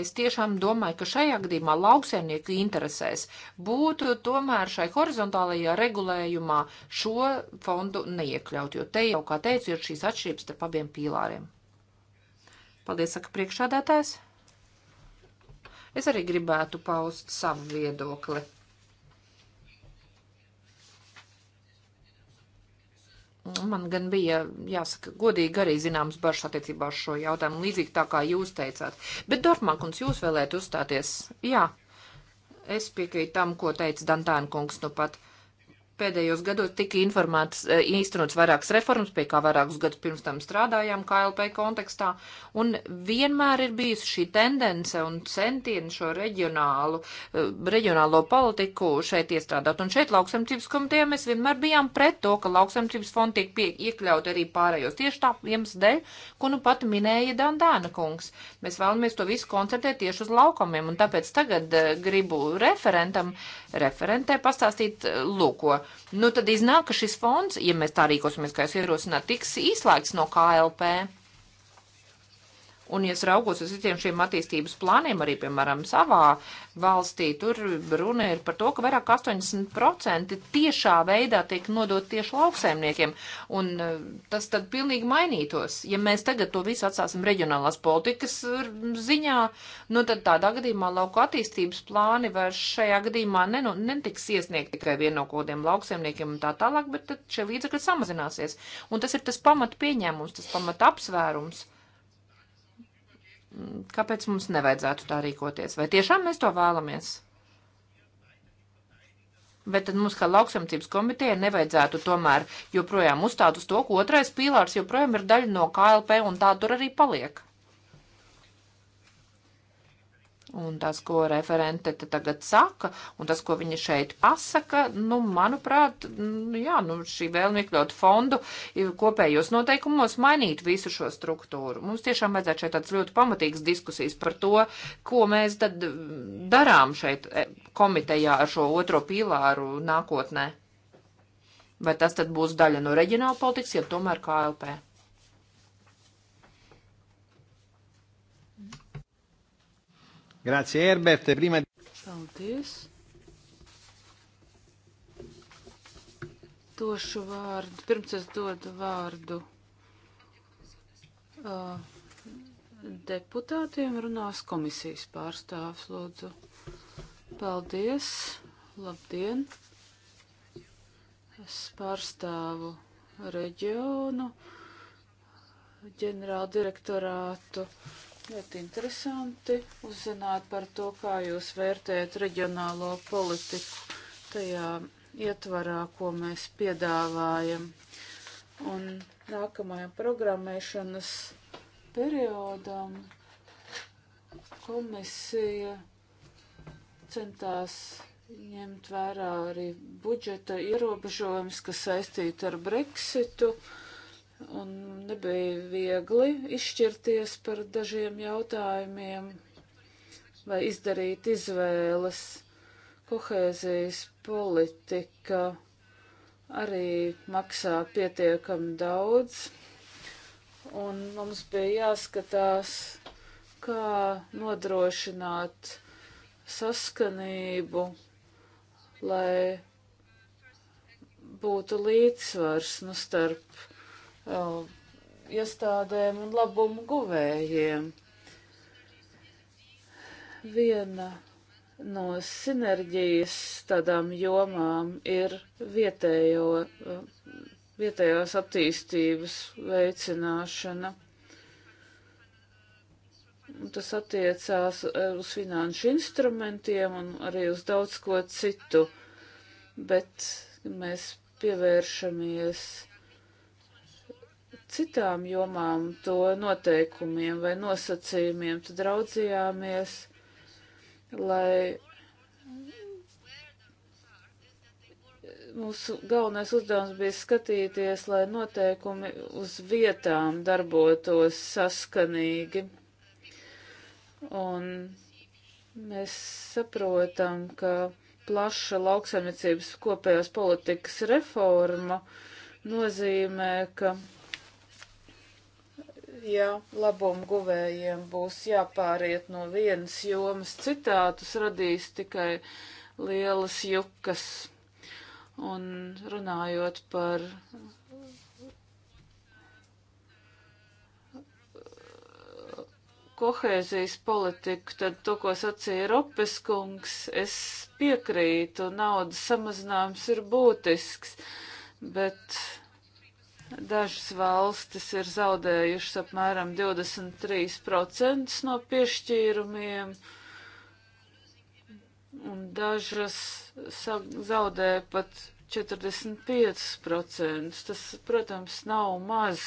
Es tiešām domāju, ka šajā gadījumā lauksaimnieku interesēs būtu tomēr šai horizontālajā regulējumā šo fondu neiekļaut, jo te jau, kā teicu, ir šīs atšķirības starp abiem pīlāriem. Paldies, saka priekšādātājs. Es arī gribētu paust savu viedokli. Man gan bija, jāsaka, godīgi arī zināms baršs attiecībā uz šo jautājumu, līdzīgi tā kā jūs teicāt. Bet, Dortmankunds, jūs vēlēt uzstāties? Jā, es piekrītu tam, ko teica Dantēna kungs nu pat. Uh, Pēdējos gados tika informēts, e, īstenots vairākas reformas, pie kā vairākus gadus pirms tam strādājām KLP kontekstā, un vienmēr ir bijusi šī tendence un centieni šo reģionālu, e, reģionālo politiku šeit iestrādāt. Un šeit lauksemcības komitejā mēs vienmēr bijām pret to, ka lauksemcības fondi tiek pie, iekļaut arī pārējos tieši tā iemesla dēļ, ko nu pat minēja Dandāna kungs. Mēs vēlamies to visu koncentrēt tieši uz laukumiem, un tāpēc tagad e, gribu referentam, referentē pastāstīt lūko nu tad iznāk, ka šis fonds, ja mēs tā rīkosimies, kā es ierosināju, tiks izslēgts no KLP. Un, ja es raugos uz visiem šiem attīstības plāniem, arī, piemēram, savā valstī, tur runa ir par to, ka vairāk 80% tiešā veidā tiek nodot tieši lauksaimniekiem. Un eh, tas tad pilnīgi mainītos. Ja mēs tagad to visu atstāsim reģionālās politikas eh, ziņā, nu tad tādā gadījumā lauku attīstības plāni vairs šajā gadījumā nenu, netiks iesniegt tikai vienokotiem lauksaimniekiem un tā tālāk, bet tad šie līdzekļi samazināsies. Un tas ir tas pamat pieņēmums, tas pamat apsvērums. Kāpēc mums nevajadzētu tā rīkoties? Vai tiešām mēs to vēlamies? Bet tad mums, kā lauksamcības komitejai, nevajadzētu tomēr joprojām uzstāt uz to, ka otrais pīlārs joprojām ir daļa no KLP un tā tur arī paliek. Un tas, ko referente te tagad saka, un tas, ko viņa šeit pasaka, nu, manuprāt, nu, jā, nu, šī vēlme iekļaut fondu kopējos noteikumos mainīt visu šo struktūru. Mums tiešām vajadzētu šeit tāds ļoti pamatīgs diskusijas par to, ko mēs tad mm, darām šeit e, komitejā ar šo otro pīlāru nākotnē. Vai tas tad būs daļa no reģionāla politikas, ja tomēr KLP? Grazie, Herbert. Prima... Paldies. Došu vārdu. Pirms es dodu vārdu uh, deputātiem, runās komisijas pārstāvs, lūdzu. Paldies. Labdien. Es pārstāvu reģionu ģenerāldirektorātu. direktorātu Ļoti interesanti uzzināt par to, kā jūs vērtējat reģionālo politiku tajā ietvarā, ko mēs piedāvājam. Un nākamajam programmēšanas periodam komisija centās ņemt vērā arī budžeta ierobežojums, kas saistīti ar Brexitu. Uh, un nebija viegli izšķirties par dažiem jautājumiem vai izdarīt izvēles. Kohēzijas politika arī maksā pietiekami daudz, un mums bija jāskatās, kā nodrošināt saskanību, lai būtu līdzsvars nu, starp uh, iestādēm un labumu guvējiem. Viena no sinerģijas tādām jomām ir vietējo, uh, vietējās attīstības veicināšana. Tas attiecās uh, uz finanšu instrumentiem un arī uz daudz ko citu, bet mēs pievēršamies citām jomām, to noteikumiem vai nosacījumiem, tad raudzījāmies, lai mūsu galvenais uzdevums bija skatīties, lai noteikumi uz vietām darbotos saskanīgi. Un mēs saprotam, ka plaša lauksaimniecības kopējās politikas reforma nozīmē, ka ja labumu guvējiem būs jāpāriet no vienas jomas citā, tas radīs tikai lielas jukas. Un runājot par uh, kohēzijas politiku, tad to, ko sacīja Ropes kungs, es piekrītu, naudas samazinājums ir būtisks, bet Dažas valstis ir zaudējušas apmēram 23% no piešķīrumiem, un dažas zaudē pat 45%. Tas, protams, nav maz,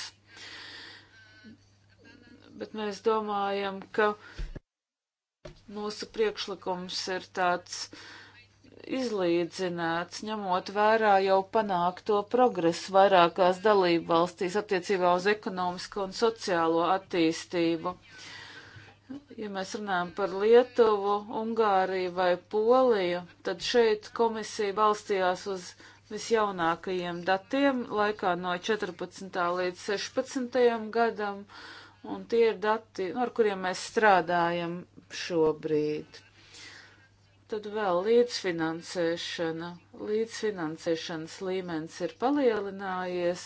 bet mēs domājam, ka mūsu priekšlikums ir tāds uh, izlīdzināts, ņemot vērā jau panākto progresu vairākās dalību valstīs attiecībā uz ekonomisko un sociālo attīstību. Ja mēs runājam par Lietuvu, Ungāriju vai Poliju, tad šeit komisija balstījās uz visjaunākajiem datiem laikā no 14. līdz 16. gadam, un tie ir dati, nu, ar kuriem mēs strādājam šobrīd. Tad vēl līdzfinansēšana. Līdzfinansēšanas līmenis ir palielinājies,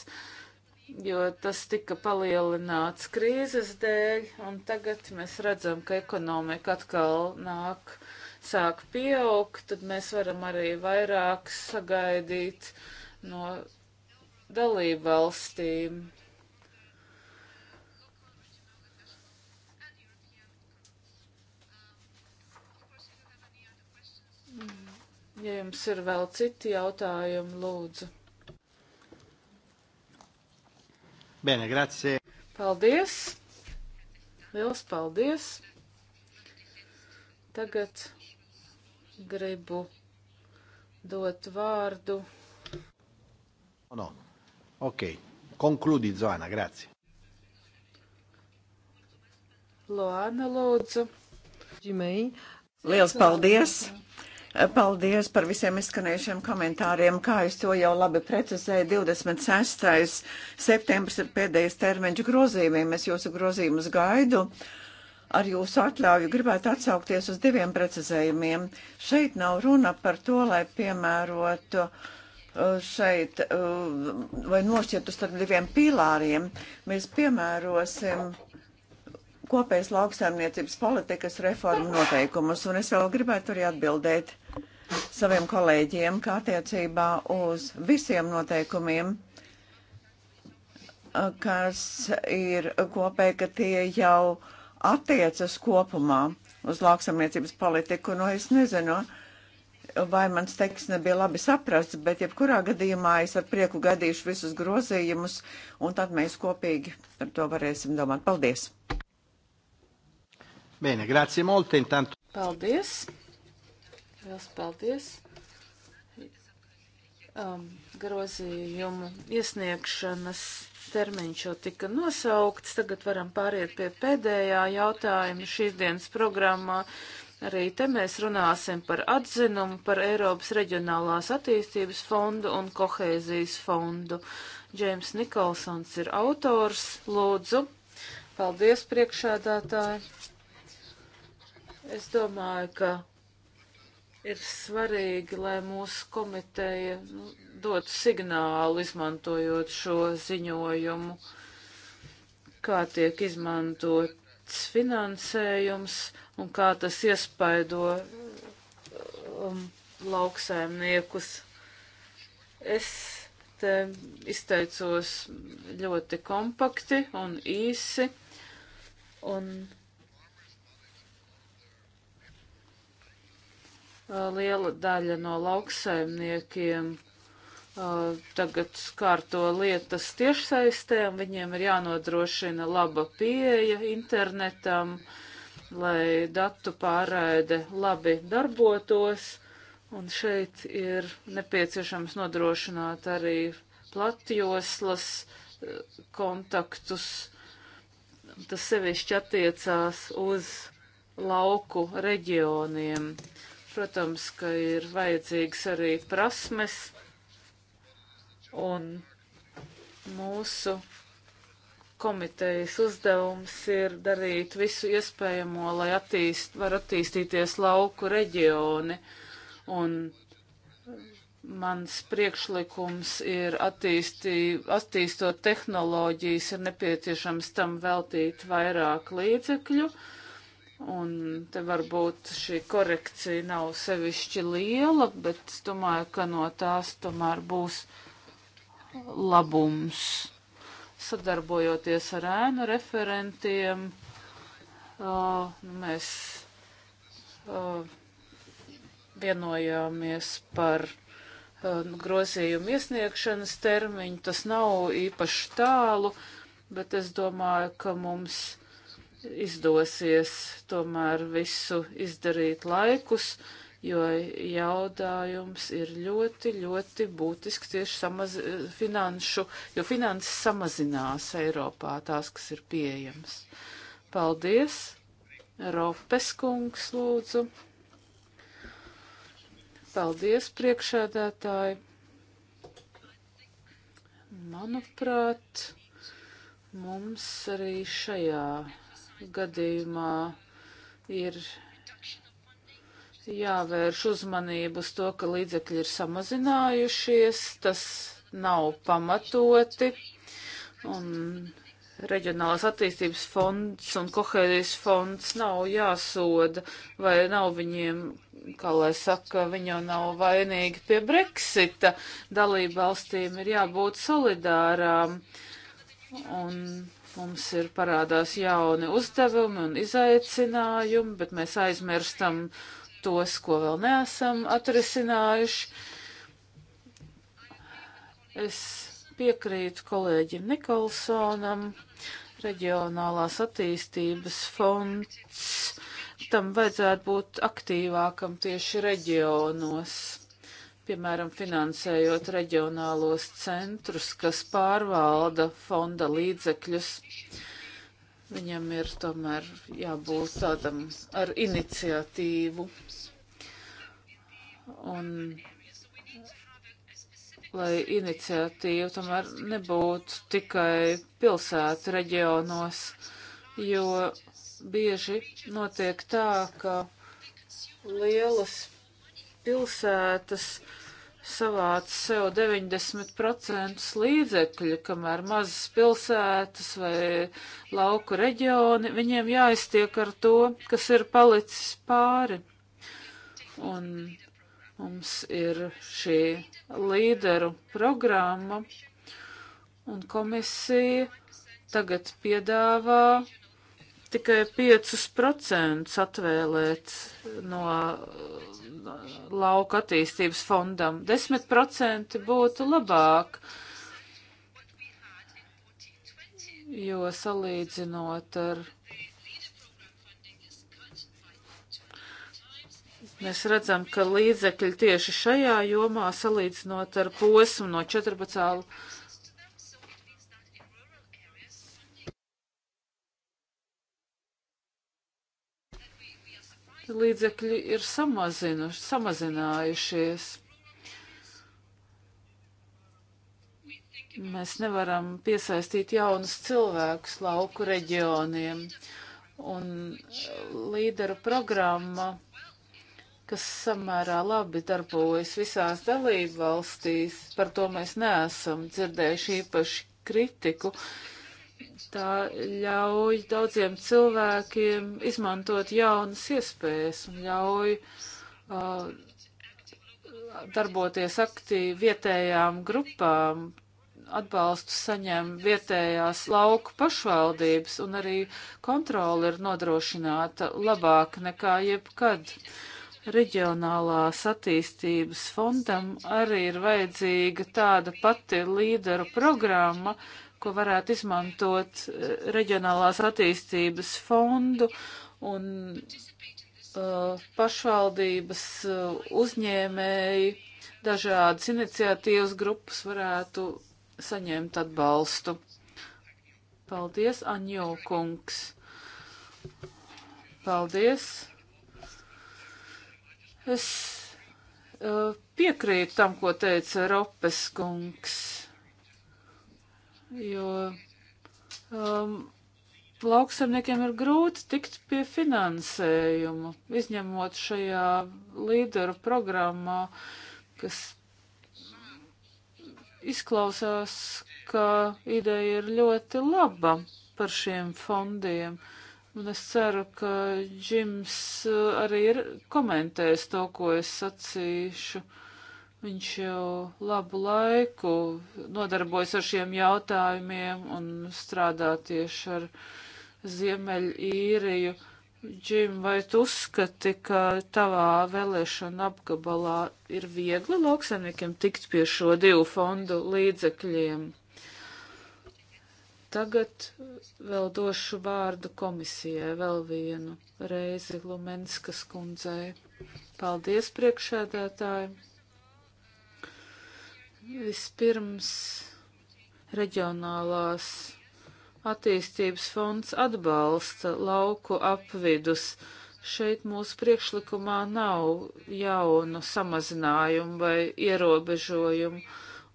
jo tas tika palielināts krīzes dēļ, un tagad mēs redzam, ka ekonomika atkal nāk, sāk pieaugt, tad mēs varam arī vairāk sagaidīt no dalību valstīm. Ja jums ir vēl citi jautājumi, lūdzu. Bene, grazie. Paldies! Liels paldies! Tagad gribu dot vārdu. No. Ok, konkludi, Zana, grazie. Loana, lūdzu. Ģimei. Liels paldies! Paldies par visiem izskanējušiem komentāriem. Kā es to jau labi precizēju, 26. septembris ir pēdējais termiņš grozījumiem. Es jūsu grozījumus gaidu. Ar jūsu atļauju gribētu atsaukties uz diviem precizējumiem. Šeit nav runa par to, lai piemērotu uh, šeit uh, vai nošķirtu starp diviem pīlāriem. Mēs piemērosim kopējas lauksaimniecības politikas reformu noteikumus, un es vēl gribētu arī atbildēt saviem kolēģiem, kā attiecībā uz visiem noteikumiem, kas ir kopēji, ka tie jau attiecas kopumā uz lauksaimniecības politiku. Nu, es nezinu, vai mans teksts nebija labi saprasts, bet jebkurā gadījumā es ar prieku gaidīšu visus grozījumus, un tad mēs kopīgi par to varēsim domāt. Paldies! Bene, grazie molte. Intanto... Paldies. Liels paldies. Um, grozījumu iesniegšanas termiņš jau tika nosaukts. Tagad varam pāriet pie pēdējā jautājuma šīs dienas programmā. Arī te mēs runāsim par atzinumu par Eiropas reģionālās attīstības fondu un kohēzijas fondu. Džeims Nikolsons ir autors. Lūdzu. Paldies, priekšādātāji. Es domāju, ka ir svarīgi, lai mūsu komiteja nu, dotu signālu, izmantojot šo ziņojumu, kā tiek izmantots finansējums un kā tas iespaido um, lauksaimniekus. Es te izteicos ļoti kompakti un īsi, un Uh, liela daļa no lauksaimniekiem uh, tagad skārto lietas tiešsaistē, un viņiem ir jānodrošina laba pieeja internetam, lai datu pārraide labi darbotos, un šeit ir nepieciešams nodrošināt arī platjoslas uh, kontaktus. Tas sevišķi attiecās uz lauku reģioniem. Uh, Protams, ka ir vajadzīgs arī prasmes un mūsu komitejas uzdevums ir darīt visu iespējamo, lai attīst, var attīstīties lauku reģioni. Un mans priekšlikums ir attīstī, attīstot tehnoloģijas, ir nepieciešams tam veltīt vairāk līdzekļu. Uh, Un te varbūt šī korekcija nav sevišķi liela, bet es domāju, ka no tās tomēr būs labums. Sadarbojoties ar ēnu referentiem, uh, nu, mēs uh, vienojāmies par uh, nu, grozījumu iesniegšanas termiņu. Tas nav īpaši tālu, bet es domāju, ka mums izdosies tomēr visu izdarīt laikus, jo jautājums ir ļoti, ļoti būtisks tieši samaz, finanšu, jo finanses samazinās Eiropā tās, kas ir pieejams. Paldies! Ropes kungs lūdzu. Paldies, priekšēdētāji. Manuprāt, mums arī šajā gadījumā ir jāvērš uzmanību uz to, ka līdzekļi ir samazinājušies, tas nav pamatoti. Un reģionālās attīstības fonds un kohēdijas fonds nav jāsoda, vai nav viņiem, kā lai saka, viņi jau nav vainīgi pie Brexita. Dalība valstīm ir jābūt solidārām. Un Mums ir parādās jauni uzdevumi un izaicinājumi, bet mēs aizmirstam tos, ko vēl neesam atrisinājuši. Es piekrītu kolēģim Nikolsonam, reģionālās attīstības fonds. Tam vajadzētu būt aktīvākam tieši reģionos piemēram, finansējot reģionālos centrus, kas pārvalda fonda līdzekļus. Viņam ir tomēr jābūt tādam ar iniciatīvu. Un lai iniciatīva tomēr nebūtu tikai pilsētu reģionos, jo bieži notiek tā, ka lielas pilsētas savāc sev 90% līdzekļu, kamēr mazas pilsētas vai lauku reģioni, viņiem jāiztiek ar to, kas ir palicis pāri. Un mums ir šī līderu programma, un komisija tagad piedāvā tikai 5% atvēlēt no lauka attīstības fondam. 10% būtu labāk, jo salīdzinot ar. Mēs redzam, ka līdzekļi tieši šajā jomā salīdzinot ar posmu no 14. līdzekļi ir samazinājušies. Mēs nevaram piesaistīt jaunus cilvēkus lauku reģioniem. Un eh, līderu programma, kas samērā labi darbojas visās dalību valstīs, par to mēs neesam dzirdējuši īpaši kritiku. Uh, Tā ļauj daudziem cilvēkiem izmantot jaunas iespējas un ļauj uh, darboties aktīvi vietējām grupām, atbalstu saņem vietējās lauku pašvaldības, un arī kontroli ir nodrošināta labāk nekā jebkad. Reģionālās attīstības fondam arī ir vajadzīga tāda pati līderu programma, ko varētu izmantot eh, reģionālās attīstības fondu un uh, pašvaldības eh, uzņēmēji, dažādas iniciatīvas grupas varētu saņemt atbalstu. Paldies, Anjo kungs. Paldies. Es uh, piekrītu tam, ko teica Ropes kungs jo um, lauksamniekiem ir grūti tikt pie finansējumu, izņemot šajā līderu programmā, kas izklausās, ka ideja ir ļoti laba par šiem fondiem. Un es ceru, ka Džims uh, arī ir komentēs to, ko es sacīšu. Viņš jau labu laiku nodarbojas ar šiem jautājumiem un strādā tieši ar Ziemeļīriju. Džim, vai tu uzskati, ka tavā vēlēšana apgabalā ir viegli lauksaimniekiem tikt pie šo divu fondu līdzekļiem? Tagad vēl došu vārdu komisijai vēl vienu reizi Lumenskas kundzei. Paldies priekšēdētāji! Vispirms reģionālās attīstības fonds atbalsta lauku apvidus. Šeit mūsu priekšlikumā nav jaunu samazinājumu vai ierobežojumu,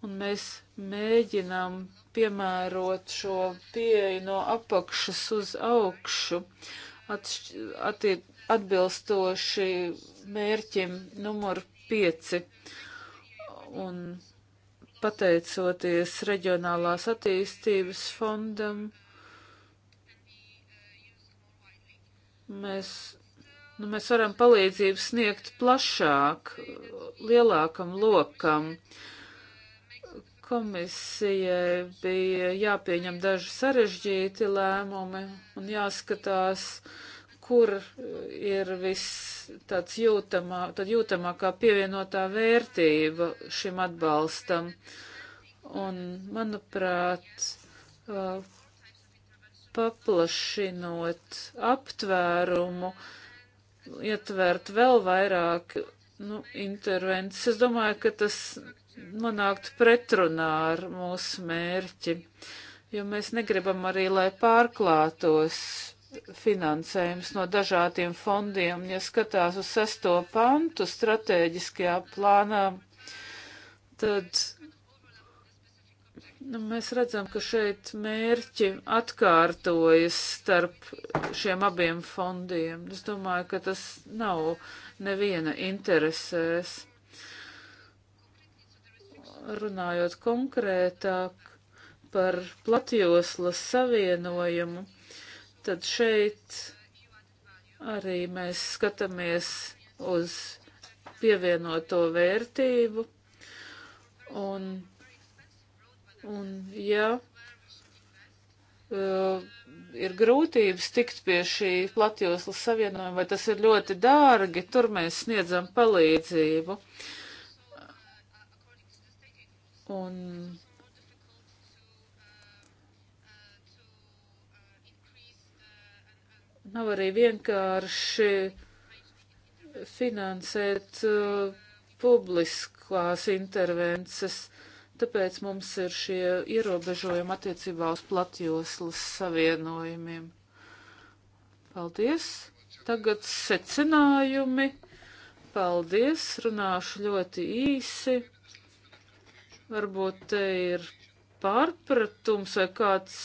un mēs mēģinām piemērot šo pieeju no apakšas uz augšu, attiet, atbilstoši mērķim numur pieci. Un pateicoties reģionālās attīstības fondam. Mēs, nu, mēs varam palīdzību sniegt plašāk, lielākam lokam. Komisijai bija jāpieņem daži sarežģīti lēmumi un jāskatās, kur ir viss tāds jūtamā, tad jūtamākā pievienotā vērtība šim atbalstam. Un, manuprāt, paplašinot aptvērumu, ietvert vēl vairāk nu, intervences, es domāju, ka tas nonāktu pretrunā ar mūsu mērķi, jo mēs negribam arī, lai pārklātos finansējums no dažādiem fondiem. Ja skatās uz sesto pantu strateģiskajā plānā, tad nu, mēs redzam, ka šeit mērķi atkārtojas starp šiem abiem fondiem. Es domāju, ka tas nav neviena interesēs. Runājot konkrētāk par platjoslas savienojumu tad šeit arī mēs skatāmies uz pievienoto vērtību. Un, un ja uh, ir grūtības tikt pie šī platjoslas savienojuma, vai tas ir ļoti dārgi, tur mēs sniedzam palīdzību. Un Nav arī vienkārši finansēt uh, publiskās intervences, tāpēc mums ir šie ierobežojumi attiecībā uz platjoslas savienojumiem. Paldies! Tagad secinājumi. Paldies! Runāšu ļoti īsi. Varbūt te ir pārpratums vai kāds,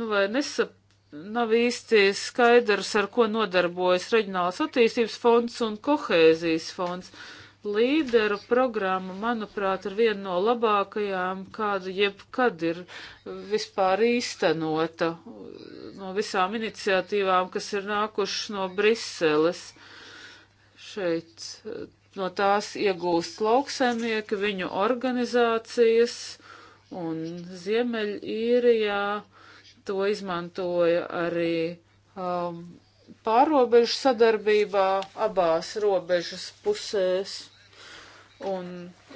nu vai nesap nav īsti skaidrs, ar ko nodarbojas Reģionālās attīstības fonds un kohēzijas fonds. Līderu programma, manuprāt, ir viena no labākajām, kāda jebkad ir vispār īstenota no visām iniciatīvām, kas ir nākušas no Briseles. Šeit no tās iegūst lauksaimnieki, viņu organizācijas un Ziemeļīrijā. Ja To izmantoja arī um, pārobežu sadarbībā abās robežas pusēs. Un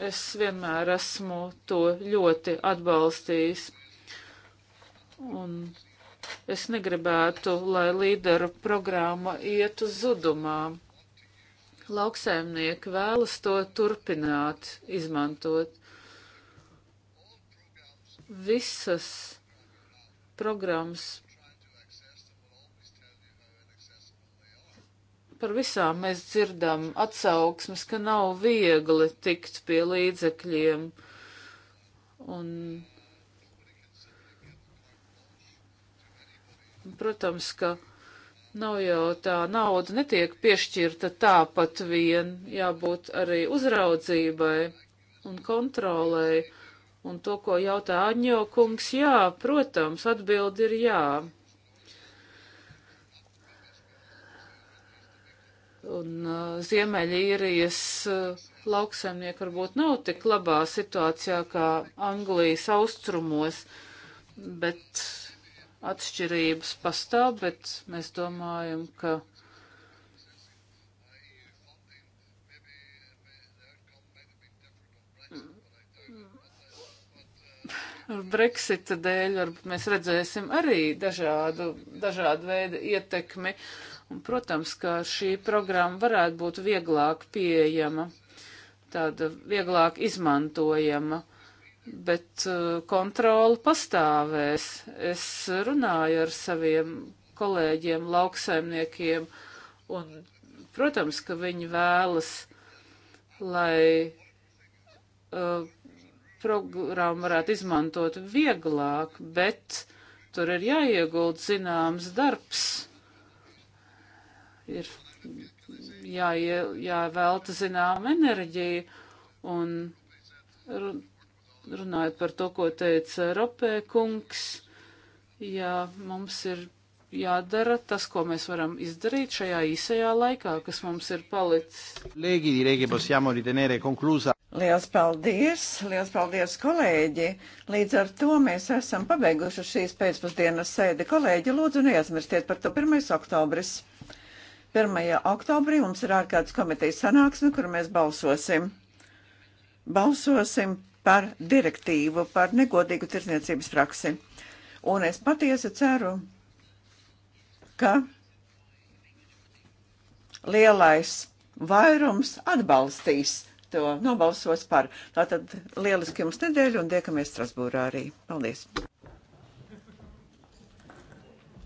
es vienmēr esmu to ļoti atbalstījis. Un es negribētu, lai līderu programma iet uz zudumā. Lauksēmnieki vēlas to turpināt, izmantot visas programmas par visām mēs dzirdam atsauksmes, ka nav viegli tikt pie līdzekļiem. Un, protams, ka nav jau tā nauda netiek piešķirta tāpat vien, jābūt arī uzraudzībai un kontrolēji. Un to, ko jautā Aņo kungs, jā, protams, atbildi ir jā. Un uh, Ziemeļīrijas uh, lauksaimnieki varbūt nav tik labā situācijā kā Anglijas austrumos, bet atšķirības pastāv, bet mēs domājam, ka Brexita dēļ mēs redzēsim arī dažādu, dažādu veidu ietekmi. Un, protams, ka šī programma varētu būt vieglāk pieejama, tāda vieglāk izmantojama, bet uh, kontrola pastāvēs. Es runāju ar saviem kolēģiem, lauksaimniekiem, un, protams, ka viņi vēlas, lai. Uh, programmu varētu izmantot vieglāk, bet tur ir jāieguld zināms darbs. Ir jāie, jāvelta zinām enerģija un runājot par to, ko teica Ropē kungs, ja mums ir jādara tas, ko mēs varam izdarīt šajā īsajā laikā, kas mums ir palicis. Lēgi, direi, ka possiamo ritenere conclusa. Liels paldies! Liels paldies, kolēģi! Līdz ar to mēs esam pabeiguši šīs pēcpusdienas sēdi. Kolēģi, lūdzu, neaizmirstiet par to 1. oktobris. 1. oktobrī mums ir ārkārtas komitejas sanāksme, kur mēs balsosim. Balsosim par direktīvu par negodīgu tirsniecības praksi. Un es patiesi ceru, ka lielais vairums atbalstīs to nobalsos par. Tātad lieliski jums nedēļu un tiekamies Strasbūrā arī. Paldies!